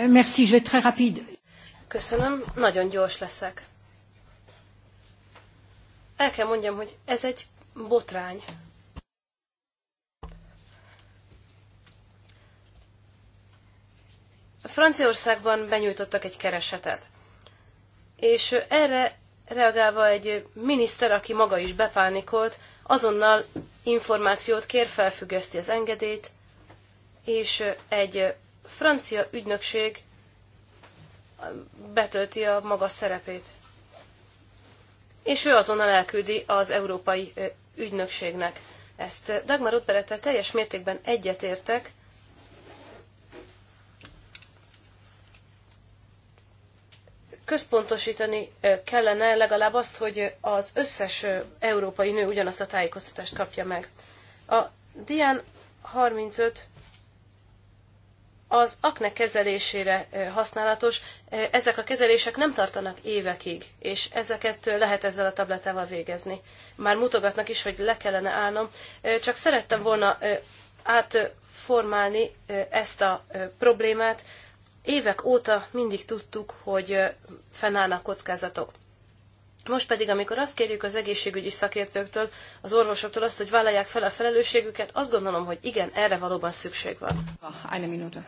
Merci, je vais très rapide. Köszönöm, nagyon gyors leszek el kell mondjam, hogy ez egy botrány. Franciaországban benyújtottak egy keresetet, és erre reagálva egy miniszter, aki maga is bepánikolt, azonnal információt kér, felfüggeszti az engedélyt, és egy francia ügynökség betölti a maga szerepét és ő azonnal elküldi az Európai Ügynökségnek ezt. Dagmar Utberettel teljes mértékben egyetértek, központosítani kellene legalább azt, hogy az összes európai nő ugyanazt a tájékoztatást kapja meg. A Dián 35 az akne kezelésére használatos, ezek a kezelések nem tartanak évekig, és ezeket lehet ezzel a tabletával végezni. Már mutogatnak is, hogy le kellene állnom, csak szerettem volna átformálni ezt a problémát. Évek óta mindig tudtuk, hogy fennállnak kockázatok. Most pedig, amikor azt kérjük az egészségügyi szakértőktől, az orvosoktól azt, hogy vállalják fel a felelősségüket, azt gondolom, hogy igen, erre valóban szükség van. Ah,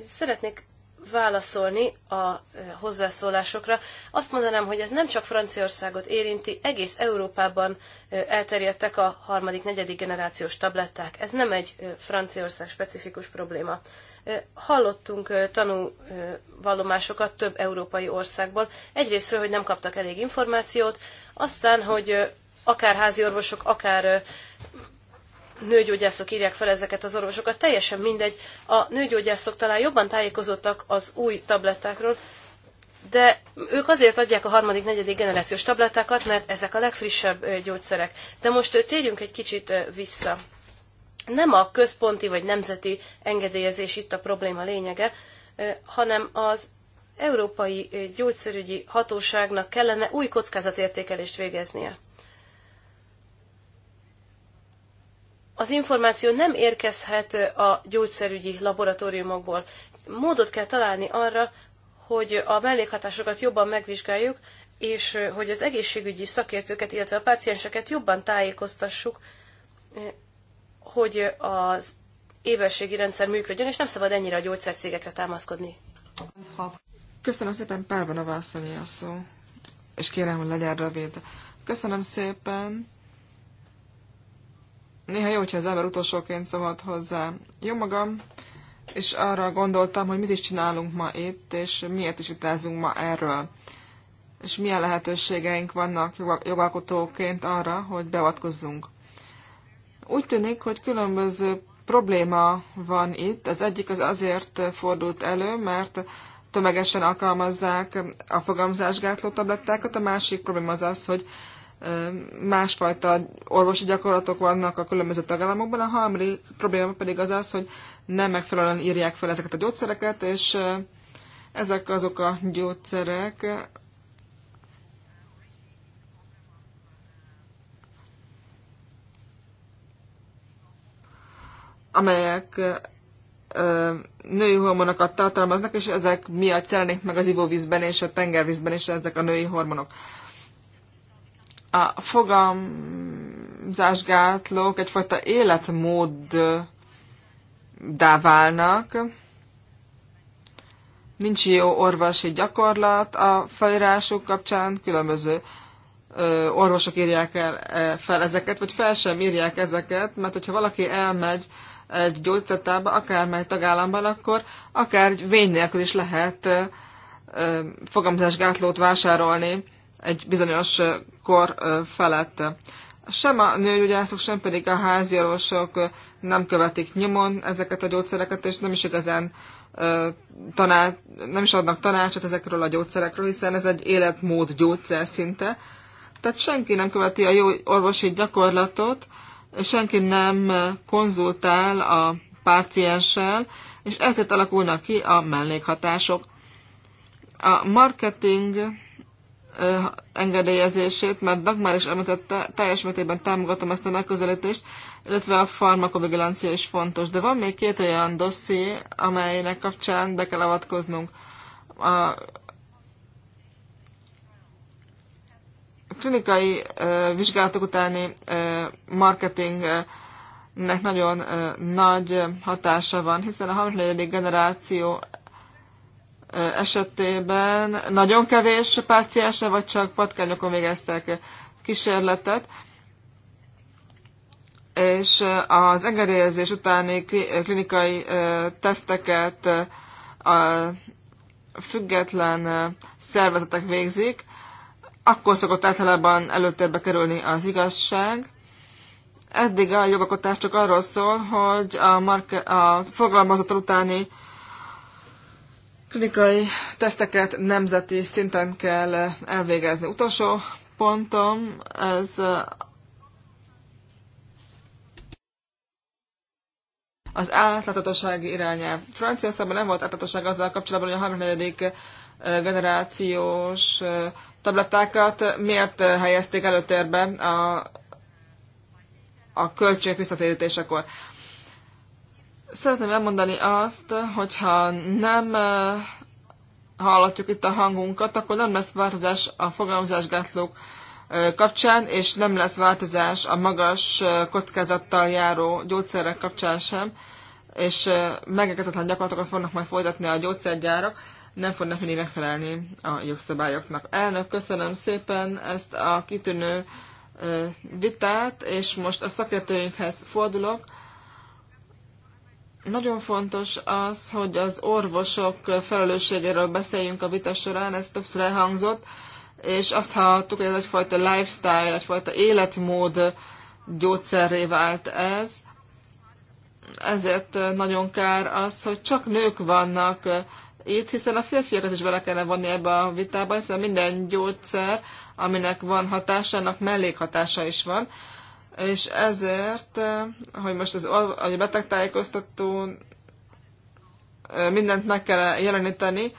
szeretnék válaszolni a eh, hozzászólásokra. Azt mondanám, hogy ez nem csak Franciaországot érinti, egész Európában eh, elterjedtek a harmadik, negyedik generációs tabletták. Ez nem egy eh, Franciaország specifikus probléma. Hallottunk tanúvallomásokat több európai országból. Egyrészt, hogy nem kaptak elég információt, aztán, hogy akár házi orvosok, akár nőgyógyászok írják fel ezeket az orvosokat, teljesen mindegy. A nőgyógyászok talán jobban tájékozottak az új tablettákról, de ők azért adják a harmadik, negyedik generációs tablettákat, mert ezek a legfrissebb gyógyszerek. De most térjünk egy kicsit vissza nem a központi vagy nemzeti engedélyezés itt a probléma lényege, hanem az Európai Gyógyszerügyi Hatóságnak kellene új kockázatértékelést végeznie. Az információ nem érkezhet a gyógyszerügyi laboratóriumokból. Módot kell találni arra, hogy a mellékhatásokat jobban megvizsgáljuk, és hogy az egészségügyi szakértőket, illetve a pácienseket jobban tájékoztassuk hogy az éberségi rendszer működjön, és nem szabad ennyire a gyógyszercégekre támaszkodni. Köszönöm szépen, a asszonyi a szó. És kérem, hogy legyen rövid. Köszönöm szépen. Néha jó, hogyha az ember utolsóként szólhat hozzá. Jó magam, és arra gondoltam, hogy mit is csinálunk ma itt, és miért is vitázunk ma erről. És milyen lehetőségeink vannak jogalkotóként arra, hogy beavatkozzunk. Úgy tűnik, hogy különböző probléma van itt. Az egyik az azért fordult elő, mert tömegesen alkalmazzák a fogamzásgátló tablettákat, a másik probléma az az, hogy másfajta orvosi gyakorlatok vannak a különböző tagállamokban, a harmadik probléma pedig az az, hogy nem megfelelően írják fel ezeket a gyógyszereket, és ezek azok a gyógyszerek, amelyek női hormonokat tartalmaznak, és ezek miatt jelenik meg az ivóvízben és a tengervízben is ezek a női hormonok. A fogamzásgátlók egyfajta életmóddá válnak, nincs jó orvosi gyakorlat a felírásuk kapcsán, különböző ö, orvosok írják el, e, fel ezeket, vagy fel sem írják ezeket, mert hogyha valaki elmegy egy akár akármely tagállamban, akkor akár vény nélkül is lehet fogamzásgátlót vásárolni egy bizonyos kor felett. Sem a nőgyógyászok, sem pedig a háziorvosok nem követik nyomon ezeket a gyógyszereket, és nem is igazán tanács, nem is adnak tanácsot ezekről a gyógyszerekről, hiszen ez egy életmód gyógyszer szinte. Tehát senki nem követi a jó orvosi gyakorlatot, senki nem konzultál a pácienssel, és ezért alakulnak ki a mellékhatások. A marketing engedélyezését, mert Dagmar is említette, teljes mértékben támogatom ezt a megközelítést, illetve a farmakovigilancia is fontos. De van még két olyan dosszié, amelynek kapcsán be kell avatkoznunk. A klinikai vizsgálatok utáni marketingnek nagyon nagy hatása van, hiszen a harmadik generáció esetében nagyon kevés páciense, vagy csak patkányokon végeztek kísérletet, és az engedélyezés utáni klinikai teszteket a független szervezetek végzik, akkor szokott általában előtérbe kerülni az igazság. Eddig a jogakotás csak arról szól, hogy a, marke- a fogalmazatal utáni klinikai teszteket nemzeti szinten kell elvégezni. Utolsó pontom, ez az átláthatósági irányelv. Franciaországban nem volt átláthatóság azzal kapcsolatban, hogy a 34. Eh, generációs eh, tablettákat miért helyezték előtérbe a, a költség visszatérítésekor. Szeretném elmondani azt, hogyha nem eh, hallatjuk itt a hangunkat, akkor nem lesz változás a fogalmazásgátlók eh, kapcsán, és nem lesz változás a magas eh, kockázattal járó gyógyszerek kapcsán sem, és megegyezetlen gyakorlatokat fognak majd folytatni a gyógyszergyárak nem fognak mindig megfelelni a jogszabályoknak. Elnök, köszönöm szépen ezt a kitűnő vitát, és most a szakértőinkhez fordulok. Nagyon fontos az, hogy az orvosok felelősségéről beszéljünk a vita során, ez többször elhangzott, és azt hallottuk, hogy ez egyfajta lifestyle, egyfajta életmód gyógyszerré vált ez. Ezért nagyon kár az, hogy csak nők vannak itt, hiszen a férfiakat is bele kellene vonni ebbe a vitába, hiszen minden gyógyszer, aminek van hatása, annak mellékhatása is van. És ezért, eh, hogy most az hogy a betegtájékoztató eh, mindent meg kell jeleníteni,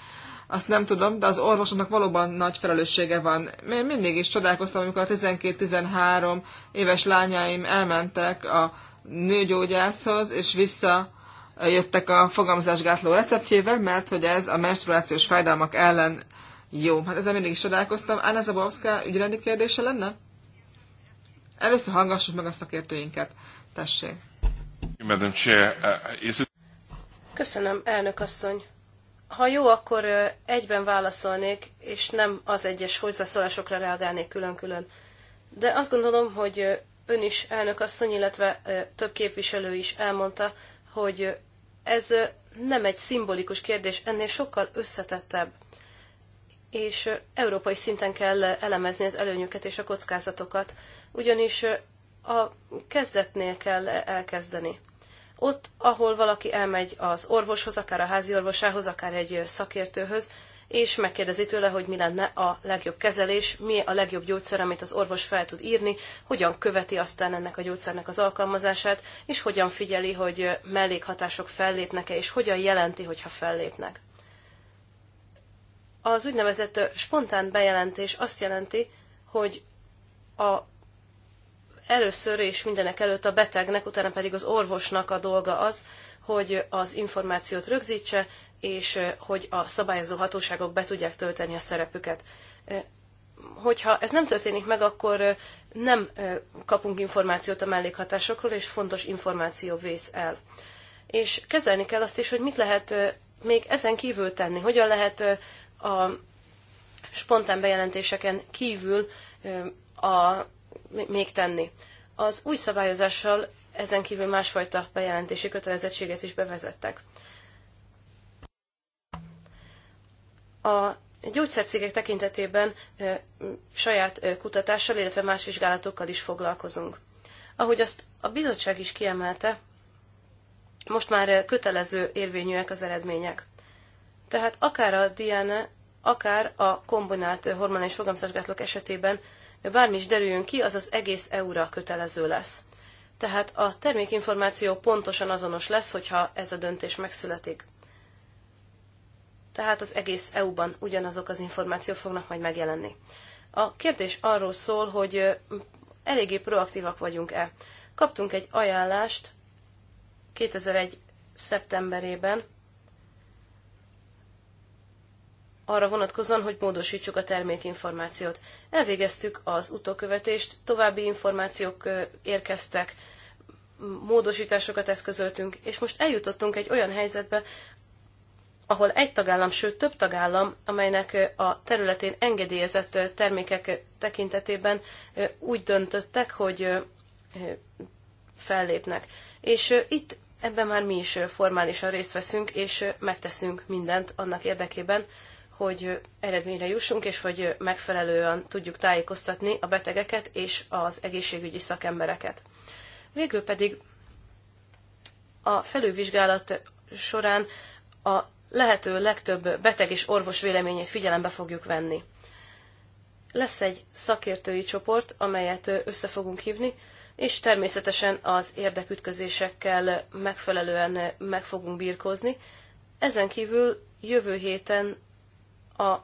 azt nem tudom, de az orvosoknak valóban nagy felelőssége van. Én mindig is csodálkoztam, amikor a 12-13 éves lányaim elmentek a nőgyógyászhoz, és vissza jöttek a fogamzásgátló receptjével, mert hogy ez a menstruációs fájdalmak ellen jó. Hát ezzel mindig is csodálkoztam. Anna Zabowska ügyrendi kérdése lenne? Először hallgassuk meg a szakértőinket. Tessék. Uh, Köszönöm, elnök asszony. Ha jó, akkor egyben válaszolnék, és nem az egyes hozzászólásokra reagálnék külön-külön. De azt gondolom, hogy ön is, elnök asszony, illetve több képviselő is elmondta, hogy ez nem egy szimbolikus kérdés, ennél sokkal összetettebb. És európai szinten kell elemezni az előnyöket és a kockázatokat, ugyanis a kezdetnél kell elkezdeni. Ott, ahol valaki elmegy az orvoshoz, akár a házi orvosához, akár egy szakértőhöz, és megkérdezi tőle, hogy mi lenne a legjobb kezelés, mi a legjobb gyógyszer, amit az orvos fel tud írni, hogyan követi aztán ennek a gyógyszernek az alkalmazását, és hogyan figyeli, hogy mellékhatások fellépnek-e, és hogyan jelenti, hogyha fellépnek. Az úgynevezett spontán bejelentés azt jelenti, hogy a először és mindenek előtt a betegnek, utána pedig az orvosnak a dolga az, hogy az információt rögzítse, és hogy a szabályozó hatóságok be tudják tölteni a szerepüket. Hogyha ez nem történik meg, akkor nem kapunk információt a mellékhatásokról, és fontos információ vész el. És kezelni kell azt is, hogy mit lehet még ezen kívül tenni, hogyan lehet a spontán bejelentéseken kívül a, még tenni. Az új szabályozással ezen kívül másfajta bejelentési kötelezettséget is bevezettek. A gyógyszercégek tekintetében saját kutatással, illetve más vizsgálatokkal is foglalkozunk. Ahogy azt a bizottság is kiemelte, most már kötelező érvényűek az eredmények. Tehát akár a Diane, akár a kombinált hormonális fogamzásgátlók esetében bármi is derüljön ki, az az egész EU-ra kötelező lesz. Tehát a termékinformáció pontosan azonos lesz, hogyha ez a döntés megszületik tehát az egész EU-ban ugyanazok az információk fognak majd megjelenni. A kérdés arról szól, hogy eléggé proaktívak vagyunk-e. Kaptunk egy ajánlást 2001. szeptemberében arra vonatkozóan, hogy módosítsuk a termékinformációt. Elvégeztük az utókövetést, további információk érkeztek, módosításokat eszközöltünk, és most eljutottunk egy olyan helyzetbe, ahol egy tagállam, sőt több tagállam, amelynek a területén engedélyezett termékek tekintetében úgy döntöttek, hogy fellépnek. És itt ebben már mi is formálisan részt veszünk, és megteszünk mindent annak érdekében, hogy eredményre jussunk, és hogy megfelelően tudjuk tájékoztatni a betegeket és az egészségügyi szakembereket. Végül pedig a felülvizsgálat során a lehető legtöbb beteg és orvos véleményét figyelembe fogjuk venni. Lesz egy szakértői csoport, amelyet össze fogunk hívni, és természetesen az érdekütközésekkel megfelelően meg fogunk birkózni. Ezen kívül jövő héten a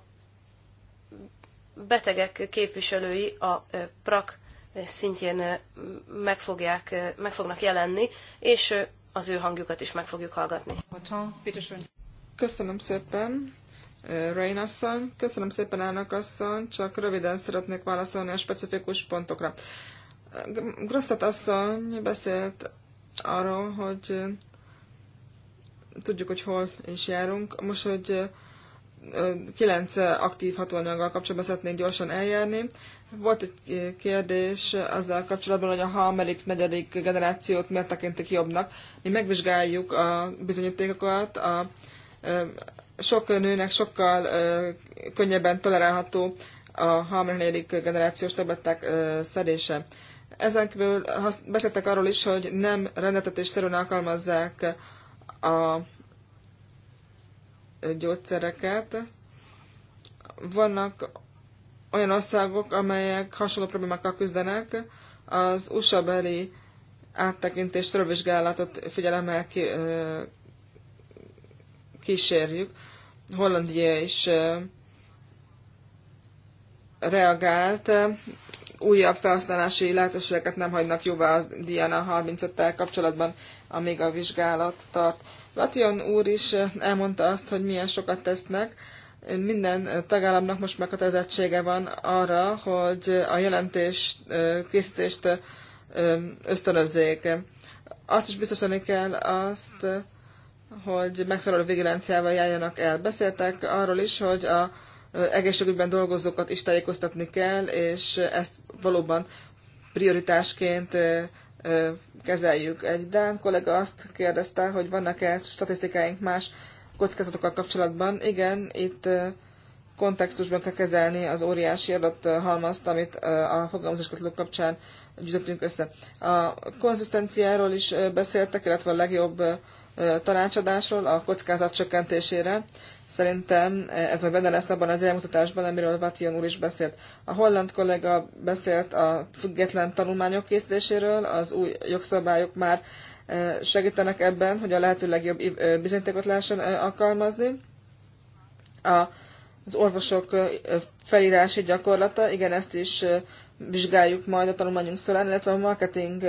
betegek képviselői a PRAK szintjén meg, fogják, meg fognak jelenni, és az ő hangjukat is meg fogjuk hallgatni. Köszönöm szépen, Rain asszony. Köszönöm szépen, elnök asszony. Csak röviden szeretnék válaszolni a specifikus pontokra. Grosztat asszony beszélt arról, hogy tudjuk, hogy hol is járunk. Most, hogy kilenc aktív hatóanyaggal kapcsolatban szeretnénk gyorsan eljárni. Volt egy kérdés azzal kapcsolatban, hogy a harmadik, negyedik generációt miért tekintik jobbnak. Mi megvizsgáljuk a bizonyítékokat, a sok nőnek sokkal könnyebben tolerálható a harmadik generációs tabletták szedése. Ezen kívül beszéltek arról is, hogy nem rendetetésszerűen alkalmazzák a gyógyszereket. Vannak olyan országok, amelyek hasonló problémákkal küzdenek. Az USA beli áttekintést, fölvizsgálatot figyelemmel kísérjük. Hollandia is reagált, újabb felhasználási lehetőségeket nem hagynak jóvá a Diana 35-tel kapcsolatban, amíg a vizsgálat tart. Lation úr is elmondta azt, hogy milyen sokat tesznek. Minden tagállamnak most meghatározottsége van arra, hogy a jelentés készítést ösztönözzék. Azt is biztosan kell azt, hogy megfelelő vigilanciával járjanak el. Beszéltek arról is, hogy a egészségügyben dolgozókat is tájékoztatni kell, és ezt valóban prioritásként kezeljük. Egy Dán kollega azt kérdezte, hogy vannak-e statisztikáink más kockázatokkal kapcsolatban. Igen, itt kontextusban kell kezelni az óriási adathalmazt, amit a fogalmazáskatlók kapcsán gyűjtöttünk össze. A konzisztenciáról is beszéltek, illetve a legjobb tanácsadásról a kockázat csökkentésére. Szerintem ez majd benne lesz abban az elmutatásban, amiről Vatian úr is beszélt. A holland kollega beszélt a független tanulmányok készítéséről, az új jogszabályok már segítenek ebben, hogy a lehető legjobb bizonyítékot lehessen alkalmazni. A, az orvosok felírási gyakorlata, igen, ezt is vizsgáljuk majd a tanulmányunk során, illetve a marketing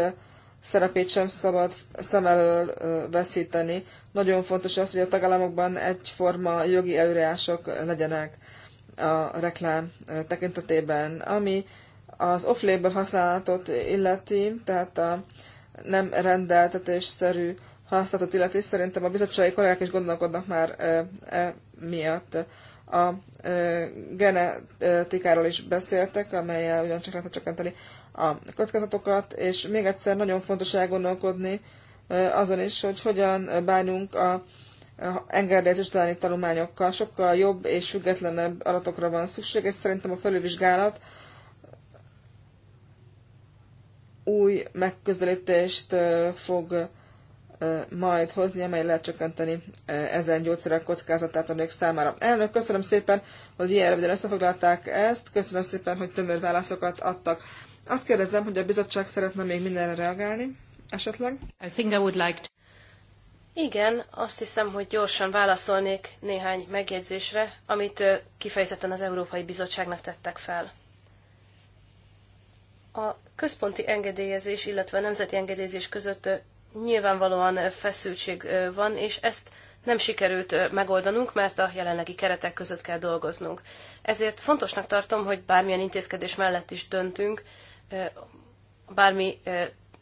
szerepét sem szabad szem elől veszíteni. Nagyon fontos az, hogy a tagállamokban egyforma jogi előreások legyenek a reklám tekintetében, ami az off-label használatot illeti, tehát a nem rendeltetésszerű használatot illeti, szerintem a bizottsági kollégák is gondolkodnak már e, e miatt. A e, genetikáról is beszéltek, amelyel ugyancsak lehet csökkenteni a kockázatokat, és még egyszer nagyon fontos elgondolkodni azon is, hogy hogyan bánunk a engedélyezés utáni tanulmányokkal. Sokkal jobb és függetlenebb adatokra van szükség, és szerintem a felülvizsgálat új megközelítést fog majd hozni, amely lehet csökkenteni ezen gyógyszerek kockázatát a nők számára. Elnök, köszönöm szépen, hogy ilyen röviden összefoglalták ezt, köszönöm szépen, hogy tömör válaszokat adtak. Azt kérdezem, hogy a bizottság szeretne még mindenre reagálni, esetleg? I think I would like to... Igen, azt hiszem, hogy gyorsan válaszolnék néhány megjegyzésre, amit kifejezetten az Európai Bizottságnak tettek fel. A központi engedélyezés, illetve a nemzeti engedélyezés között nyilvánvalóan feszültség van, és ezt nem sikerült megoldanunk, mert a jelenlegi keretek között kell dolgoznunk. Ezért fontosnak tartom, hogy bármilyen intézkedés mellett is döntünk, bármi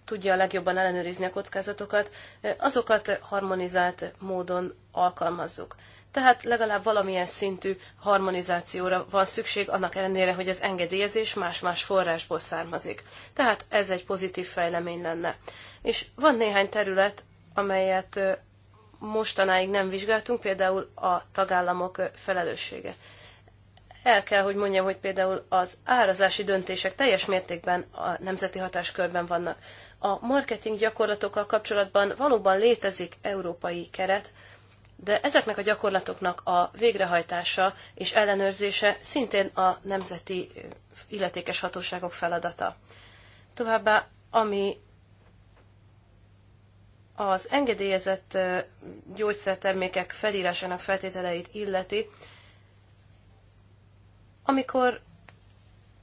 tudja a legjobban ellenőrizni a kockázatokat, azokat harmonizált módon alkalmazzuk. Tehát legalább valamilyen szintű harmonizációra van szükség, annak ellenére, hogy az engedélyezés más-más forrásból származik. Tehát ez egy pozitív fejlemény lenne. És van néhány terület, amelyet mostanáig nem vizsgáltunk, például a tagállamok felelőssége. El kell, hogy mondjam, hogy például az árazási döntések teljes mértékben a nemzeti hatáskörben vannak. A marketing gyakorlatokkal kapcsolatban valóban létezik európai keret, de ezeknek a gyakorlatoknak a végrehajtása és ellenőrzése szintén a nemzeti illetékes hatóságok feladata. Továbbá, ami az engedélyezett gyógyszertermékek felírásának feltételeit illeti, amikor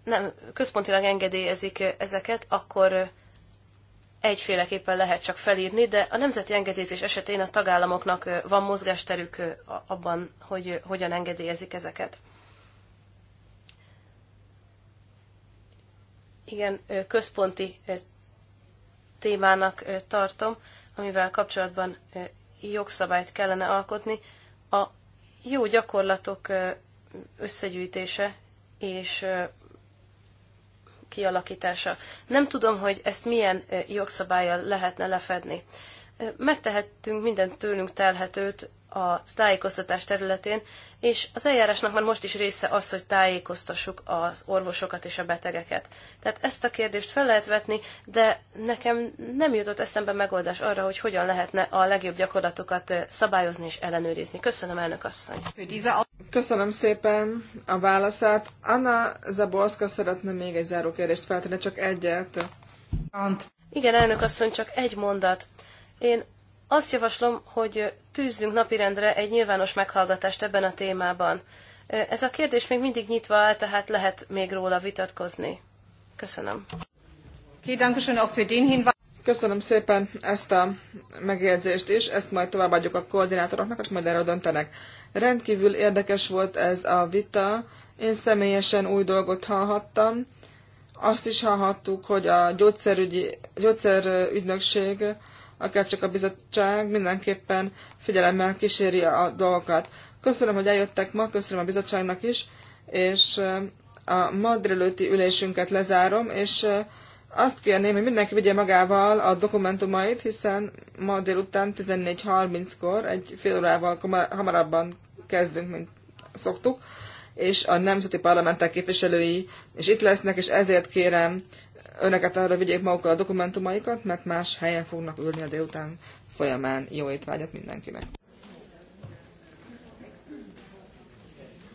nem központilag engedélyezik ezeket, akkor egyféleképpen lehet csak felírni, de a nemzeti engedélyzés esetén a tagállamoknak van mozgásterük abban, hogy hogyan engedélyezik ezeket. Igen, központi témának tartom, amivel kapcsolatban jogszabályt kellene alkotni. A jó gyakorlatok összegyűjtése és kialakítása. Nem tudom, hogy ezt milyen jogszabályjal lehetne lefedni. Megtehettünk minden tőlünk telhetőt a tájékoztatás területén, és az eljárásnak már most is része az, hogy tájékoztassuk az orvosokat és a betegeket. Tehát ezt a kérdést fel lehet vetni, de nekem nem jutott eszembe megoldás arra, hogy hogyan lehetne a legjobb gyakorlatokat szabályozni és ellenőrizni. Köszönöm, elnök asszony! Köszönöm szépen a válaszát. Anna Zabolszka szeretne még egy záró kérdést feltenni, csak egyet. Igen, elnök asszony, csak egy mondat. Én azt javaslom, hogy tűzzünk napirendre egy nyilvános meghallgatást ebben a témában. Ez a kérdés még mindig nyitva áll, tehát lehet még róla vitatkozni. Köszönöm. Köszönöm szépen ezt a megjegyzést is, ezt majd továbbadjuk a koordinátoroknak, akik majd erről döntenek. Rendkívül érdekes volt ez a vita, én személyesen új dolgot hallhattam. Azt is hallhattuk, hogy a gyógyszerügyi, gyógyszerügynökség akár csak a bizottság mindenképpen figyelemmel kíséri a dolgokat. Köszönöm, hogy eljöttek ma, köszönöm a bizottságnak is, és a madrilőti ülésünket lezárom, és azt kérném, hogy mindenki vigye magával a dokumentumait, hiszen ma délután 14.30-kor, egy fél órával hamarabban kezdünk, mint szoktuk, és a nemzeti parlamentek képviselői is itt lesznek, és ezért kérem önöket arra vigyék magukkal a dokumentumaikat, mert más helyen fognak ülni a délután folyamán. Jó étvágyat mindenkinek!